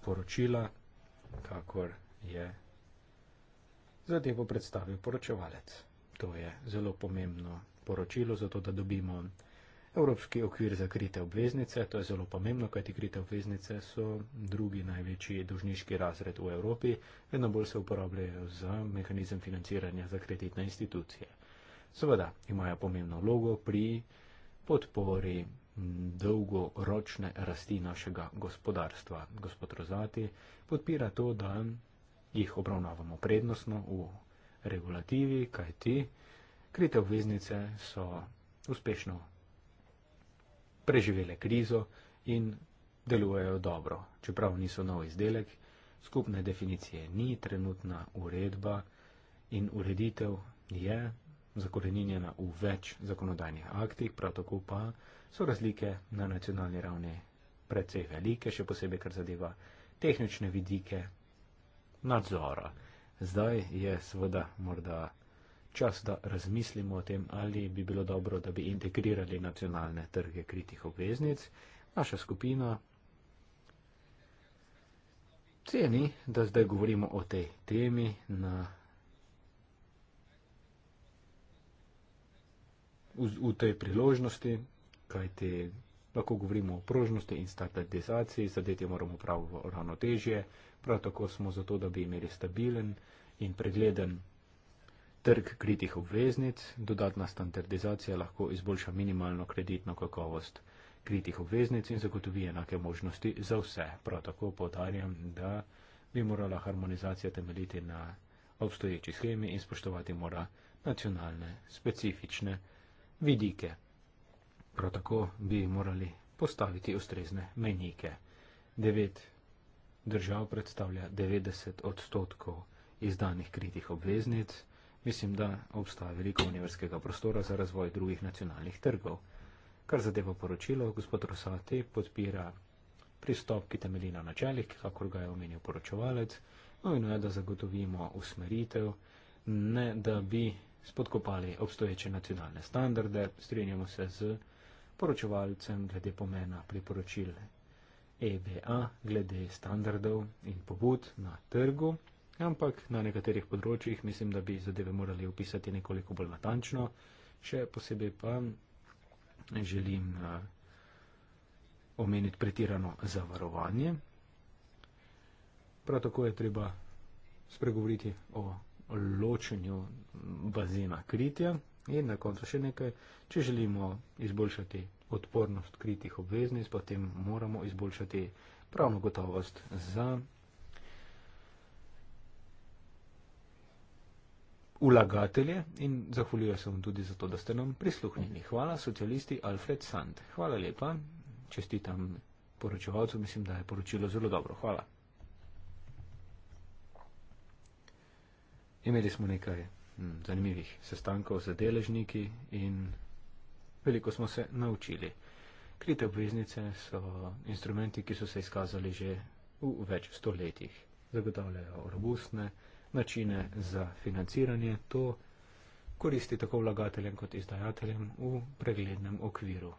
poročila, kakor je zadevo predstavil poročevalec. To je zelo pomembno poročilo, zato da dobimo Evropski okvir za krite obveznice, to je zelo pomembno, kajti krite obveznice so drugi največji dožniški razred v Evropi, vedno bolj se uporabljajo za mehanizem financiranja za kreditne institucije. Seveda imajo pomembno logo pri podpori dolgoročne rasti našega gospodarstva. Gospod Rozati podpira to, da jih obravnavamo prednostno v regulativi, kajti krite obveznice so uspešno preživele krizo in delujejo dobro, čeprav niso nov izdelek, skupne definicije ni, trenutna uredba in ureditev je zakorenjena v več zakonodajnih aktih, prav tako pa so razlike na nacionalni ravni predvsej velike, še posebej kar zadeva tehnične vidike nadzora. Zdaj je seveda morda čas, da razmislimo o tem, ali bi bilo dobro, da bi integrirali nacionalne trge kritih obveznic. Naša skupina ceni, da zdaj govorimo o tej temi na, v, v tej priložnosti, kajti lahko govorimo o prožnosti in standardizaciji, zadeti moramo prav v ravnotežje, prav tako smo zato, da bi imeli stabilen in pregleden trg kritih obveznic, dodatna standardizacija lahko izboljša minimalno kreditno kakovost kritih obveznic in zagotovi enake možnosti za vse. Prav tako povdarjam, da bi morala harmonizacija temeljiti na obstoječi schemi in spoštovati mora nacionalne specifične vidike. Prav tako bi morali postaviti ustrezne menjike. Devet držav predstavlja 90 odstotkov izdanih kritih obveznic. Mislim, da obstaja veliko universkega prostora za razvoj drugih nacionalnih trgov. Kar zadeva poročilo, gospod Rosati podpira pristop, ki temelji na načelih, kakor ga je omenil poročevalec, nojno je, da zagotovimo usmeritev, ne da bi spodkopali obstoječe nacionalne standarde, strinjamo se z poročevalcem glede pomena priporočil EBA glede standardov in pobud na trgu ampak na nekaterih področjih mislim, da bi zadeve morali opisati nekoliko bolj natančno. Še posebej pa želim eh, omeniti pretirano zavarovanje. Prav tako je treba spregovoriti o ločenju bazena kritja in na koncu še nekaj. Če želimo izboljšati odpornost kritih obveznic, potem moramo izboljšati pravno gotovost za vlagatelje in zahvaljujem se vam tudi za to, da ste nam prisluhnili. Hvala socialisti Alfred Sand. Hvala lepa. Čestitam poročevalcu. Mislim, da je poročilo zelo dobro. Hvala. Imeli smo nekaj hm, zanimivih sestankov z deležniki in veliko smo se naučili. Krite obveznice so instrumenti, ki so se izkazali že v več stoletjih. Zagotavljajo robustne načine za financiranje, to koristi tako vlagateljem kot izdajateljem v preglednem okviru.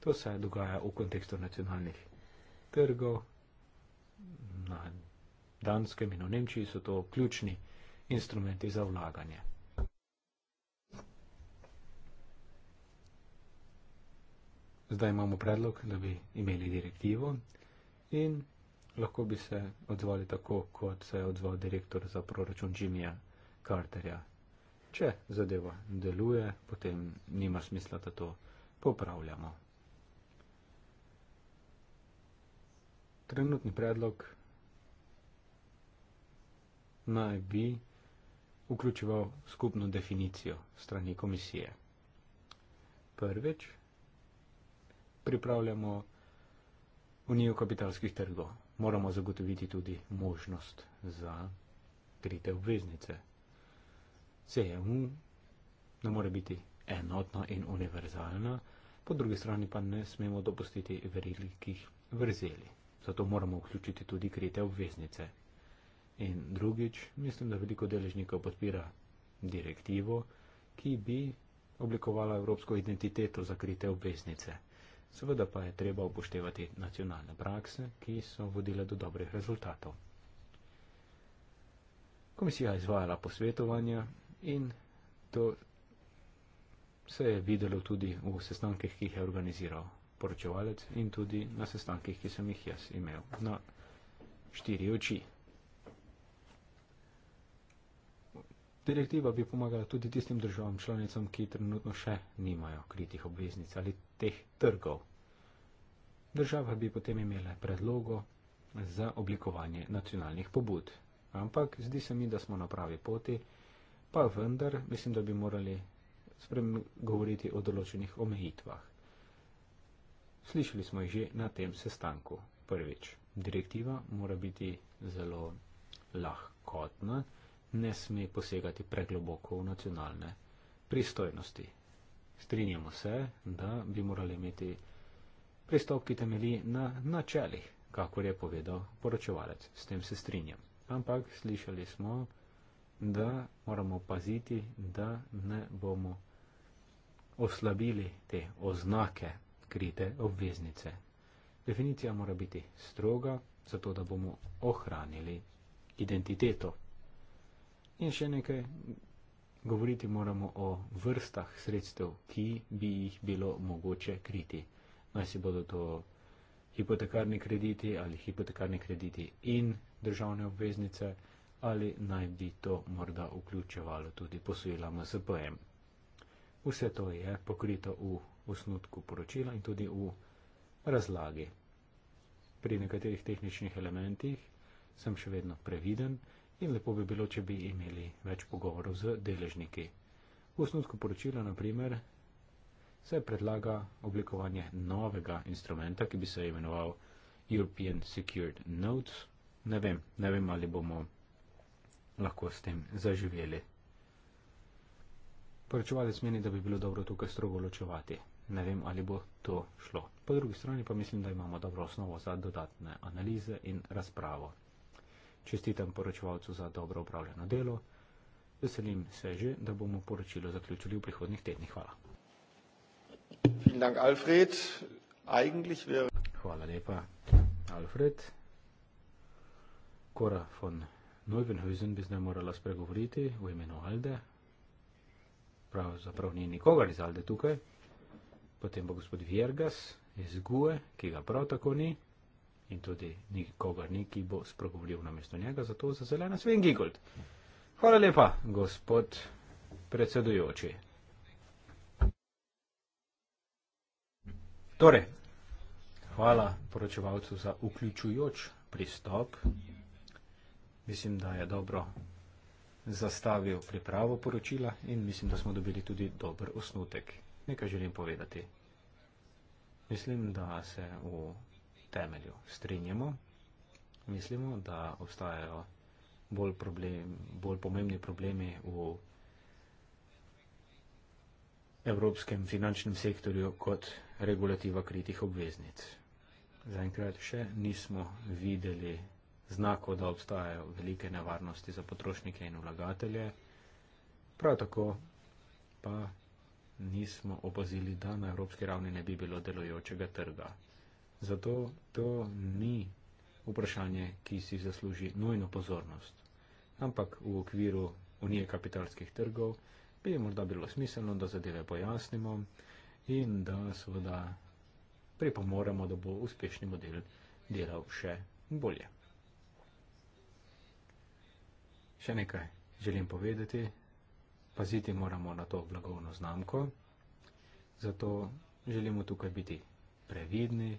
To se dogaja v kontekstu nacionalnih trgov, na Danskem in v Nemčiji so to ključni instrumenti za vlaganje. Zdaj imamo predlog, da bi imeli direktivo in lahko bi se odzvali tako, kot se je odzval direktor za proračun Jimmyja Carterja. Če zadeva deluje, potem nima smisla, da to popravljamo. Trenutni predlog naj bi vključival skupno definicijo strani komisije. Prvič pripravljamo unijo kapitalskih trgov moramo zagotoviti tudi možnost za krite obveznice. CMU ne more biti enotna in univerzalna, po drugi strani pa ne smemo dopustiti velikih vrzeli. Zato moramo vključiti tudi krite obveznice. In drugič, mislim, da veliko deležnikov podpira direktivo, ki bi oblikovala evropsko identiteto za krite obveznice. Seveda pa je treba upoštevati nacionalne prakse, ki so vodile do dobrih rezultatov. Komisija je izvajala posvetovanja in to se je videlo tudi v sestankih, ki jih je organiziral poročevalec in tudi na sestankih, ki sem jih jaz imel na štiri oči. Direktiva bi pomagala tudi tistim državam članicam, ki trenutno še nimajo kritih obveznic ali teh trgov. Država bi potem imela predlogo za oblikovanje nacionalnih pobud. Ampak zdi se mi, da smo na pravi poti, pa vendar mislim, da bi morali sprem govoriti o določenih omejitvah. Slišali smo jih že na tem sestanku. Prvič, direktiva mora biti zelo lahkotna ne sme posegati pregloboko v nacionalne pristojnosti. Strinjamo se, da bi morali imeti pristop, ki temeli na načelih, kakor je povedal poročevalec. S tem se strinjam. Ampak slišali smo, da moramo paziti, da ne bomo oslabili te oznake krite obveznice. Definicija mora biti stroga, zato da bomo ohranili identiteto. In še nekaj, govoriti moramo o vrstah sredstev, ki bi jih bilo mogoče kriti. Naj si bodo to hipotekarni krediti ali hipotekarni krediti in državne obveznice ali naj bi to morda vključevalo tudi posojila MSP-em. Vse to je pokrito v osnutku poročila in tudi v razlagi. Pri nekaterih tehničnih elementih sem še vedno previden in lepo bi bilo, če bi imeli več pogovorov z deležniki. V osnutku poročila, na primer, se predlaga oblikovanje novega instrumenta, ki bi se imenoval European Secured Notes. Ne vem, ne vem, ali bomo lahko s tem zaživeli. Poročevalec meni, da bi bilo dobro tukaj strogo ločevati. Ne vem, ali bo to šlo. Po drugi strani pa mislim, da imamo dobro osnovo za dodatne analize in razpravo čestitam poročevalcu za dobro upravljeno delo. Veselim se že, da bomo poročilo zaključili v prihodnih tednih. Hvala. Hvala lepa, Alfred. Kora von Neubenhuizen bi zdaj morala spregovoriti v imenu Alde. Pravzaprav ni nikogar iz Alde tukaj. Potem bo gospod Viergas iz Gue, ki ga prav tako ni in tudi nikogar ni, ki bo spregovoril namesto njega, zato za zeleno svin Gigold. Hvala lepa, gospod predsedujoči. Torej, hvala poročevalcu za vključujoč pristop. Mislim, da je dobro zastavil pripravo poročila in mislim, da smo dobili tudi dober osnutek. Nekaj želim povedati. Mislim, da se v temelju strinjamo, mislimo, da obstajajo bolj, problem, bolj pomembni problemi v evropskem finančnem sektorju kot regulativa kritih obveznic. Zaenkrat še nismo videli znakov, da obstajajo velike nevarnosti za potrošnike in vlagatelje, prav tako pa nismo opazili, da na evropski ravni ne bi bilo delujočega trga. Zato to ni vprašanje, ki si zasluži nujno pozornost. Ampak v okviru unije kapitalskih trgov bi morda bilo smiselno, da zadeve pojasnimo in da seveda pripomoremo, da bo uspešni model delal še bolje. Še nekaj želim povedati. Paziti moramo na to blagovno znamko, zato želimo tukaj biti previdni,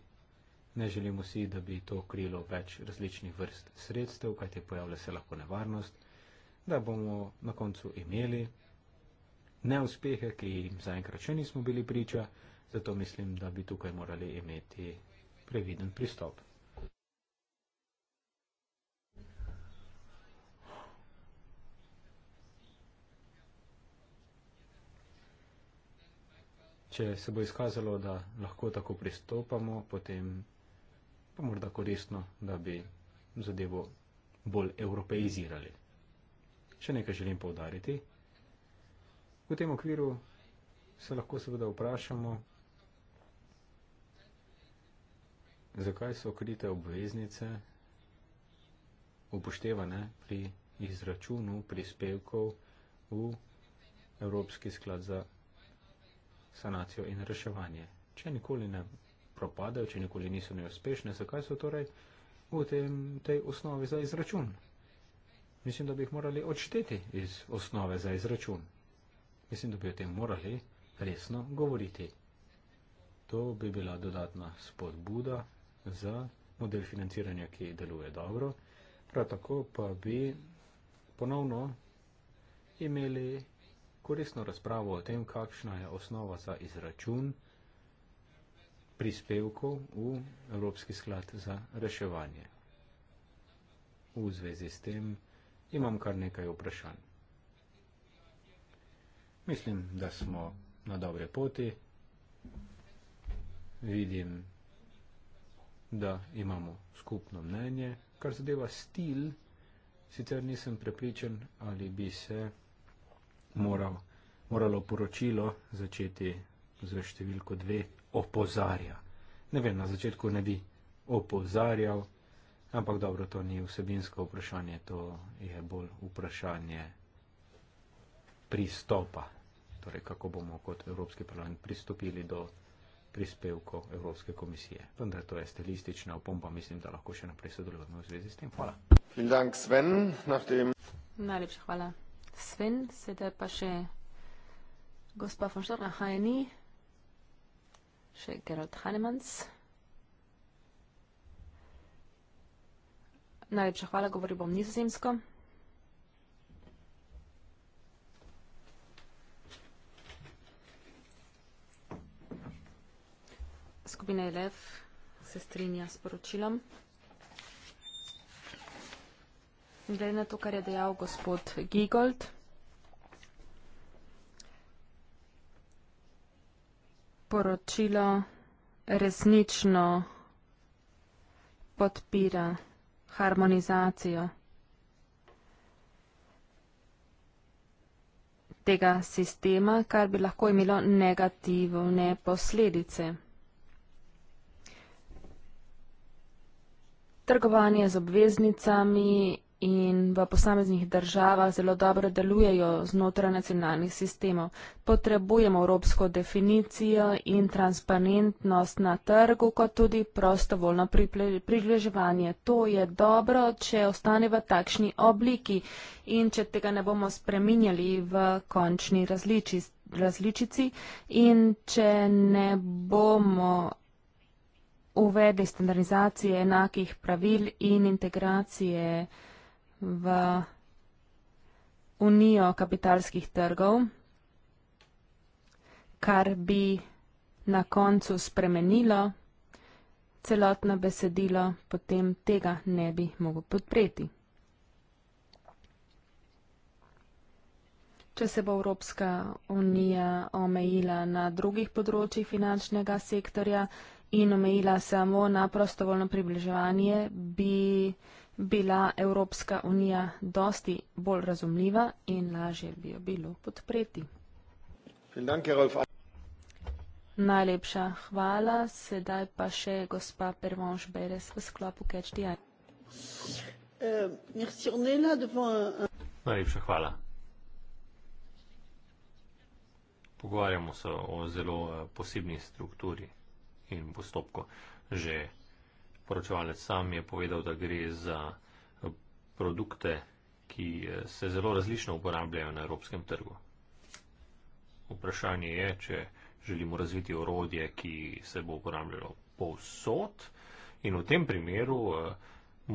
Ne želimo si, da bi to krilo več različnih vrst sredstev, kajte pojavlja se lahko nevarnost, da bomo na koncu imeli neuspehe, ki jim zaenkrat še nismo bili priča, zato mislim, da bi tukaj morali imeti previden pristop. Če se bo izkazalo, da lahko tako pristopamo, potem pa morda koristno, da bi zadevo bolj evropeizirali. Še nekaj želim povdariti. V tem okviru se lahko seveda vprašamo, zakaj so krite obveznice upoštevane pri izračunu prispevkov v Evropski sklad za sanacijo in reševanje. Če nikoli ne propadajo, če nikoli niso neuspešne, zakaj so torej v tem, tej osnovi za izračun? Mislim, da bi jih morali odšteti iz osnove za izračun. Mislim, da bi o tem morali resno govoriti. To bi bila dodatna spodbuda za model financiranja, ki deluje dobro. Prav tako pa bi ponovno imeli koristno razpravo o tem, kakšna je osnova za izračun prispevkov v Evropski sklad za reševanje. V zvezi s tem imam kar nekaj vprašanj. Mislim, da smo na dobre poti. Vidim, da imamo skupno mnenje, kar zadeva stil, sicer nisem prepričan, ali bi se moral, moralo poročilo začeti z številko 2, opozarja. Ne vem, na začetku ne bi opozarjal, ampak dobro, to ni vsebinsko vprašanje, to je bolj vprašanje pristopa, torej kako bomo kot Evropski parlament pristopili do prispevko Evropske komisije. Vendar to je stilistična opomba, mislim, da lahko še naprej sodelujemo v zvezi s tem. Hvala. Dank, Sven, Najlepša hvala. Sven, sedaj pa še gospa von Štorna Hajni. Še Gerald Hanemans. Najlepša hvala, govoril bom nizozemsko. Skupina LF se strinja s poročilom. Glede na to, kar je dejal gospod Gigold. poročilo resnično podpira harmonizacijo tega sistema, kar bi lahko imelo negativne posledice. Trgovanje z obveznicami in v posameznih državah zelo dobro delujejo znotraj nacionalnih sistemov. Potrebujemo evropsko definicijo in transparentnost na trgu, kot tudi prostovoljno približevanje. To je dobro, če ostane v takšni obliki in če tega ne bomo spreminjali v končni različi, različici in če ne bomo uvedli standardizacije enakih pravil in integracije v unijo kapitalskih trgov, kar bi na koncu spremenilo celotno besedilo, potem tega ne bi mogel podpreti. Če se bo Evropska unija omejila na drugih področjih finančnega sektorja in omejila samo na prostovoljno približevanje, bi bila Evropska unija dosti bolj razumljiva in lažje bi jo bilo podpreti. Najlepša hvala. Sedaj pa še gospa Pervonš Beres v sklopu Catch-DI. Euh, Najlepša hvala. Pogovarjamo se o zelo eh, posebni strukturi in postopku že poročevalec sam je povedal, da gre za produkte, ki eh, se zelo različno uporabljajo na evropskem trgu. Vprašanje je, če želimo razviti orodje, ki se bo uporabljalo povsod in v tem primeru eh,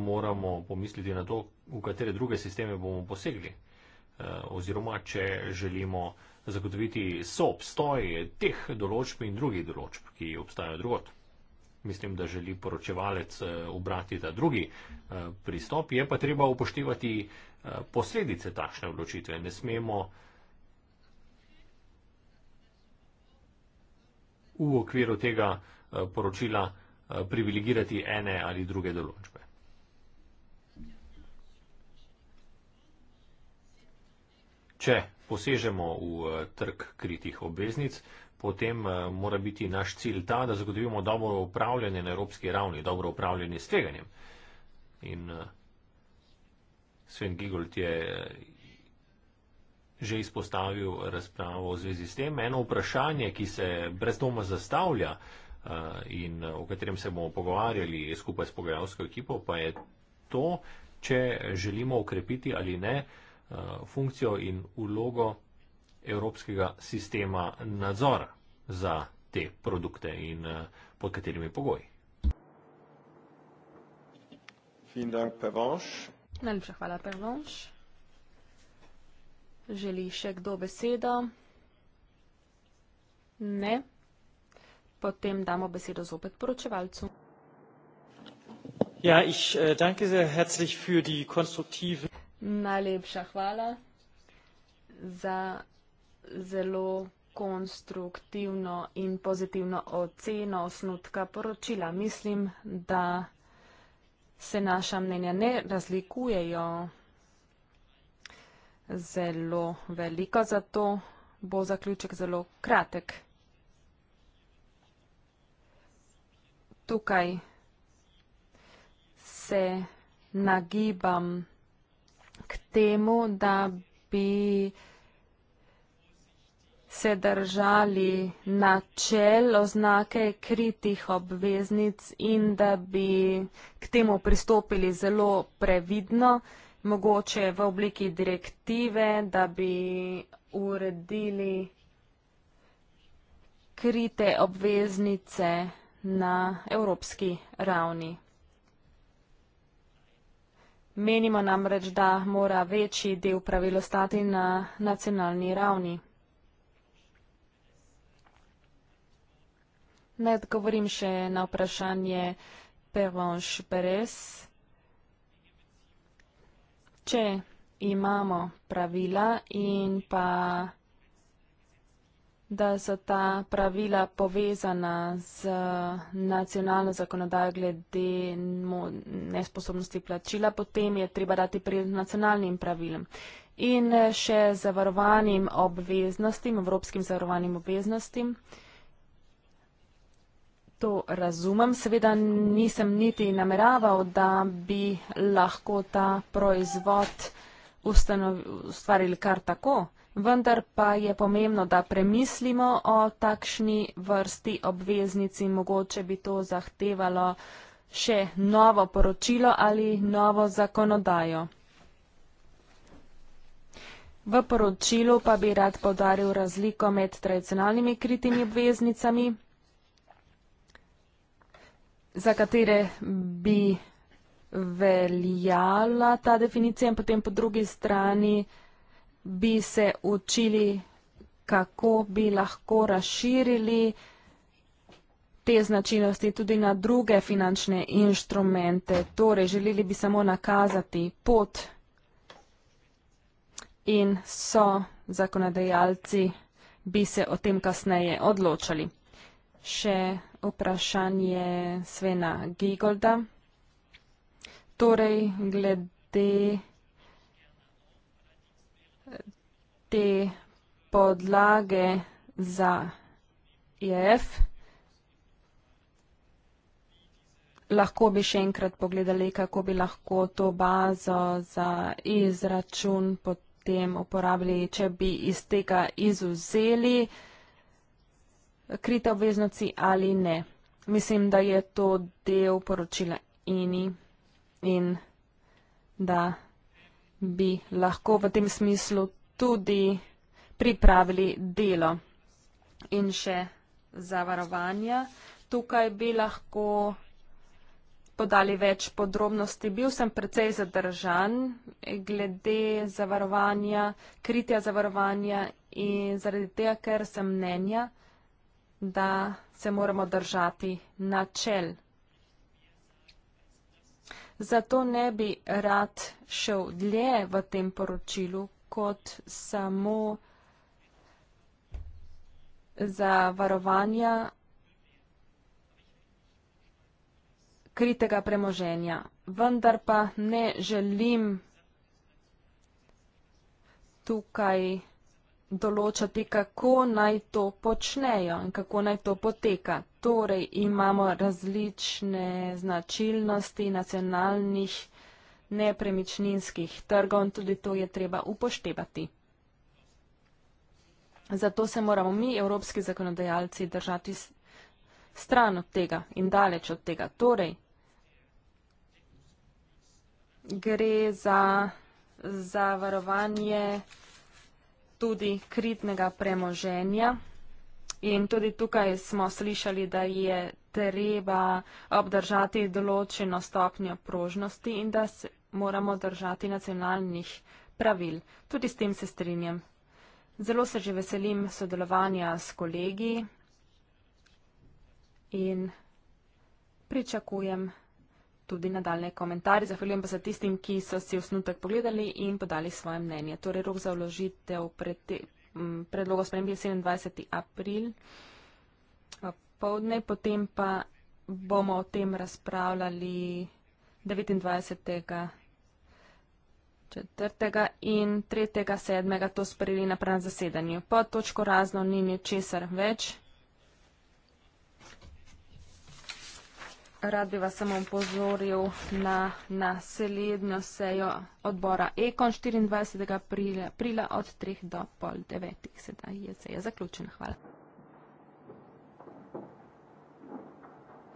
moramo pomisliti na to, v katere druge sisteme bomo posegli. Eh, oziroma, če želimo zagotoviti soobstoj teh določb in drugih določb, ki obstajajo drugot mislim, da želi poročevalec eh, obrati ta drugi eh, pristop, je pa treba upoštevati eh, posledice takšne odločitve. Ne smemo v okviru tega poročila privilegirati ene ali druge določbe. Če posežemo v trg kritih obveznic, potem eh, mora biti naš cilj ta, da zagotovimo dobro upravljanje na evropski ravni, dobro upravljanje s tveganjem. In eh, Sven Gigolt je eh, že izpostavil razpravo v zvezi s tem. Eno vprašanje, ki se brez doma zastavlja in o katerem se bomo pogovarjali skupaj s pogajalsko ekipo, pa je to, če želimo okrepiti ali ne funkcijo in ulogo evropskega sistema nadzora za te produkte in eh, pod katerimi pogoji. Najlepša hvala, Pervonš. Želi še kdo besedo? Ne. Potem damo besedo zopet poročevalcu. Ja, ich äh, danke sehr herzlich für die konstruktive. Najlepša hvala za zelo konstruktivno in pozitivno oceno osnutka poročila. Mislim, da se naša mnenja ne razlikujejo zelo veliko, zato bo zaključek zelo kratek. Tukaj se nagibam k temu, da bi se držali načel oznake kritih obveznic in da bi k temu pristopili zelo previdno, mogoče v obliki direktive, da bi uredili krite obveznice na evropski ravni. Menimo namreč, da mora večji del pravil ostati na nacionalni ravni. Ne odgovorim še na vprašanje Pevonš Perez. Če imamo pravila in pa da so ta pravila povezana z nacionalno zakonodajo glede nesposobnosti plačila, potem je treba dati pred nacionalnim pravilom. In še zavarovanim obveznostim, evropskim zavarovanim obveznostim. To razumem, seveda nisem niti nameraval, da bi lahko ta proizvod ustvarili kar tako. Vendar pa je pomembno, da premislimo o takšni vrsti obveznici. Mogoče bi to zahtevalo še novo poročilo ali novo zakonodajo. V poročilu pa bi rad podaril razliko med tradicionalnimi kritimi obveznicami za katere bi veljala ta definicija in potem po drugi strani bi se učili, kako bi lahko razširili te značilnosti tudi na druge finančne inštrumente. Torej, želeli bi samo nakazati pot in so zakonodajalci bi se o tem kasneje odločali še vprašanje Svena Gigolda. Torej, glede te podlage za IF, e lahko bi še enkrat pogledali, kako bi lahko to bazo za izračun potem uporabili, če bi iz tega izuzeli krite obveznosti ali ne. Mislim, da je to del poročila INI in da bi lahko v tem smislu tudi pripravili delo in še zavarovanja. Tukaj bi lahko podali več podrobnosti. Bil sem precej zadržan glede zavarovanja, kritja zavarovanja in zaradi tega, ker sem mnenja, da se moramo držati načel. Zato ne bi rad šel dlje v tem poročilu kot samo za varovanja kritega premoženja. Vendar pa ne želim tukaj določati, kako naj to počnejo in kako naj to poteka. Torej imamo različne značilnosti nacionalnih nepremičninskih trgov in tudi to je treba upoštevati. Zato se moramo mi, evropski zakonodajalci, držati stran od tega in daleč od tega. Torej, gre za zavarovanje tudi kritnega premoženja. In tudi tukaj smo slišali, da je treba obdržati določeno stopnjo prožnosti in da se moramo držati nacionalnih pravil. Tudi s tem se strinjam. Zelo se že veselim sodelovanja s kolegi in pričakujem tudi nadaljne komentarje. Zahvaljujem pa se tistim, ki so si osnutek pogledali in podali svoje mnenje. Torej, rok za vložitev predloga sprememb je 27. april. Eh, Povdne, potem pa bomo o tem razpravljali 29. četrtega in 3. sedmega to sprejeli na pran zasedanju. Pod točko razno ni ničesar več. rad bi vas samo upozoril na naslednjo sejo odbora Ekon 24. aprila od 3 do pol 9. Sedaj je seja zaključena. Hvala.